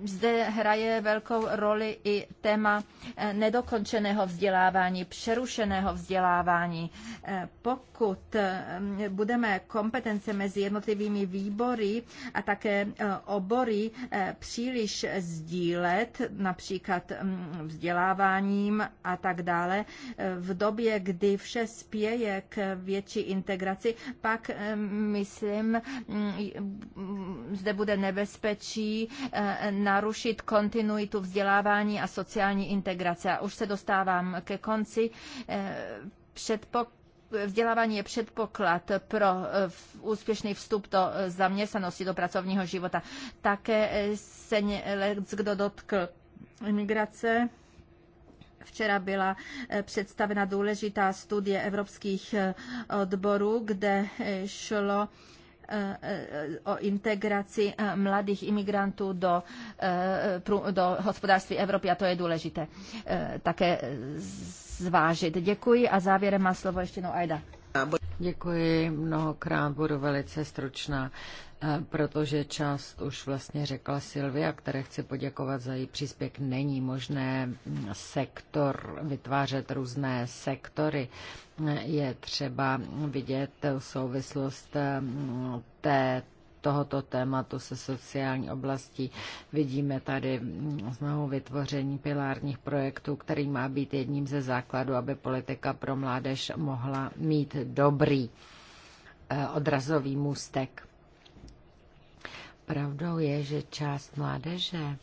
zde hraje velkou roli i téma eh, nedokončeného vzdělávání, přerušeného vzdělávání. Eh, pokud eh, budeme kompetence mezi jednotlivými výbory a také obory příliš sdílet, například mm, vzděláváním a tak dále, v době, kdy vše spěje k větší integraci, pak myslím, mm, mm, zde bude nebezpečí narušit kontinuitu vzdělávání a sociální integrace. A už se dostávám ke konci. Eh, předpok- vzdělávání je předpoklad pro eh, úspěšný vstup do eh, zaměstnanosti, do pracovního života. Také se kdo dotkl imigrace. Včera byla představena důležitá studie evropských odborů, kde šlo Eh, eh, o integraci eh, mladých imigrantů do, do hospodářství Evropy a to je důležité také zvážit. Děkuji a závěrem má slovo ještě no Aida. Děkuji mnohokrát, budu velice stručná, eh, protože část už vlastně řekla Silvia, které chci poděkovat za její příspěch. Není možné mm, sektor vytvářet různé sektory. Eh, je třeba vidět souvislost eh, té tohoto tématu se sociální oblastí. Vidíme tady znovu vytvoření pilárních projektů, který má být jedním ze základů, aby politika pro mládež mohla mít dobrý eh, odrazový můstek. Pravdou je, že část mládeže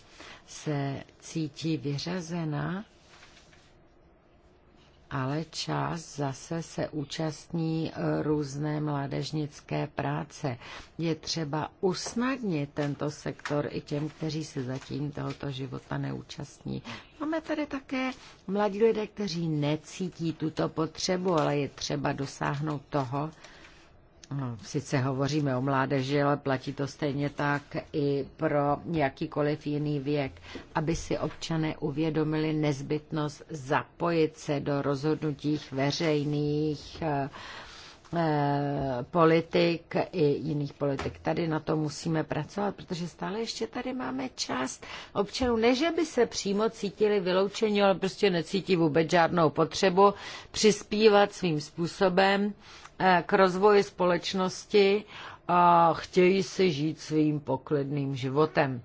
se cítí vyřazena ale čas zase se účastní eh, různé mládežnické práce. Je třeba usnadnit tento sektor i těm, kteří se zatím tohoto života neúčastní. Máme tady také mladí lidé, kteří necítí tuto potřebu, ale je třeba dosáhnout toho, No, sice hovoříme o mládeži, ale platí to stejně tak i pro jakýkoliv jiný věk, aby si občané uvědomili nezbytnost zapojit se do rozhodnutích veřejných eh, eh, politik i jiných politik. Tady na to musíme pracovat, protože stále ještě tady máme část občanů. Ne, že by se přímo cítili vyloučení, ale prostě necítí vůbec žádnou potřebu přispívat svým způsobem k rozvoji společnosti a chtějí si žít svým poklidným životem.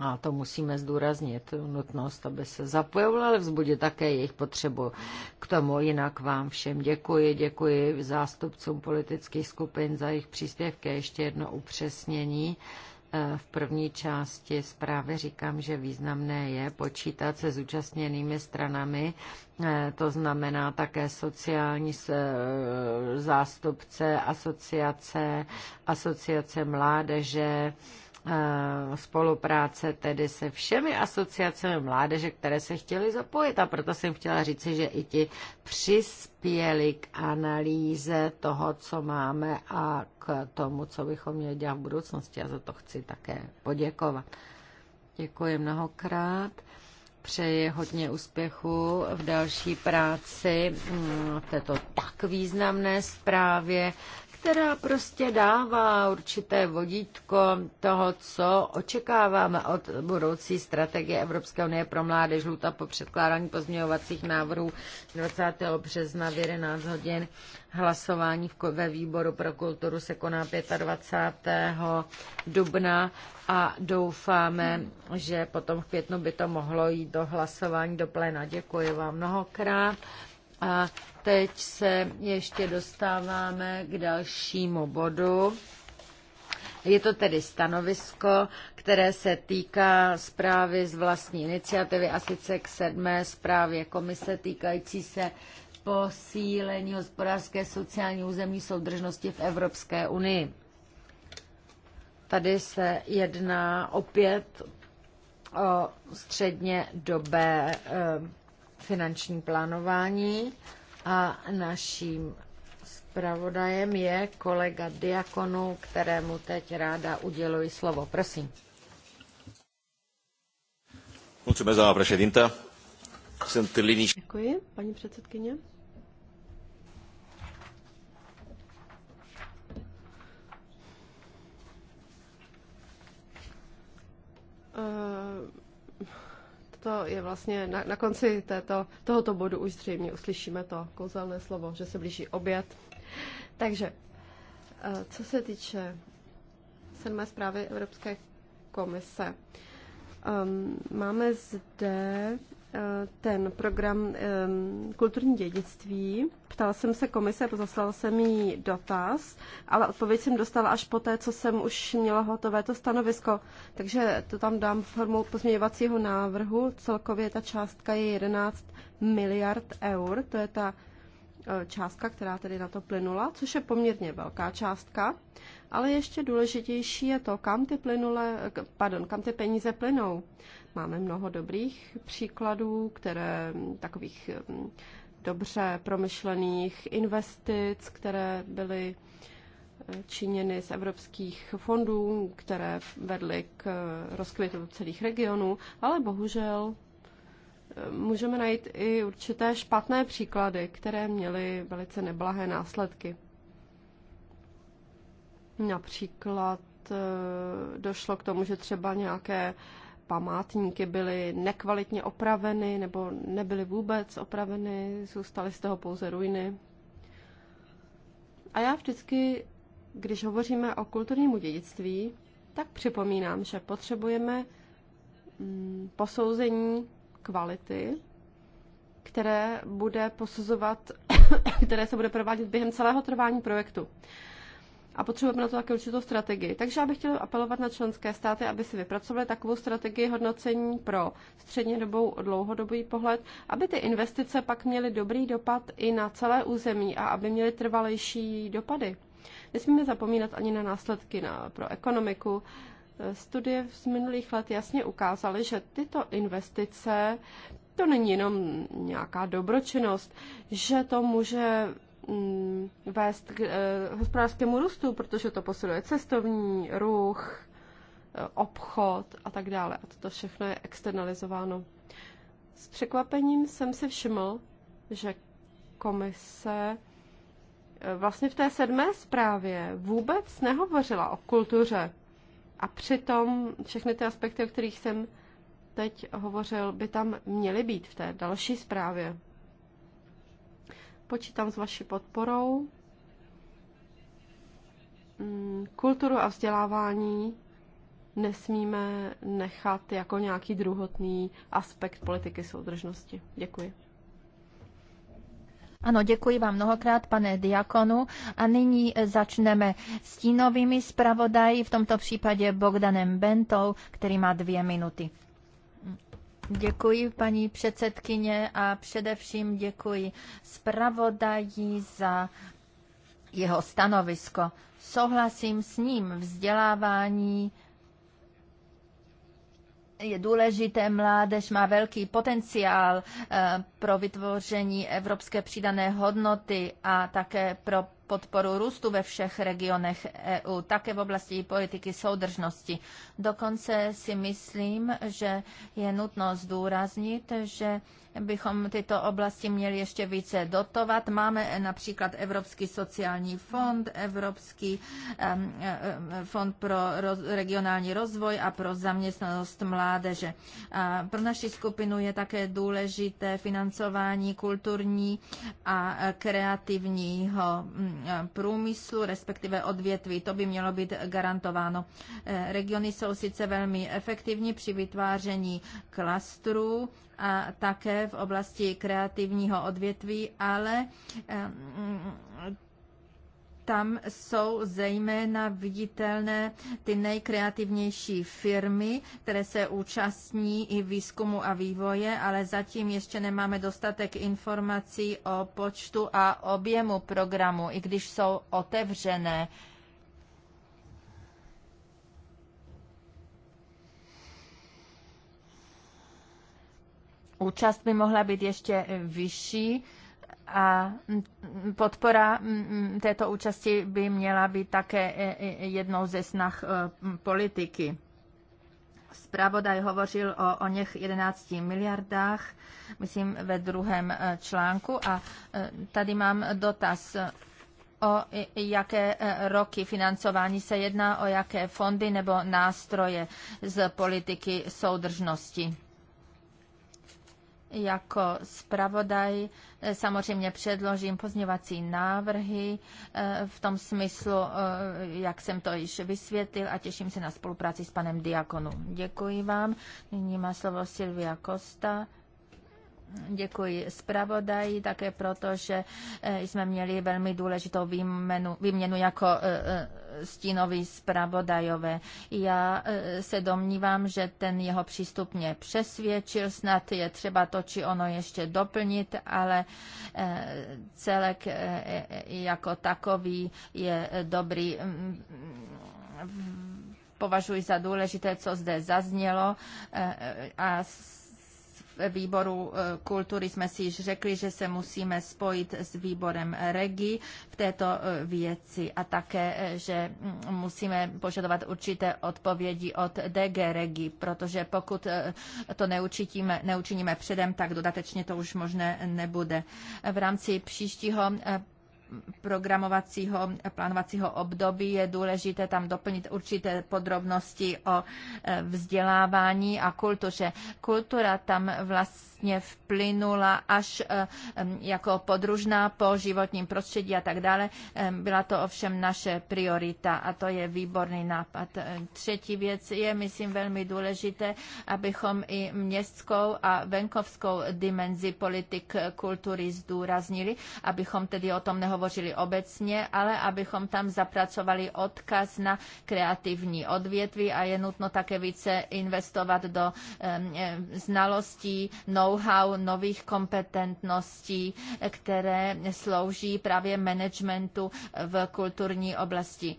A to musíme zdůraznit, nutnost, aby se zapojovali, ale vzbudit také jejich potřebu k tomu. Jinak vám všem děkuji, děkuji zástupcům politických skupin za jejich příspěvky. Ještě jedno upřesnění. E, v první části zprávy říkám, že významné je počítat se zúčastněnými stranami, e, to znamená také sociální e, zástupce, asociace, asociace mládeže, spolupráce tedy se všemi asociacemi mládeže, které se chtěly zapojit. A proto jsem chtěla říci, že i ti přispěli k analýze toho, co máme a k tomu, co bychom měli dělat v budoucnosti. A za to chci také poděkovat. Děkuji mnohokrát. Přeji hodně úspěchu v další práci mm, v této tak významné zprávě která prostě dává určité vodítko toho, co očekáváme od budoucí strategie Evropské unie pro mládež. Luta po předkládání pozměňovacích návrhů 20. března v 11 hodin. Hlasování ve výboru pro kulturu se koná 25. dubna a doufáme, že potom v květnu by to mohlo jít do hlasování do pléna. Děkuji vám mnohokrát. A teď se ještě dostáváme k dalšímu bodu. Je to tedy stanovisko, které se týká zprávy z vlastní iniciativy a sice k sedmé zprávě komise týkající se posílení hospodářské sociální územní soudržnosti v Evropské unii. Tady se jedná opět o středně dobé eh, finanční plánování a naším zpravodajem je kolega Diakonu, kterému teď ráda uděluji slovo. Prosím. Děkuji, paní předsedkyně. Eh, to je vlastně na, na konci této, tohoto bodu už zřejmě uslyšíme to kouzelné slovo, že se blíží oběd. Takže, eh, co se týče sedmé zprávy Evropské komise, um, máme zde Eh, ten program eh, kulturní dědictví. Ptala jsem se komise, poslala jsem jí dotaz, ale odpověď jsem dostala až poté, co jsem už měla hotové to stanovisko. Takže to tam dám formou pozměňovacího návrhu. Celkově ta částka je 11 miliard eur, to je ta Eh, částka, která tedy na to plynula, což je poměrně velká částka, ale ještě důležitější je to, kam ty, plynule, pardon, kam ty peníze plynou. Máme mnoho dobrých příkladů, které takových mm, dobře promyšlených investic, které byly eh, činěny z evropských fondů, které vedly k eh, rozkvětu celých regionů, ale bohužel můžeme najít i určité špatné příklady, které měly velice neblahé následky. Například eh, došlo k tomu, že třeba nějaké památníky byly nekvalitně opraveny nebo nebyly vůbec opraveny, zůstaly z toho pouze ruiny. A já vždycky, když hovoříme o kulturnímu dědictví, tak připomínám, že potřebujeme mm, posouzení kvality, které bude posuzovat, [COUGHS] které se bude provádět během celého trvání projektu. A potřebujeme na to také určitou strategii. Takže já bych chtěla apelovat na členské státy, aby si vypracovali takovou strategii hodnocení pro střednědobou a dlouhodobý pohled, aby ty investice pak měly dobrý dopad i na celé území a aby měly trvalejší dopady. Nesmíme zapomínat ani na následky na, pro ekonomiku, Studie z minulých let jasně ukázaly, že tyto investice to není jenom nějaká dobročinnost, že to může mm, vést k eh, hospodářskému růstu, protože to posiluje cestovní ruch, eh, obchod a tak dále. A toto všechno je externalizováno. S překvapením jsem si všiml, že komise eh, vlastně v té sedmé zprávě vůbec nehovořila o kultuře. A přitom všechny ty aspekty, o kterých jsem teď hovořil, by tam měly být v té další zprávě. Počítám s vaší podporou. Mm, kulturu a vzdělávání nesmíme nechat jako nějaký druhotný aspekt politiky soudržnosti. Děkuji. Ano, děkuji vám mnohokrát, pane Diakonu. A nyní eh, začneme s tínovými zpravodaji, v tomto případě Bogdanem Bentou, který má dvě minuty. Děkuji, paní předsedkyně, a především děkuji zpravodaji za jeho stanovisko. Souhlasím s ním, vzdělávání je důležité, mládež má velký potenciál eh, pro vytvoření evropské přidané hodnoty a také pro podporu růstu ve všech regionech EU, také v oblasti politiky soudržnosti. Dokonce si myslím, že je nutno zdůraznit, že bychom tyto oblasti měli ještě více dotovat. Máme například Evropský sociální fond, Evropský fond pro regionální rozvoj a pro zaměstnanost mládeže. A pro naši skupinu je také důležité financování kulturní a kreativního mm, průmyslu, respektive odvětví. To by mělo být garantováno. E, regiony jsou sice velmi efektivní při vytváření klastrů, a také v oblasti kreativního odvětví, ale tam jsou zejména viditelné ty nejkreativnější firmy, které se účastní i výzkumu a vývoje, ale zatím ještě nemáme dostatek informací o počtu a objemu programu, i když jsou otevřené účast by mohla být ještě vyšší a podpora této účasti by měla být také jednou ze snah eh, politiky. Spravodaj hovořil o, o něch 11 miliardách, myslím ve druhém eh, článku. A eh, tady mám dotaz, o jaké roky financování se jedná, o jaké fondy nebo nástroje z politiky soudržnosti. Jako zpravodaj eh, samozřejmě předložím pozměvací návrhy eh, v tom smyslu, eh, jak jsem to již vysvětlil a těším se na spolupráci s panem Diakonu. Děkuji vám. Nyní má slovo Silvia Costa Děkuji zpravodaji také proto, že eh, jsme měli velmi důležitou výměnu, výměnu jako eh, eh, stínový zpravodajové. Já se domnívám, že ten jeho přístup mě přesvědčil, snad je třeba to či ono ještě doplnit, ale celek jako takový je dobrý mm, mm, považuji za důležité, co zde zaznělo a výboru eh, kultury jsme si již řekli, že se musíme spojit s výborem REGI v této eh, věci a také, eh, že mm, musíme požadovat určité odpovědi od DG REGI, protože pokud to neučitíme, neučiníme předem, tak dodatečně to už možné nebude. V rámci příštího programovacího plánovacího období je důležité tam doplnit určité podrobnosti o e, vzdělávání a kultuře. Kultura tam vlastně vplynula až e, jako podružná po životním prostředí a tak dále. E, byla to ovšem naše priorita a to je výborný nápad. Třetí věc je, myslím, velmi důležité, abychom i městskou a venkovskou dimenzi politik kultury zdůraznili, abychom tedy o tom nehovorili hovořili obecně, ale abychom tam zapracovali odkaz na kreativní odvětví a je nutno také více investovat do znalostí, know-how, nových kompetentností, které slouží právě managementu v kulturní oblasti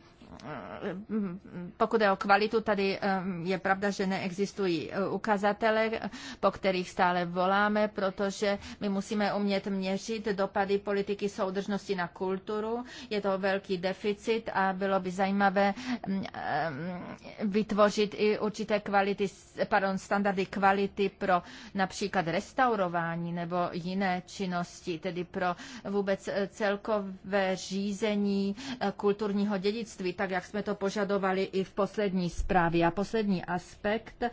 pokud je o kvalitu, tady je pravda, že neexistují e, ukazatele, po kterých stále voláme, protože my musíme umět měřit dopady politiky soudržnosti na kulturu. Je to velký deficit a bylo by zajímavé vytvořit i určité kvality, pardon, standardy kvality pro například restaurování nebo jiné činnosti, tedy pro vůbec e, celkové řízení e, kulturního dědictví tak jak jsme to požadovali i v poslední zprávě. A poslední aspekt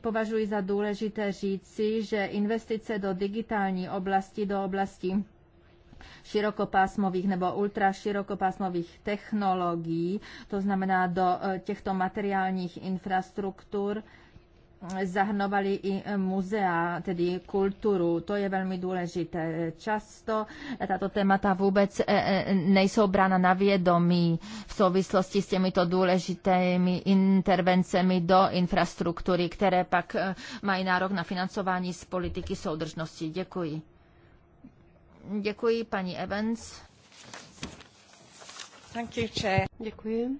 považuji za důležité říci, že investice do digitální oblasti, do oblasti širokopásmových nebo ultraširokopásmových technologií, to znamená do eh, těchto materiálních infrastruktur, zahrnovali i muzea, tedy kulturu. To je velmi důležité. Často tato témata vůbec e, e, nejsou brána na vědomí v souvislosti s těmito důležitými intervencemi do infrastruktury, které pak e, mají nárok na financování z politiky soudržnosti. Děkuji. Děkuji, paní Evans. Thank you, Chair. Děkuji.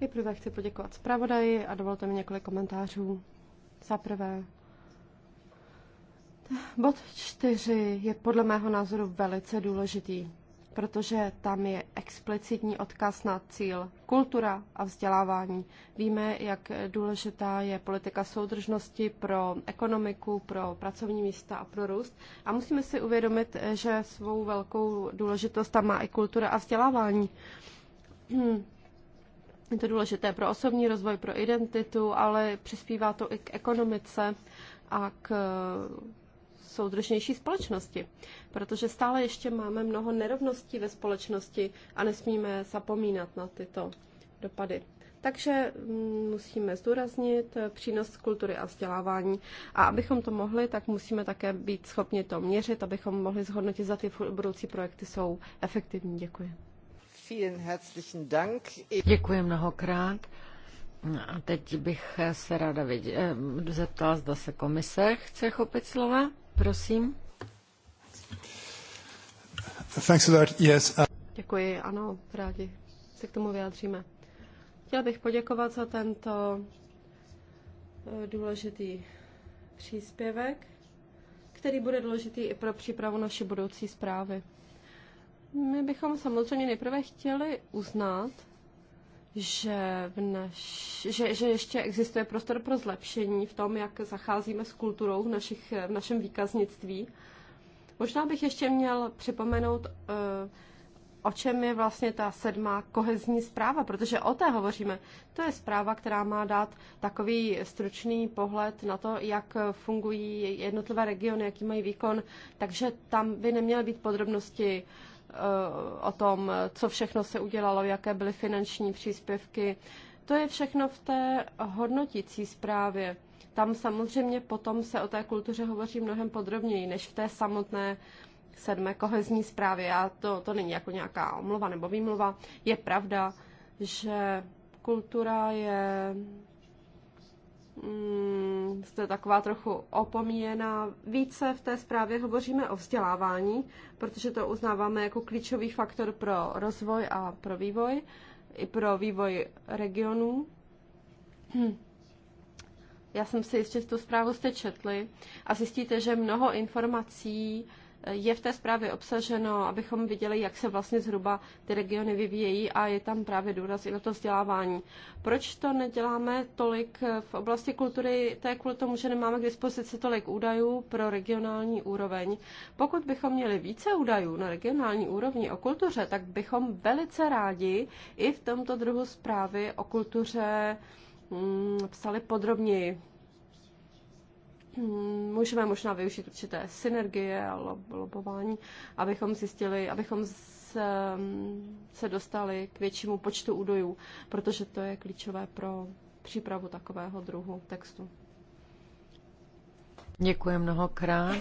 Nejprve chci poděkovat zpravodaji a dovolte mi několik komentářů. Za prvé, bod čtyři je podle mého názoru velice důležitý, protože tam je explicitní odkaz na cíl kultura a vzdělávání. Víme, jak důležitá je politika soudržnosti pro ekonomiku, pro pracovní místa a pro růst. A musíme si uvědomit, že svou velkou důležitost tam má i kultura a vzdělávání. Hmm. Je to důležité pro osobní rozvoj, pro identitu, ale přispívá to i k ekonomice a k eh, soudržnější společnosti, protože stále ještě máme mnoho nerovností ve společnosti a nesmíme zapomínat na tyto dopady. Takže mm, musíme zdůraznit eh, přínos kultury a vzdělávání. A abychom to mohli, tak musíme také být schopni to měřit, abychom mohli zhodnotit, za ty budoucí projekty jsou efektivní. Děkuji. Děkuji mnohokrát. A teď bych se ráda vědě, eh, zeptala, zda se komise chce chopit slova. Prosím. Thanks a lot. Yes. Uh, Děkuji, ano, rádi se k tomu vyjádříme. Chtěla bych poděkovat za tento eh, důležitý příspěvek, který bude důležitý i pro přípravu naší budoucí zprávy. My bychom samozřejmě nejprve chtěli uznat, že, v naš, že, že ještě existuje prostor pro zlepšení v tom, jak zacházíme s kulturou v, našich, v našem výkaznictví. Možná bych ještě měl připomenout, eh, o čem je vlastně ta sedmá kohezní zpráva, protože o té hovoříme. To je zpráva, která má dát takový stručný pohled na to, jak fungují jednotlivé regiony, jaký mají výkon, takže tam by neměly být podrobnosti Eh, o tom, co všechno se udělalo, jaké byly finanční příspěvky. To je všechno v té hodnotící zprávě. Tam samozřejmě potom se o té kultuře hovoří mnohem podrobněji než v té samotné sedmé kohezní zprávě. A to, to není jako nějaká omluva nebo výmluva. Je pravda, že kultura je Mm, jste taková trochu opomíjená. Více v té zprávě hovoříme o vzdělávání, protože to uznáváme jako klíčový faktor pro rozvoj a pro vývoj, i pro vývoj regionů. Hm. Já jsem si jistě tu zprávu jste četli a zjistíte, že mnoho informací je v té zprávě obsaženo, abychom viděli, jak se vlastně zhruba ty regiony vyvíjejí a je tam právě důraz i na to vzdělávání. Proč to neděláme tolik v oblasti kultury? To je kvůli tomu, že nemáme k dispozici tolik údajů pro regionální úroveň. Pokud bychom měli více údajů na regionální úrovni o kultuře, tak bychom velice rádi i v tomto druhu zprávy o kultuře mm, psali podrobněji. Hmm, můžeme možná využít určité synergie a lobování, abychom zjistili, abychom se, um, se dostali k většímu počtu údajů, protože to je klíčové pro přípravu takového druhu textu. Děkuji mnohokrát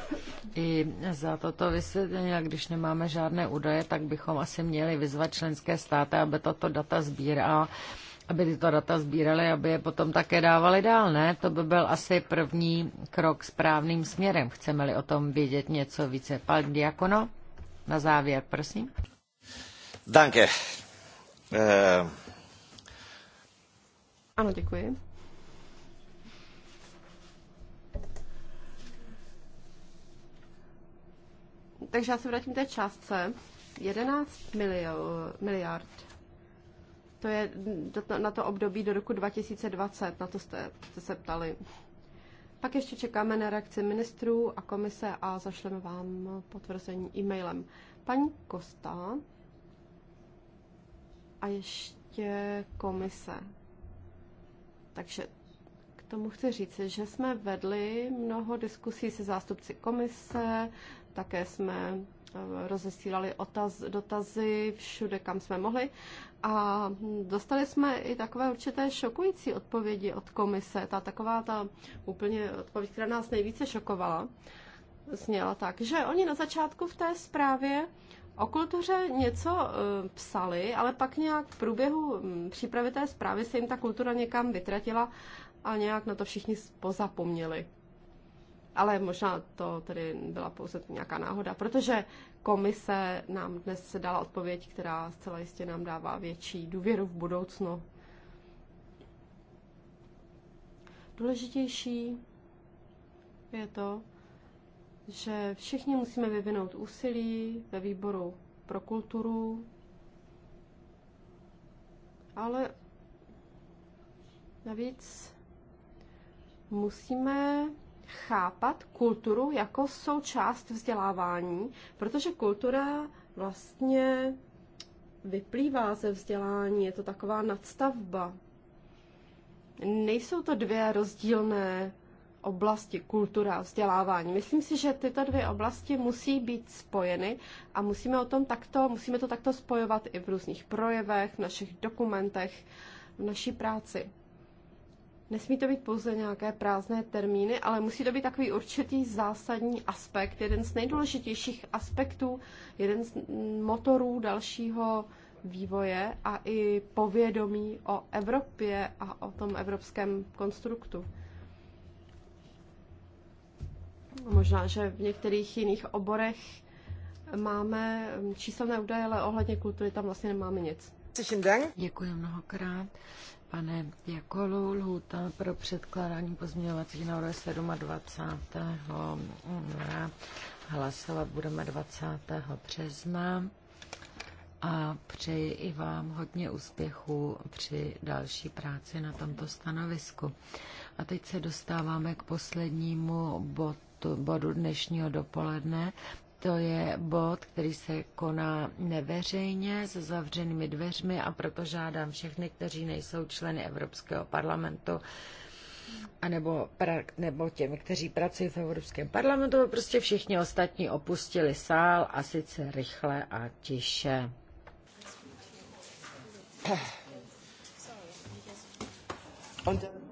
i za toto vysvětlení. A když nemáme žádné údaje, tak bychom asi měli vyzvat členské státy, aby tato data sbírala aby tyto data sbírali, aby je potom také dávali dál, ne? To by byl asi první krok správným směrem. Chceme-li o tom vědět něco více. Pan Diakono, na závěr, prosím. Danke. Uh... Ano, děkuji. Takže já se vrátím k té částce. 11 miliard to je na to období do roku 2020, na to jste, jste se ptali. Pak ještě čekáme na reakci ministrů a komise a zašleme vám potvrzení e-mailem. Paní Kosta a ještě komise. Takže k tomu chci říct, že jsme vedli mnoho diskusí se zástupci komise, také jsme Eh, rozesílali otaz, dotazy všude, kam jsme mohli. A dostali jsme i takové určité šokující odpovědi od komise. Ta taková ta úplně odpověď, která nás nejvíce šokovala, zněla tak, že oni na začátku v té zprávě o kultuře něco eh, psali, ale pak nějak v průběhu mm, přípravy té zprávy se jim ta kultura někam vytratila a nějak na to všichni pozapomněli ale možná to tedy byla pouze nějaká náhoda, protože komise nám dnes dala odpověď, která zcela jistě nám dává větší důvěru v budoucnu. Důležitější je to, že všichni musíme vyvinout úsilí ve výboru pro kulturu, ale navíc musíme chápat kulturu jako součást vzdělávání, protože kultura vlastně vyplývá ze vzdělání, je to taková nadstavba. Nejsou to dvě rozdílné oblasti kultura a vzdělávání. Myslím si, že tyto dvě oblasti musí být spojeny a musíme, o tom takto, musíme to takto spojovat i v různých projevech, v našich dokumentech, v naší práci. Nesmí to být pouze nějaké prázdné termíny, ale musí to být takový určitý zásadní aspekt, jeden z nejdůležitějších aspektů, jeden z motorů dalšího vývoje a i povědomí o Evropě a o tom evropském konstruktu. Možná, že v některých jiných oborech máme číselné údaje, ale ohledně kultury tam vlastně nemáme nic. Děkuji mnohokrát pane Jakolu. Lhůta pro předkládání pozměňovacích návrhů je 27. února. Hlasovat budeme 20. března a přeji i vám hodně úspěchů při další práci na tomto stanovisku. A teď se dostáváme k poslednímu bodu bodu dnešního dopoledne. To je bod, který se koná neveřejně s zavřenými dveřmi a proto žádám všechny, kteří nejsou členy Evropského parlamentu, nebo, pra, nebo těmi, kteří pracují v Evropském parlamentu, aby prostě všichni ostatní opustili sál a sice rychle a tiše. Und